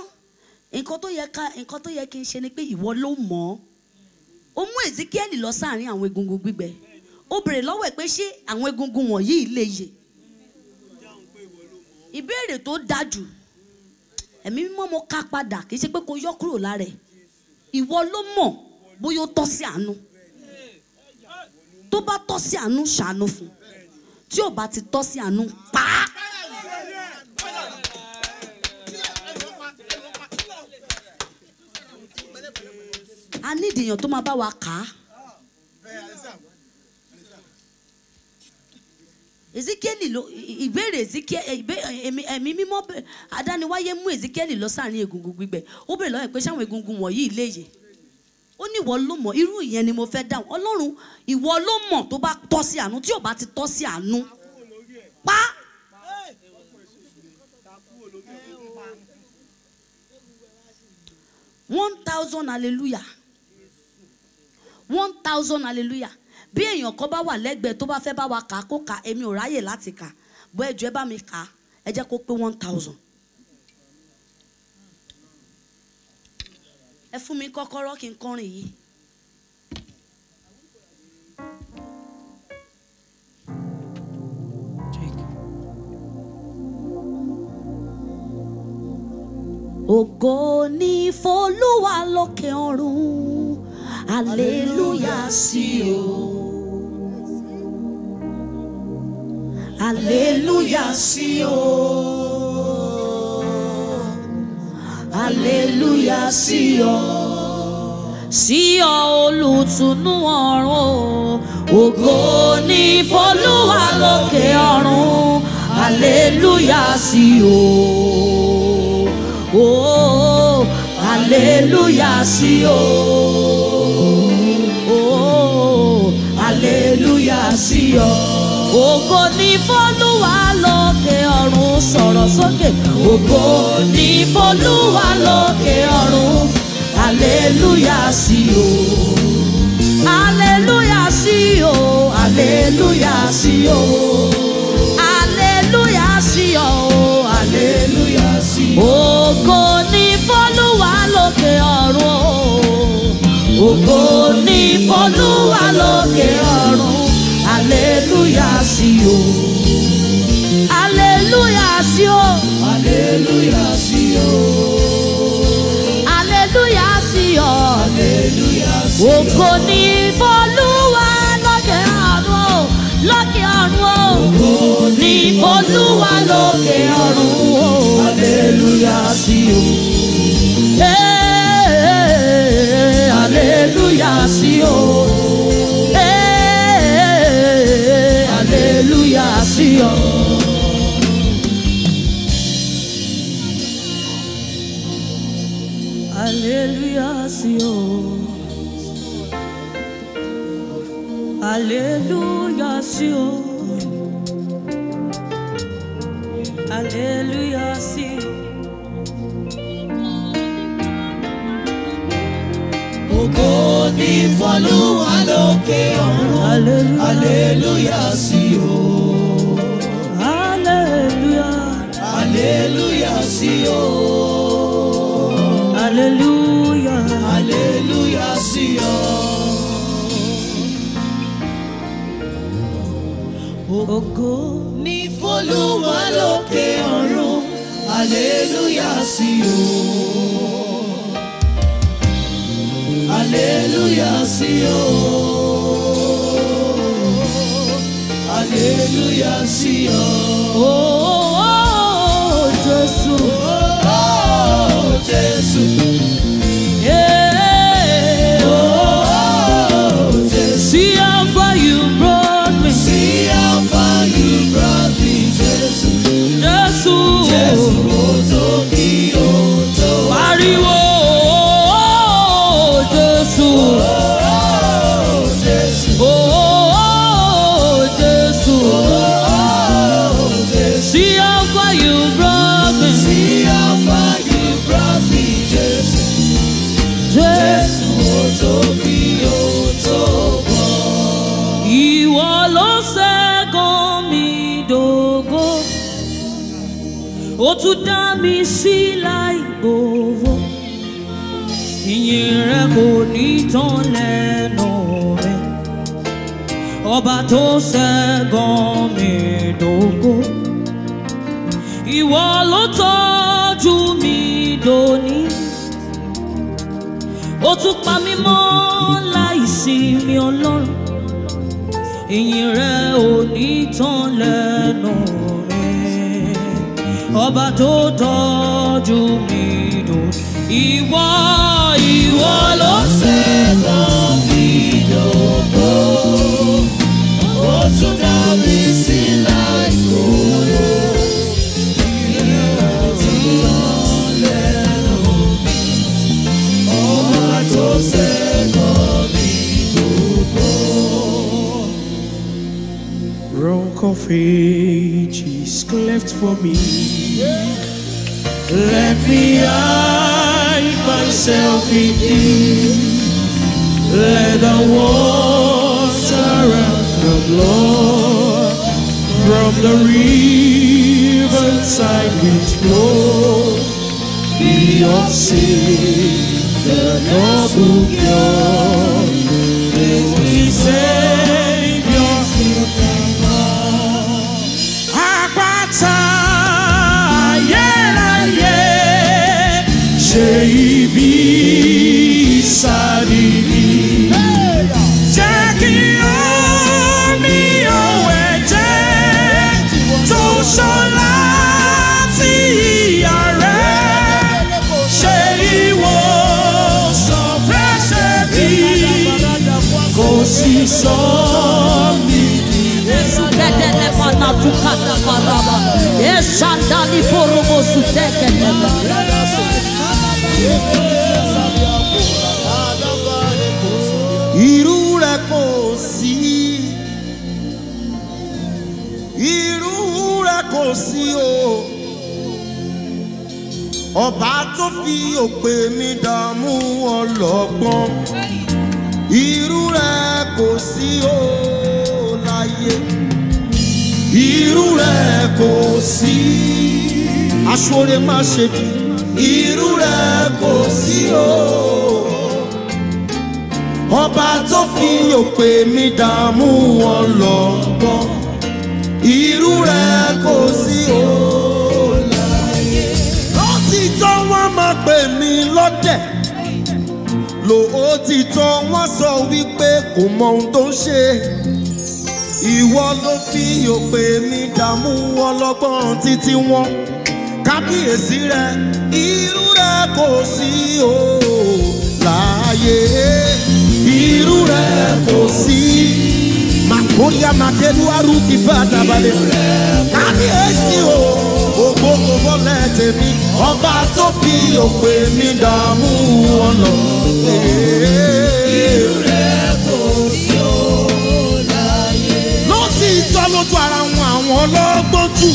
nǹkan tó yẹ ká nǹkan tó yẹ kí n ṣe ni pé ìwọ ló mọ̀ ọ́ ó mú Èzíkíẹ́lì lọ sáàrin àwọn egungun gbígbẹ ó béèrè lọ́wọ́ ẹ̀ pé ṣé àwọn egungun wọ̀nyí lè yè ìbéèrè tó dájú ẹ̀mí mímọ́ mo ká padà kì í ṣe pé kò yọ kúrò lára ẹ̀ ìwọ ló mọ̀ bóyá ó tọ́ sí àánú tó bá tọ́ sí àánú ṣàánú fún tí ò bá ti tọ́ sí àánú pa á. a ní ìdìyàn tó máa bá wa kà á. ezekiel ló ìbéèrè ezekiel ẹ̀mí mímọ́ adániwáyé mú ezekiel lọ sáàrin egungun gbígbẹ ó bèrè lọ́wọ́ pé sáwọn egungun wọ̀nyí léyè ó ní ìwọ ló mọ̀ irú ìyẹn ni mo fẹ́ dáhùn ọlọ́run ìwọ ló mọ̀ tó bá tọ́ sí àánú tí ò bá ti tọ́ sí àánú pa. one thousand hallelujah one thousand hallelujah bí èèyàn kan bá wà lẹ́gbẹ̀ẹ́ tó bá fẹ́ bá wa kà á kó kà èmi ò ráyè láti kà bó ẹ jẹ́ bá mi kà á ẹ jẹ́ kó pé one thousand. ẹ fún mi kọ́kọ́rọ́ kí n kọrin yìí. ògo ni f'Olúwa lókè ọ̀run aleluya sí o aleluya sí o hallelujah sí ọ. sí ọ olùtùnú ọ̀run ògo ní fọlúwa lókè ọ̀run hallelujah sí ọ. Oh, hallelujah sí ọ. Oh, hallelujah sí ọ. ògo ní fọlúwa lókè ọ̀run lókè ọ̀run sọ̀rọ̀ sókè ògo ní f'Olúwa lókè ọ̀run hallelujah sí o hallelujah sí o hallelujah sí o hallelujah sí o hallelujah sí o ògo ní f'Olúwa lókè ọ̀run ògo ní f'Olúwa lókè ọ̀run hallelujah sí o. Hallelujah sí o. Hallelujah sí o. Hallelujah sí o. Hallelujah sí o. Ògo ni Folúwa lókè ọ̀run o. Lókè ọ̀run o. Ògo ni Folúwa lókè ọ̀run o. Hallelujah sí o. Hallelujah eh, eh, eh, sí o. Hallelujah sí o. olúwa lókè ọ̀run ni Hallelujah sí o. Hallelujah sí oh, Oh, Jésù. Oh, Jesus, Yeah. Oh, oh Jesus, See how far you brought me. See how far you brought me, Jésù. Jésù. Jésù, ó tó kí ó tó. Pariwo. mi sí láì gbowó ìyìn rẹ kò ní tán lẹ́nu mi ọba tó ṣẹ́gun mi dógó ìwọ ló tọ́jú mi dòní ó tún pa mí mọ́ láìsí mi ọlọ́run ìyìn rẹ ò ní tán mi ọba tó tọ́jú mi dùn ìwọ ìwọ ló ṣe tán. of age is cleft for me. Let me hide myself in thee. Let the water of the Lord from the river side which flows be of sin, the noble God. me is Yes, Shandali Foromo Suteke. kò sí o. Ọba tó fi òpè mi dààmú ọlọ́gbọ́n. Irú rẹ̀ kò sí o láyé. Irú rẹ̀ kò sí. Aṣọ́re má ṣe bí. Irú rẹ̀ kò sí o. Ọba tó fi òpè mi dààmú ọlọ́gbọ́n kò sí òòlà. lótìtọ́ wọ́n máa pè mí lọ́dẹ̀ lóòtítọ́ wọ́n sọ wípé kò mọ ohun tó ń ṣe ìwọ ló fi òpè mi dààmú ọlọ́gbọ́n títí wọn kábíyèsí rẹ irú rẹ kò sí o láàyè irú rẹ kò sí màkóyá màkẹ́lú arúgbó ìfẹ́ àtàbálẹ̀ kábíyèsí o ògbó ògbó lẹ́tẹ̀ mi ọba tó bí òpè mi dààmú ọ̀nà. ìrẹ́ kò sí o láyé. ló ti tọ́ lójú ara wọn àwọn ọlọ́gbọ́n jù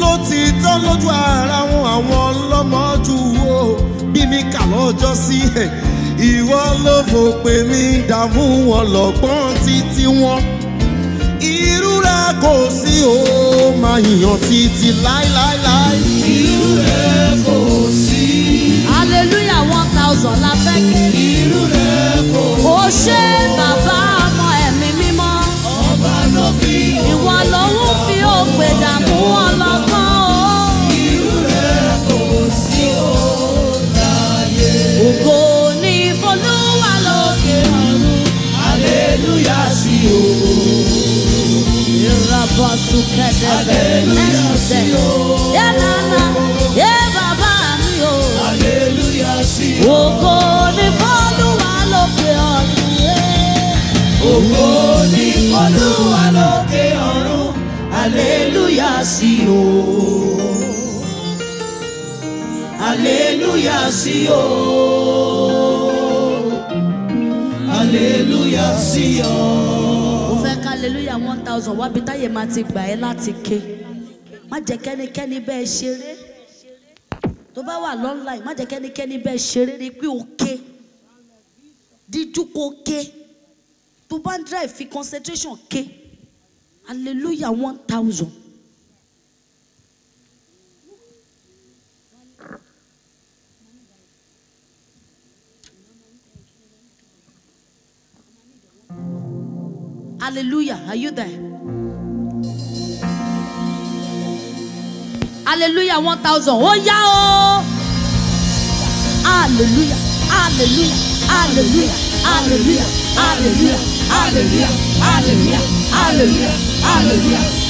ló ti tọ́ lójú ara wọn àwọn ọlọ́mọ jù o bí mi kà lọ́jọ́ sí ẹ̀ ìwọ ló fò pè mí dààmú ọlọ́gbọ́n títí wọn kò sí o máa yìnyàn títí láíláíláí. irú rẹ kò sí. hallelujah one thousand la fẹ́ ké. irú rẹ kò sí. o ṣé bàbá ọmọ ẹ̀mí mímọ́. ọba ló fi òpè dààmú. ìwọ ló ń fi sukadebe ẹsẹ yẹ nana yẹ bàbá mi o ògo ni fọlùwà lókè ọ̀run ògo ni fọlùwà lókè ọ̀run aleluya sí o aleluya sí o aleluya sí o hallelujah one thousand wá bí táyé máa ti gbà ẹ́ láti ké má jẹ́ kẹ́nikẹ́ni bẹ́ẹ̀ ṣeré tó bá wà lọ́nlàì má jẹ́ kẹ́nikẹ́ni bẹ́ẹ̀ ṣeré ni pé òkè díjú kò ké tó bá ń drive fi concentration ké hallelujah one thousand. Hallelujah. Are you there? Hallelujah. 1000. Oh, yeah. Oh. Hallelujah. Hallelujah. Hallelujah. Hallelujah. Hallelujah. Hallelujah. Hallelujah. Hallelujah. Hallelujah.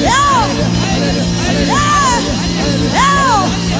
Hallelujah!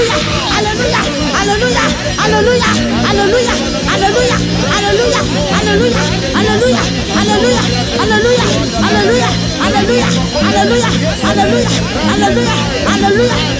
aleluya, aleluya, aleluya, aleluya, aleluya, aleluya, aleluya, aleluya, aleluya, aleluya, aleluya, aleluya, aleluya, aleluya, aleluya, aleluya, aleluya.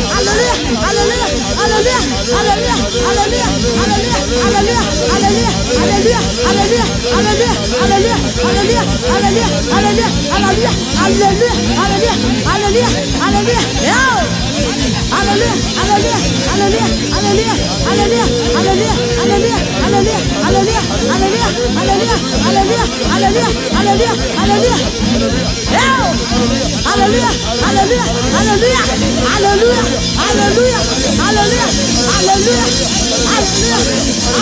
Hallelujah. Hallelujah. Hallelujah. Hallelujah. Hallelujah. Hallelujah. Hallelujah. Hallelujah. Hallelujah. Hallelujah. Hallelujah. Hallelujah. Hallelujah. Hallelujah. Hallelujah. Hallelujah. Hallelujah. Hallelujah. Hallelujah. Yeah. Hallelujah! Hallelujah! Hallelujah! Hallelujah! Hallelujah! Hallelujah! Hallelujah! Hallelujah! Hallelujah! Hallelujah! Hallelujah! Hallelujah! Hallelujah! Hallelujah! Hallelujah! Alléluia, alléluia, alléluia, alléluia, alléluia, alléluia, alléluia,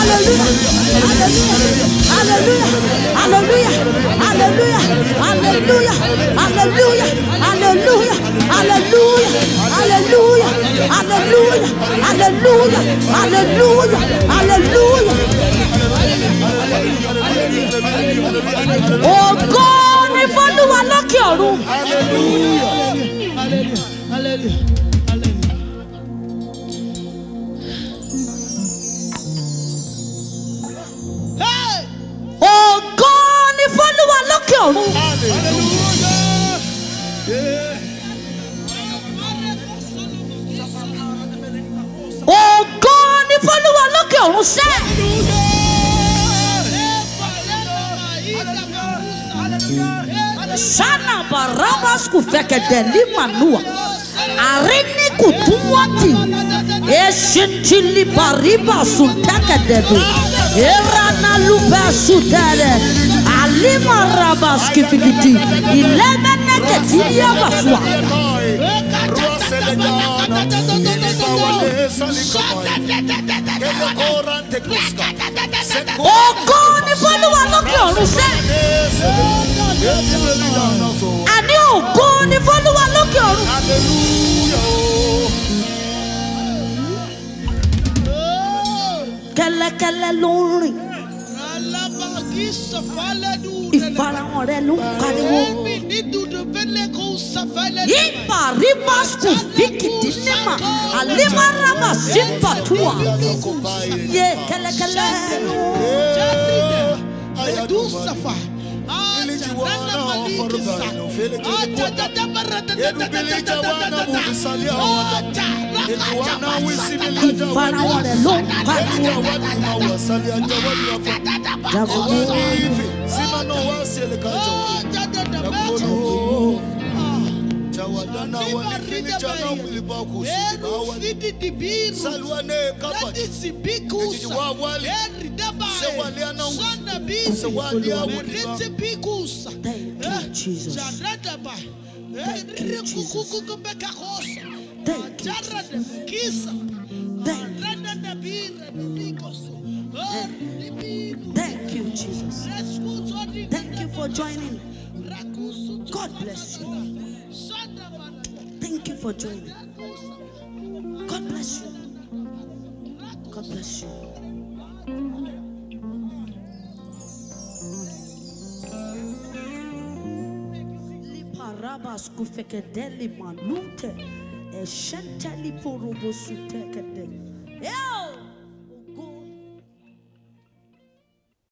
alléluia, alléluia, alléluia. Hallelujah. Hallelujah. Hallelujah. Hallelujah. Hallelujah. Hallelujah. Hallelujah. Hallelujah. Hallelujah. Hallelujah. Hallelujah. Hallelujah. Ògo ni fọ́lúwa lókè ọ̀run. Hallelujah. Hallelujah. Hallelujah. Lord. Hallelujah. Oh, yeah. Ògo ni Fọ́lúwa lókè ọ̀run sẹ́. Sana barabas kufekete limanua arini kutuwati esintili bariba suntekete bi erana lube sutere. lima rabas kifigiti ilebe neke tiri abasua. Ògo ni Fọlúwa lókè ọ̀run sẹ́. Àní ògo ni Fọlúwa lókè ọ̀run. Kẹ́lẹ́kẹ́lẹ́ ló ń rìn. ìfarahàn rẹ ló ń pariwo. ìgbà rímásù fíkìdì nímà àlímárama sí pàtúwà yé kẹlẹkẹlẹ. Iliji oh, oh, oh, wana Salwane Thank you, Jesus. Thank you, Jesus. Thank you. Thank you. Thank you, Jesus. Thank you for joining. God bless you. Thank you for joining. God bless you. God bless you. Arabas kufekedeli manute. Eshenteli porobosute kede. Yo!